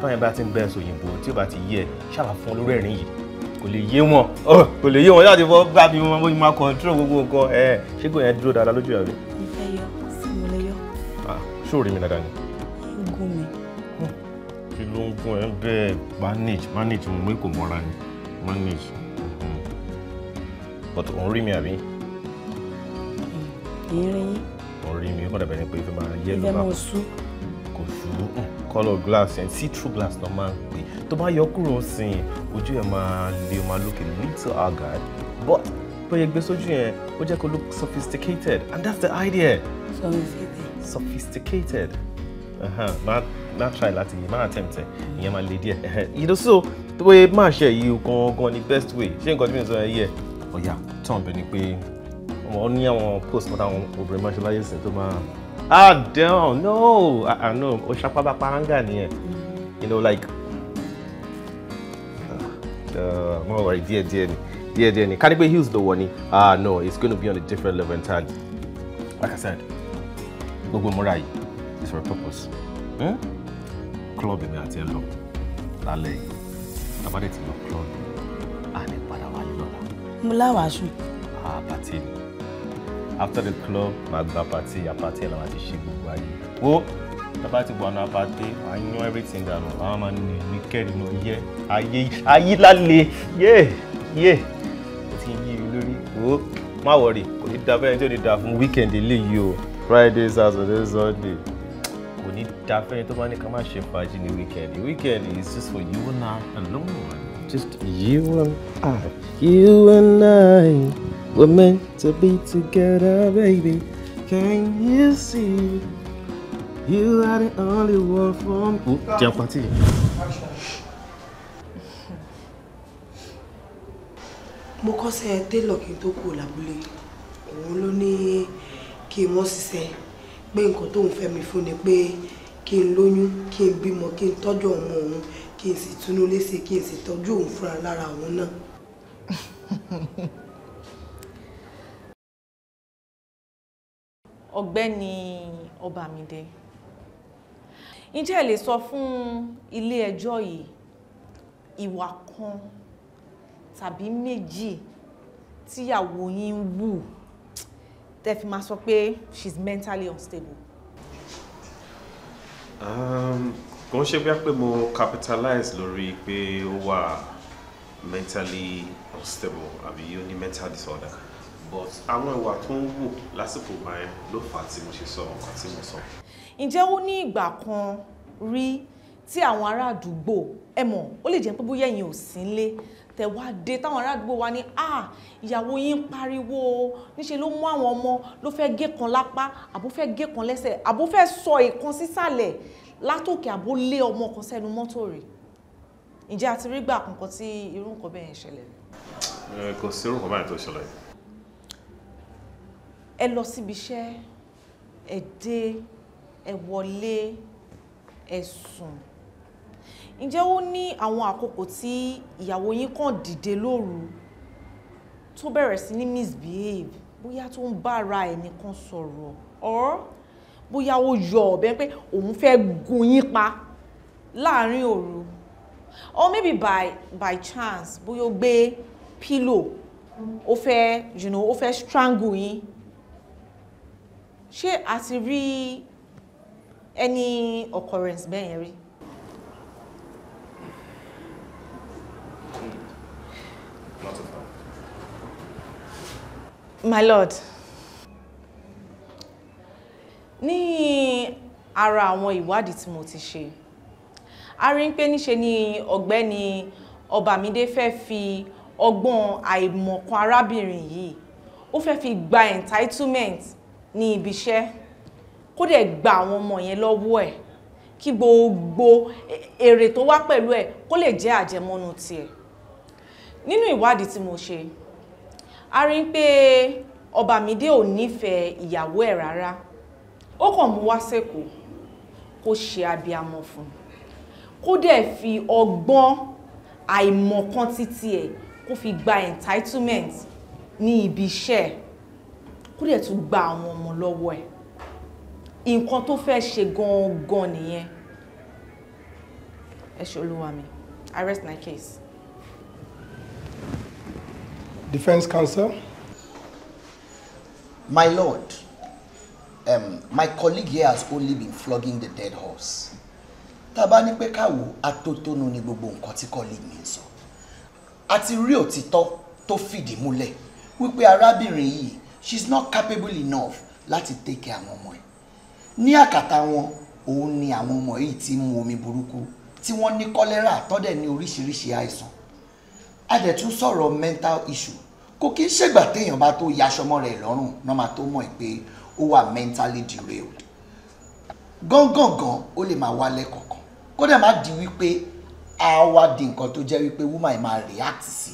táwọn yẹn bá ti ń bẹ́ẹ̀ sọ òyìnbó tí ò bá ti yẹ ṣáà fún olórí ẹ̀rín yìí kò lè yé wọn oh, kò lè yé wọn láti fọ bá mi wọn bóyá máa control gbogbo nǹkan ẹ ṣé kò yẹn dúró dáadáa lójú ẹ̀rọ. ìfẹ́ yọ sí mo lè yọ. ṣóòrè mi dáadáa ni. gún mi. Hmm, kí ló ń gún ẹ bẹ́ẹ̀ manage manage mo mú èkó mọ́ra ni manage hmm. but òun rí mi àbí. ìrìn yín orí mi kọ́ dàbẹ̀ ni pé fẹ́ máa yẹ́lò náà kò sú mm, color glass and see through glass náà máa ń pè tó bá yọ kúrò sìn ojú ẹ̀ máa lè máa look a little haggard but bóyá gbé sójú yẹn ó jẹ́ kó look sophisticated and that's the idea. sophisticated. sophisticated. Uh-huh. máa máa try láti yìí máa attempt ẹ̀ ìyẹn máa le díẹ̀ you know so bóyá máa ṣe èyí gangan ni best way ṣé nǹkan tí mi sọ ẹ yẹ ọ̀yà tán bẹ́ẹ̀ ni pé wọ́n ní àwọn post mọ́ta àwọn obìnrin máa láyé sìn tó máa ah down, no ah uh, no ó ṣapábá paranga nìyẹn you know like mo ah, uh, wọ̀ díẹ̀ díẹ̀ ni díẹ̀ díẹ̀ ni kánípé hills ló wọ̀ ni ah no it's gonna be on a different level entirely like I said gbogbo múra yìí is for a purpose hmm? club mi àti ẹ lọ lálẹ́ yìí abádẹ́ ti lọ club àní padà wà lọ́la. mo láwàásù. àbàtì ni after the club màá gba party, àpàtí ẹ̀ la máa ti ṣe gbogbo ayé wo bàbá ti wà náà pàtí màá yan everything dànù àwọn máa nì ní kẹrin ló yẹ ayé ayé lálẹ́ yé yé o ti yí mi lórí wo má wọrí kò ní da fẹ́rẹ́ tí ò ní da fún weekend eléyìí o Friday Saturday Sunday kò ní da fẹ́rẹ́ tó bá ní ká má ṣe fàájì ní weekend weekend is just for you and I alone just you and I you and I. We're meant to be together, baby. Can you see? You are the only one for me. Oh, jẹ́ pati. Mo kọ́ sẹ́ télọ̀ kí n tó la làbúlé. Òun ló ní kí n wọ́n ṣiṣẹ́. Pé nǹkan tóun fẹ́ mi fún ni pé kí n lóyún, kí n bímọ, kí n tọ́jú ọmọ òun, kí n sì túnú léṣe, kí n sì tọ́jú òun fúnra lára òun náà. ọ̀gbẹ́ni Ọbámidé ǹjẹ́ ẹ lè sọ fún ilé ẹjọ́ yìí ìwà kan tàbí méjì tíyàwó yín ń wù tẹ́ fi máa sọ pé she's mentally unstable. Um, kò ń ṣe bí a pé mo capitalize lórí pé ó wà mentally unstable àbí ó ní mental disorder but àwọn ìwà tó ń wù lásìkò ìgbà yẹn ló fà á tí mo ṣe sọ nǹkan tí mo sọ. ǹjẹ́ ó ní ìgbà kan rí tí àwọn ará àdúgbò ẹ mọ̀ ó lè jẹ́ pé bóyá ẹ̀yin ò sí nílé tẹ wá dé táwọn ará àdúgbò wa ní à ìyàwó yín pariwo níṣe ló mú àwọn ọmọ ló fẹ́ gé kan lápá àbó fẹ́ gé kan lẹ́sẹ̀ àbó fẹ́ sọ ìkan sísàlẹ̀ látòkè àbó lé ọmọ kan sẹ́nu mọ́tò rẹ̀ ǹjẹ́ a ti rí gbà kankan tí irú nǹkan bẹ́ẹ̀ ṣẹlẹ̀. kò sí irú nǹkan báyìí tó ṣẹlẹ̀ yìí ẹ lọ síbi iṣẹ́ ẹ dé ẹ wọlé ẹ sùn ǹjẹ́ ó ní àwọn àkókò tí ìyàwó yín kàn dìde lóru tó bẹ̀rẹ̀ sí ní misbehave bóyá tó ń bára ẹnìkan sọ̀rọ̀ or bóyá ó yọ ọ̀bẹ pé òun fẹ́ gun yín pa láàrin òru or maybe by by chance bóyá ó gbé pílò ó fẹ́ you know ó fẹ́ strangle yín ṣé a ti rí any occurrence bẹ́ẹ̀ yẹn rí. my lord ní ara àwọn ìwádìí tí mo ti ṣe a rí pé níṣe ni ọ̀gbẹ́ni Ọbàmídé fẹ́ fi ọgbọ́n àìmọ̀kan arábìnrin yìí ó fẹ́ fi gba entitlement ní ibi iṣẹ́ kó dẹ̀ gba àwọn ọmọ yẹn lọ́wọ́ ẹ̀ kí gbogbo èrè tó wá pẹ̀lú ẹ̀ kó lè jẹ́ àjẹmọ́nú tiẹ̀ nínú ìwádìí tí mo ṣe a rí pé Ọbámidé ò nífẹ̀ẹ́ ìyàwó ẹ̀ rárá ó kàn mú wá sẹ́kọ̀ọ́ kó ṣe abiyamọ fún kó dẹ̀ fi ọgbọ́n àìmọ̀kan títí ẹ̀ kó fi gba entitlement ní ibi iṣẹ́ ẹ̀ kó dẹ̀ tún gba àwọn ọmọ lọ́wọ́ ẹ̀ nǹkan tó fẹ́ ṣe gangan nìyẹn ẹ ṣe olúwa mi I rest my case. Defense counsel. My lord, um, my colleague here has only been flogging the dead horse. Tàbá ní pé káwo atótónu ni gbogbo nǹkan tí colleague mi ń sọ. A ti rí òtítọ́ tó fìdí múlẹ̀ wípé arábìnrin yìí she's not capable enough láti take care àwọn ọmọ ẹ̀ ní àkàtà wọn òun ni àwọn ọmọ yìí ti mu omi burúkú tí wọ́n ní kọ́lẹ́rà tọ́dẹ̀ ní oríṣiríṣi àìsàn a dẹ̀ tún sọ̀rọ̀ mental issue kò kí ń ṣègbà téèyàn bá tó yaṣọmọ rẹ̀ lọ́rùn náà máa tó mọ̀ ẹ́ pé ó wà mentally derailed gángangan ó lè máa wá lẹ́kọ̀ọ̀kan kó dẹ̀ má di wípé a wá di nǹkan tó jẹ́ wípé woman máa react sí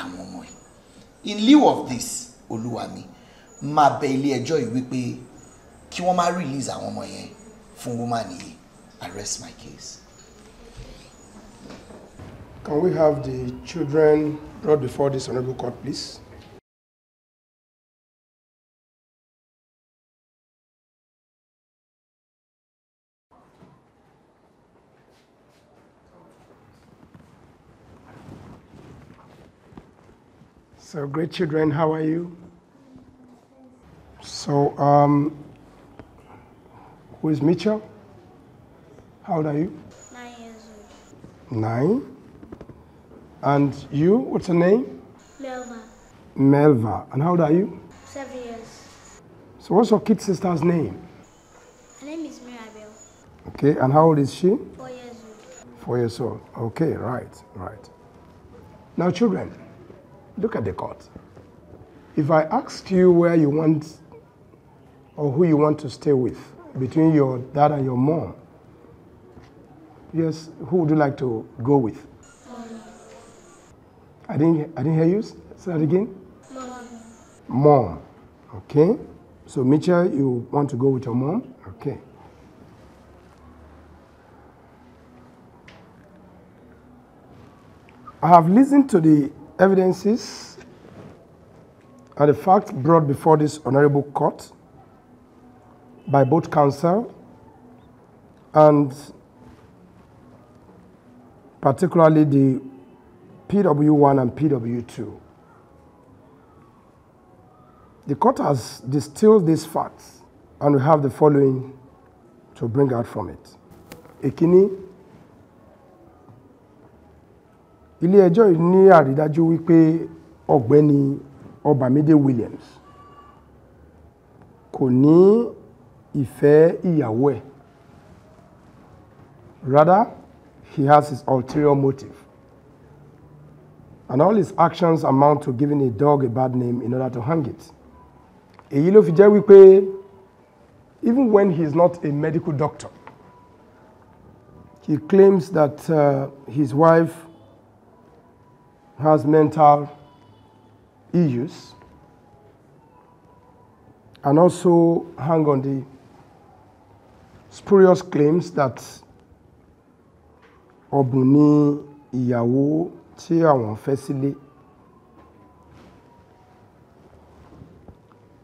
àwọn ọmọ ẹ̀ in lieu of this olúwa mi máa bẹ ilé ẹjọ́ yìí wípé kí wọ́n má release àwọn ọmọ yẹn fún woman yìí arrest my case. Can we have the children brought before this honourable court, please? So, great children, how are you? So, um, who is Mitchell? How old are you? Nine years old. Nine? And you, what's your name? Melva. Melva. And how old are you? Seven years. So, what's your kid sister's name? Her name is Mirabel. Okay, and how old is she? Four years old. Four years old. Okay, right, right. Now, children, look at the court. If I asked you where you want or who you want to stay with between your dad and your mom. Yes, who would you like to go with? I didn't, I didn't hear you. Say that again. Mom. Mom. Okay. So, Mitchell, you want to go with your mom? Okay. I have listened to the evidences and the facts brought before this honorable court by both council and particularly the PW1 and PW2. The court has distilled these facts and we have the following to bring out from it. Èkíní, ilé ẹjọ́ yìí ní àrídájú wípé ọ̀gbẹ́ni Williams kò ní ìfẹ́ ìyàwó rather he has his ulterior motive and all his actions amount to giving a dog a bad name in order to hang it even when he is not a medical doctor he claims that uh, his wife has mental issues and also hang on the spurious claims that ọ̀bùn ni ìyàwó tí àwọn fẹ́ sílé.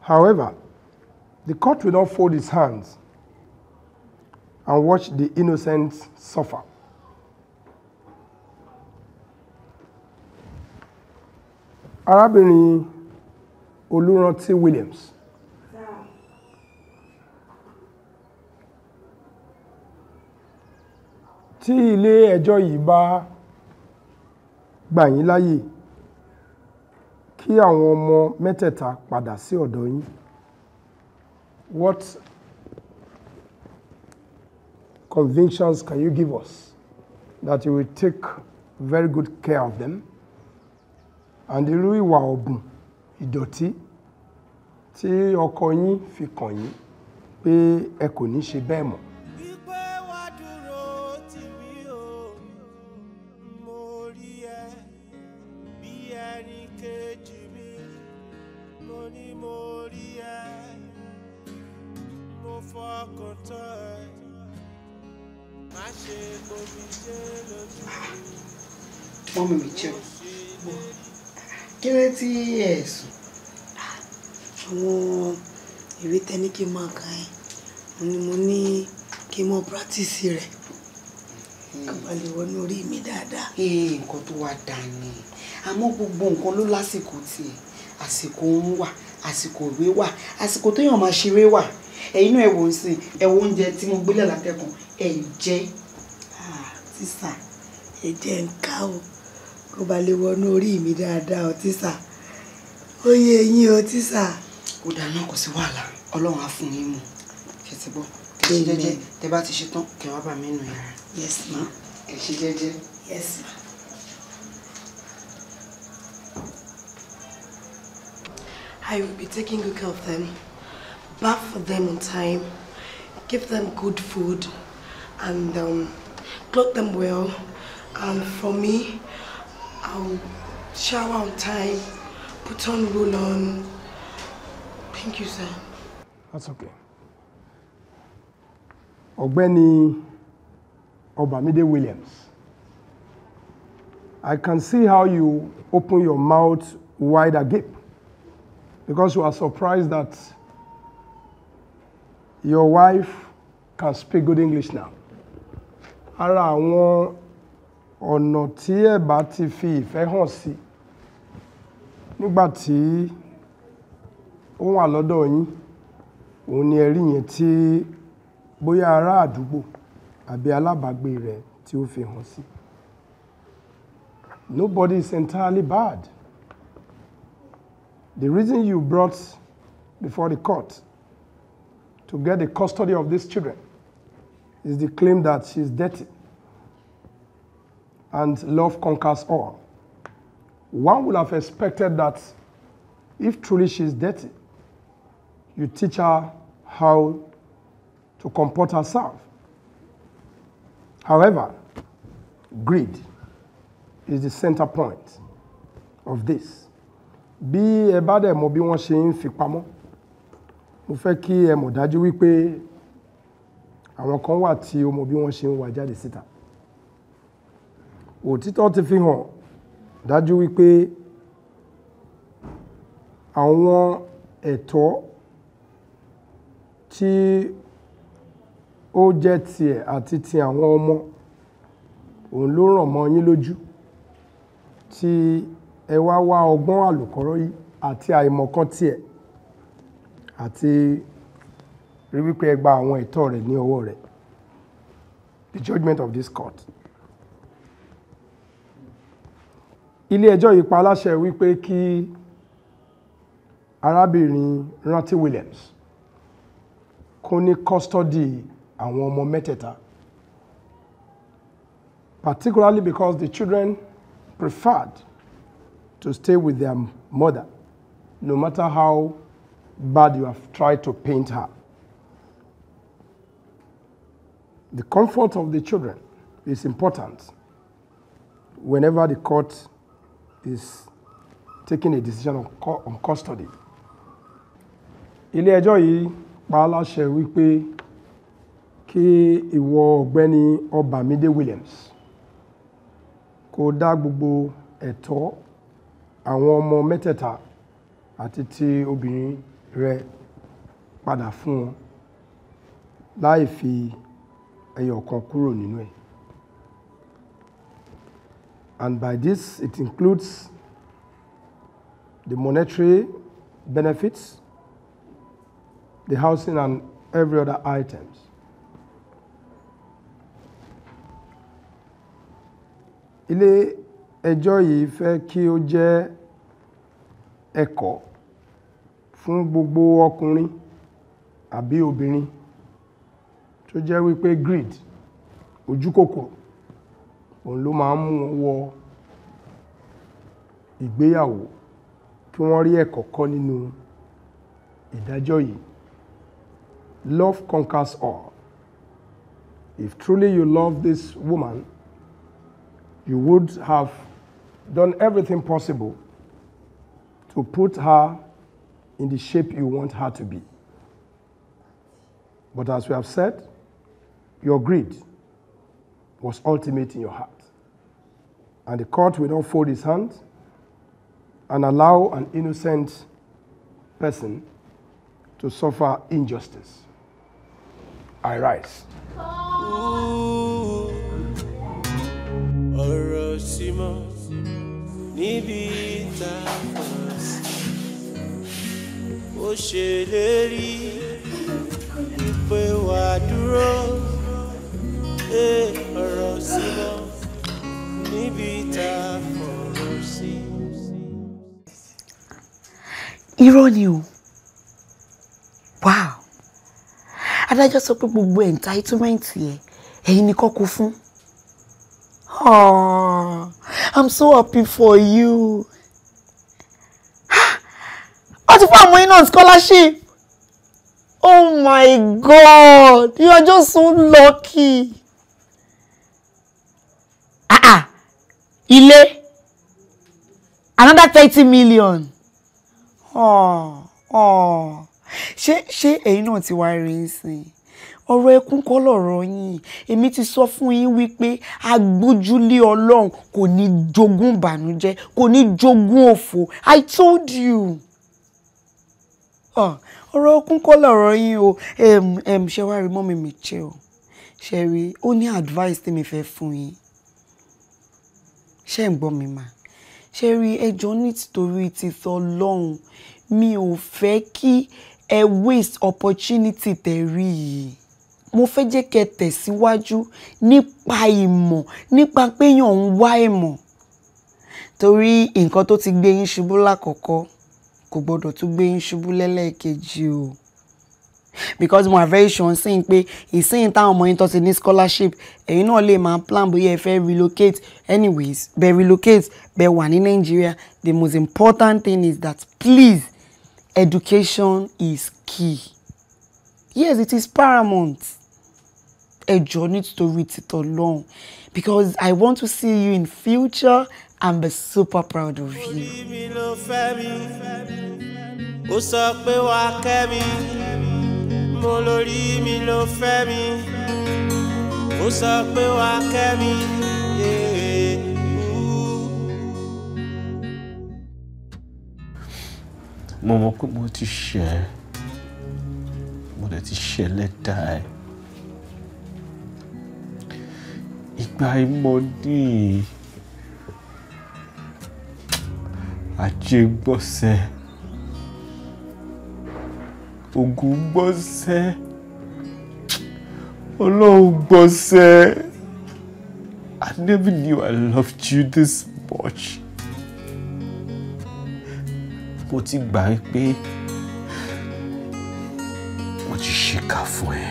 However, the court will not fold its hands and watch the innocent suffer. Arábìnrin Olúrántí Williams tí ilé ẹjọ́ yìí bá gbà yín láyè kí àwọn ọmọ mẹ́tẹ̀ẹ̀ta padà sí ọ̀dọ̀ yín what convictions can you give us that you will take very good care of them and irú ìwà ọ̀bùn ìdọ̀tí tí ọkọ yín fi kàn yín pé ẹ kò ní ṣe bẹ́ẹ̀ mọ́. ẹ̀sùn. àwọn ìwé tẹni kí n máa kà ẹ́ ni mo ní kí n mọ pírátìsì rẹ̀ kàbàlẹ̀ wọnú orí mi dáadáa. ee nǹkan tó wá dáa ni àmọ́ gbogbo nǹkan ló lásìkò tiẹ̀ àsìkò òun wà àsìkò ìwé wà àsìkò téèyàn máa ṣeré wà ẹ̀yin náà ẹ wò ó sìn ẹ wo oúnjẹ tí mo gbélé látẹ̀kùn ẹ jẹ. tíṣà ẹ jẹ́ ń ká o kó ba lè wọnú orí mi dáadáa o tíṣà ó yé eyín o tíṣà. kò dáná kò sí wàhálà ọlọ́run á fún mu ṣe ti bọ́ ẹ ṣe jẹ́jẹ́ tẹ bá ti ṣe tán kẹ wá bá mi nù yàrá. yes ma. ẹ ṣe jẹ́jẹ́. yes ma. I will be taking good care of them, bath for them on time, give them good food, and um, clothe them well. And for me, I'll shower on time, Put on roll on. Thank you, sir. That's okay. Ọ̀gbẹ́ni Obamide Williams, I can see how you open your mouth wide agape because you are surprised that your wife can speak good English now. Ara àwọn ọ̀nà tí ẹ bá ti fi ìfẹ́ hàn sí nígbàtí ó wà lọ́dọ̀ yín òun ni ẹ̀rí yẹn tí bóyá ará àdúgbò àbí alábàágbé rẹ̀ tí ó fi hàn sí nobody is entirely bad the reason you brought before the court to get the custody of these children is the claim that she's dirty and love conquers all one would have expected that if truly she's dirty, you teach her how to comport herself. However, greed is the center point of this. Bí ẹ bá dẹ̀ mọ bí wọ́n ṣe ń fi pamọ́, mo fẹ́ kí ẹ mọ̀ dájú wípé àwọn kan wà tí o mọ bí wọ́n ṣe ń wà jáde síta. Òtítọ́ ti fi hàn dájú wípé àwọn ẹ̀tọ́ tí ó jẹ́ tiẹ̀ àti ti àwọn ọmọ òun ló ràn mọ́ yín lójú tí ẹ wá wá ọgbọ́n àlùkọ́rọ́ yìí àti àìmọ̀kan tiẹ̀ àti rí wípé ẹ gba àwọn ẹ̀tọ́ rẹ̀ ní ọwọ́ rẹ̀ the judgment of this court. ilé-ẹjọ́ yìí pa aláṣẹ wípé kí arábìnrin Rántí Williams kó ní custody àwọn ọmọ mẹ́tẹ̀ẹ̀ta particularly because the children preferred to stay with their mother no matter how bad you have tried to paint her. The comfort of the children is important whenever the court is taking a decision on, on custody ilé ẹjọ́ yìí pa láṣẹ wípé kí ìwọ ọ̀gbẹ́ni Ọbámidé Williams kó dá gbogbo ẹ̀tọ́ àwọn ọmọ mẹ́tẹ̀ẹ̀ta àti ti obìnrin rẹ padà fún wọn láì fi ẹyọ kan kúrò nínú ẹ̀ and by this it includes the monetary benefits, the housing and every other items. Ilé ẹjọ́ yìí fẹ́ kí ó jẹ́ ẹ̀kọ́ fún gbogbo ọkùnrin àbí obìnrin tó jẹ́ wípé greed ojú kòkòrò òun ló máa ń mú wọ ìgbéyàwó kí wọ́n rí ẹ̀kọ́ kọ́ nínú ìdájọ́ yìí love conquers all if truly you love this woman you would have done everything possible to put her in the shape you want her to be. But as we have said, your greed was ultimate in your heart. And the court will not fold its hands and allow an innocent person to suffer injustice. I rise. ọ̀rọ̀ sí lọ níbi tá a fọ̀rọ̀ sí. irọ́ ni o wow adájọ́ sọ pé gbogbo entitlement yẹn ẹ̀yin ni kọ́kọ́ fún. Oh, I'm so happy for you. Ó ti fún àwọn iná scholarship. Oh my God, you are just so lucky ah ah ile another thirty million Oh oh, ẹ̀yin náà ti wá rí i sí i ọ̀rọ̀ ẹkún kọ́ lọ̀rọ̀ yín èmi ti sọ fún yín wípé agbójúlé ọlọ́run kò ní jogun banuje, kò ní jogún òfò i told you Oh, ọ̀rọ̀ ẹkún kọ́ lọ̀rọ̀ yín o ṣe wá rí mọ́mí mi ṣe o ṣe rí ó ní advice tí mi fe fún yín ṣé ń gbọ́ mi mà ṣe rí ẹjọ́ nítorí ti sọ lọ́hùn mi ò fẹ́ kí ẹ waste opportunity tẹ̀ rí yìí mo fẹ́ jẹ́ kẹ́ tẹ̀síwájú nípa ìmọ̀ nípa péyàn ń wá ìmọ̀ torí nǹkan tó ti gbé yín ṣubú lákọ̀ọ́kọ́ kò gbọ́dọ̀ tún gbé yín ṣubú lẹ́lẹ́ẹ̀kejì o because mo very sure sí pé ìsìn táwọn ọmọ yín tó ti ní scholarship ẹ̀yin náà lè máa plan bóyá ẹ fẹ́ relocate anyways bẹ́ẹ̀ relocate bẹ́ẹ̀ wà ní Nigeria the most important thing is that please education is key yes it is paramount ẹ to read it lọ́hùn because I want to see you in future and be super proud of you. ó sọ pé wàá kẹ́ mi mo lórí mi ló fẹ́ mi ó sọ pé wàá kẹ́ mi. mo mọ̀ pé mo ti ṣẹ̀ ẹ́ mo dẹ̀ ti ṣẹ̀ lẹ́dàá ẹ̀ ìgbà ìmọ̀dí àjẹgbọ́sẹ̀ ògùn gbọ́sẹ́ ọlọ́run gbọ́sẹ́ I never knew I loved you this much. mo ti gbà ẹ pé mo ti ṣèkà fún ẹ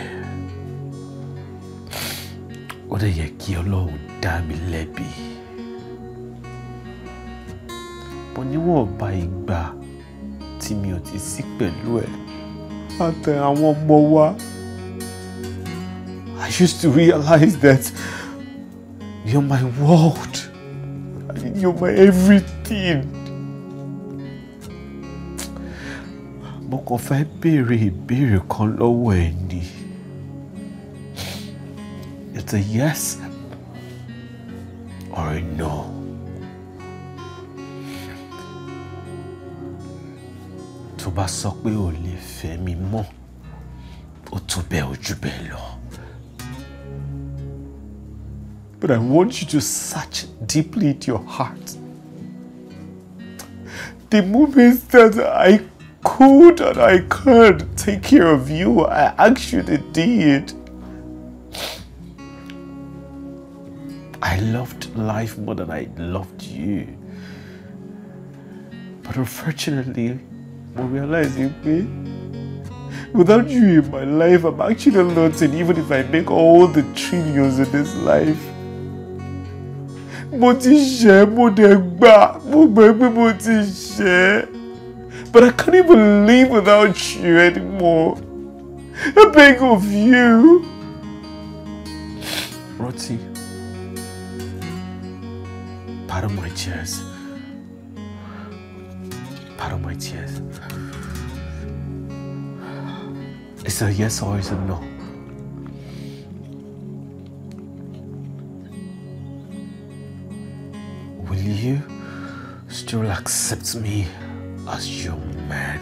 ó dẹ̀ yẹ kí ọlọ́run dá mi lẹ́bi mo níwọ̀nba ìgbà tí mi ò ti sí pẹ̀lú ẹ. àtẹ àwọn ọmọ wa I used to realize that you're my world you're my everything mo kàn fẹ́ béèrè ìbéèrè kan lọ́wọ́ ẹ ni it's a yes or a no. bá sọ pé ò lè fẹ́ mi mọ́ ó tó ojú lọ. But I want you to search deeply into your heart. The moments that I could and I could take care of you, I actually did. I loved life more than I loved you. But unfortunately, but realizing me, eh? without you in my life I'm actually nothing even if I make all the trillions in this life. but I can't even live without you anymore. I beg of you. Roti. Part of my tears. of my tears. It's a yes or it's a no. Will you still accept me as your man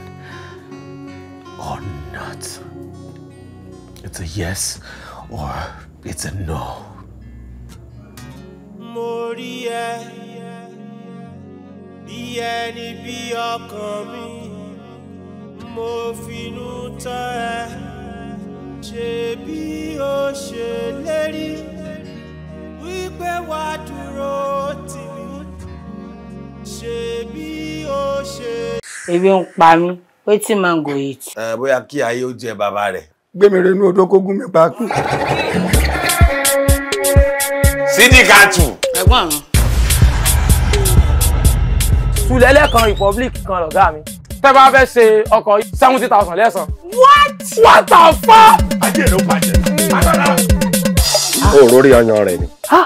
or not? It's a yes or it's a no. Moria, coming. mo finú tán ẹ ṣe bí o ṣe lérí wípé wàá dúró tì mí ṣe bí o ṣe. ebi ń pa mí wetin man go eat. ẹ bóyá kí ayé ó jẹ bàbá rẹ. gbẹmẹrẹ inú odò kó gún mi pa. sídìkàtù. ẹ̀gbọ́n mi. sùlẹ̀lẹ̀ kan republic kan lọ̀gá mi tẹ́ bá fẹ́ ṣe ọkọ̀ seventy thousand lẹ́sàn. what what the fuck. ajé ló bàjẹ́ agbára. o ọyàn rẹ ni. ha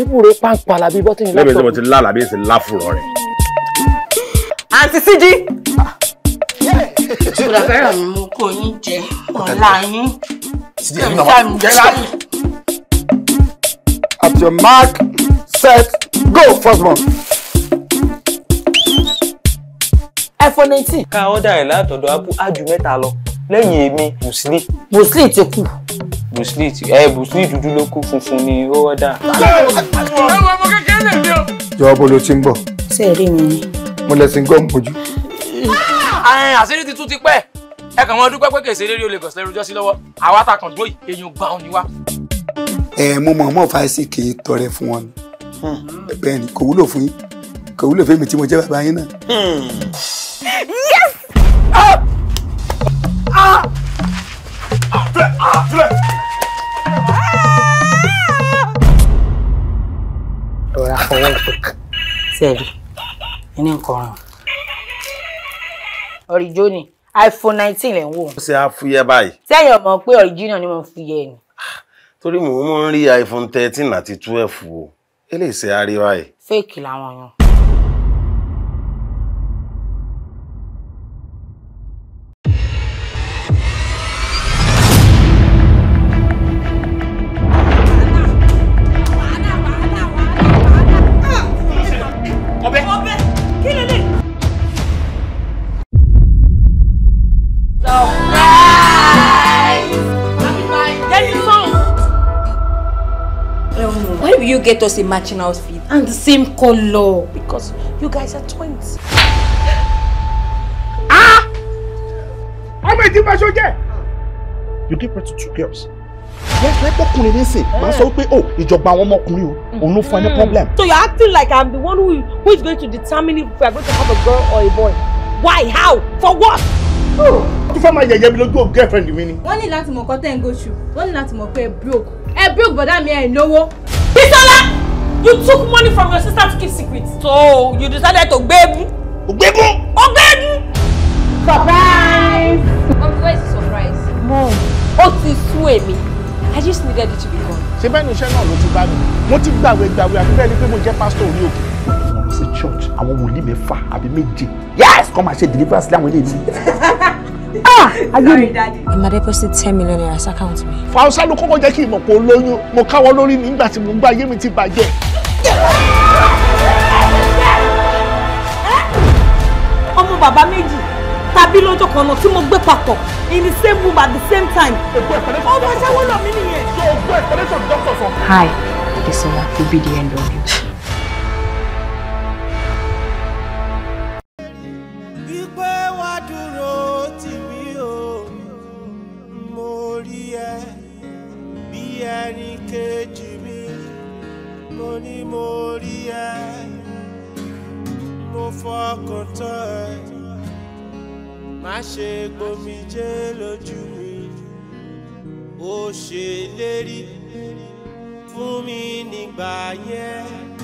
ibùdó pàǹpà làbí bọ́tìnì lápò. lẹ́bẹ̀ẹ́ tí mo ti lá làbí ti lá fùrọ̀ rẹ̀. àǹtí síjí. ìṣúra fẹ́ràn mi mú kó yín jẹ ọ̀la yín. At your mark, set, go, first one. iphone nineteen. ká ọ́dà ẹ̀ látọ̀dọ̀ apple ájú mẹ́ta lọ lẹ́yìn èmi bùsílì. bùsílì ti kù. bùsílì ti ẹ bùsílì dúdú ló kú funfun ni ó ọ́dà. o. jọ bó ló ti ń bọ̀. ṣé ẹ rí mi ni. mo lẹsìn gọ́ọ̀mù ojú. Ah, àṣírí ti tún ti pẹ́ ẹ kàn wọ́n dúpẹ́ pé kèsè rere o lè gọ̀ọ́sì lẹ́rú jọ́sí lọ́wọ́ àwa ta kàn dúró yìí èèyàn gbà ọ́ ni wá. ẹ mo mọ̀ mọ́ fàáṣì kì í tọrẹ fún wọn hmm. bẹ́ẹ̀ kò wúlò fún yín kò wúlò fún mi tí mo jẹ́ bàbá yín náà. Hmm. Yes! Ah! Ah! Ah! Fred! Ah! Fred! Rọra fọwọ́ ìpè. Sẹ́ẹ̀rì, ẹni nǹkan ọ̀run. Ọ̀rìjó ni iPhone nineteen lẹ̀ ń wò. Ó ṣe àfúyẹ́ báyìí. Sẹ́yìn ọmọ pé original ni mo fi yẹ ni. Ah, torí mò ń rí iPhone thirteen àti twelve o, eléyìí ṣe àríwá yìí. Fẹ́ẹ̀kì làwọn yàn. get us a matching outfit and the same color because you guys are twins. ah! ọmọ ìdí ìbáṣọ jẹ. you give birth to two girls. yes like ọkùnrin ní Man, so we oh, o ìjọba àwọn ọmọkùnrin o òun ló fún ẹ ní hmm. problem. so you're acting like I'm the one who, who is going to determine if we are going to have a girl or a boy why how for what. tó my máa yẹ̀yẹ́ mi lójú girlfriend You mean? One ní láti mọ̀ kọ́tẹ́ ń gòṣù wọ́n ní láti mọ̀ broke ẹ broke bọ̀dá mi ẹ̀ lówó. Bisola you took money from your sister to keep secret. So you decided to gbẹ́bú. Ògbẹ́bú. Ògbẹ́bú. Surprise. I'm very surprised. Mom, ó ti sú I just needed it to be gone. Ṣé bẹ́ẹ̀ ni iṣẹ́ náà ló ti bá mi? Mo ti gbàwé gbàwé àti bẹ́ẹ̀ ni pé mo jẹ́ pásítọ̀ orí òkè. Mo ti church àwọn wòlíì mẹ́fà àbí méje. Yes! Kọ́ máa ṣe deliverance we ilé mi ah ayé mi. ẹ máa deposit ten million naira sí account mi. fàáṣà ló kọ́kọ́ jẹ́ kí n mọ̀ pé ó lóyún mo káwọ́ lórí nígbà tí mo ń gbá ayé mi ti bàjẹ́. ọmọ bàbá méjì tàbí lọ́jọ́ kan náà tí mo gbé papọ̀ in the same room at the same time. ọmọ ṣẹ́wọ́n lọ mí nìyẹn. so gbé explanation doctor sọ. hi Desola will be the end of you. mo rí ẹ mo fọkàn tán ẹ má ṣe gbomijé lójú mi ó ṣèlérí fún mi nígbà yẹn.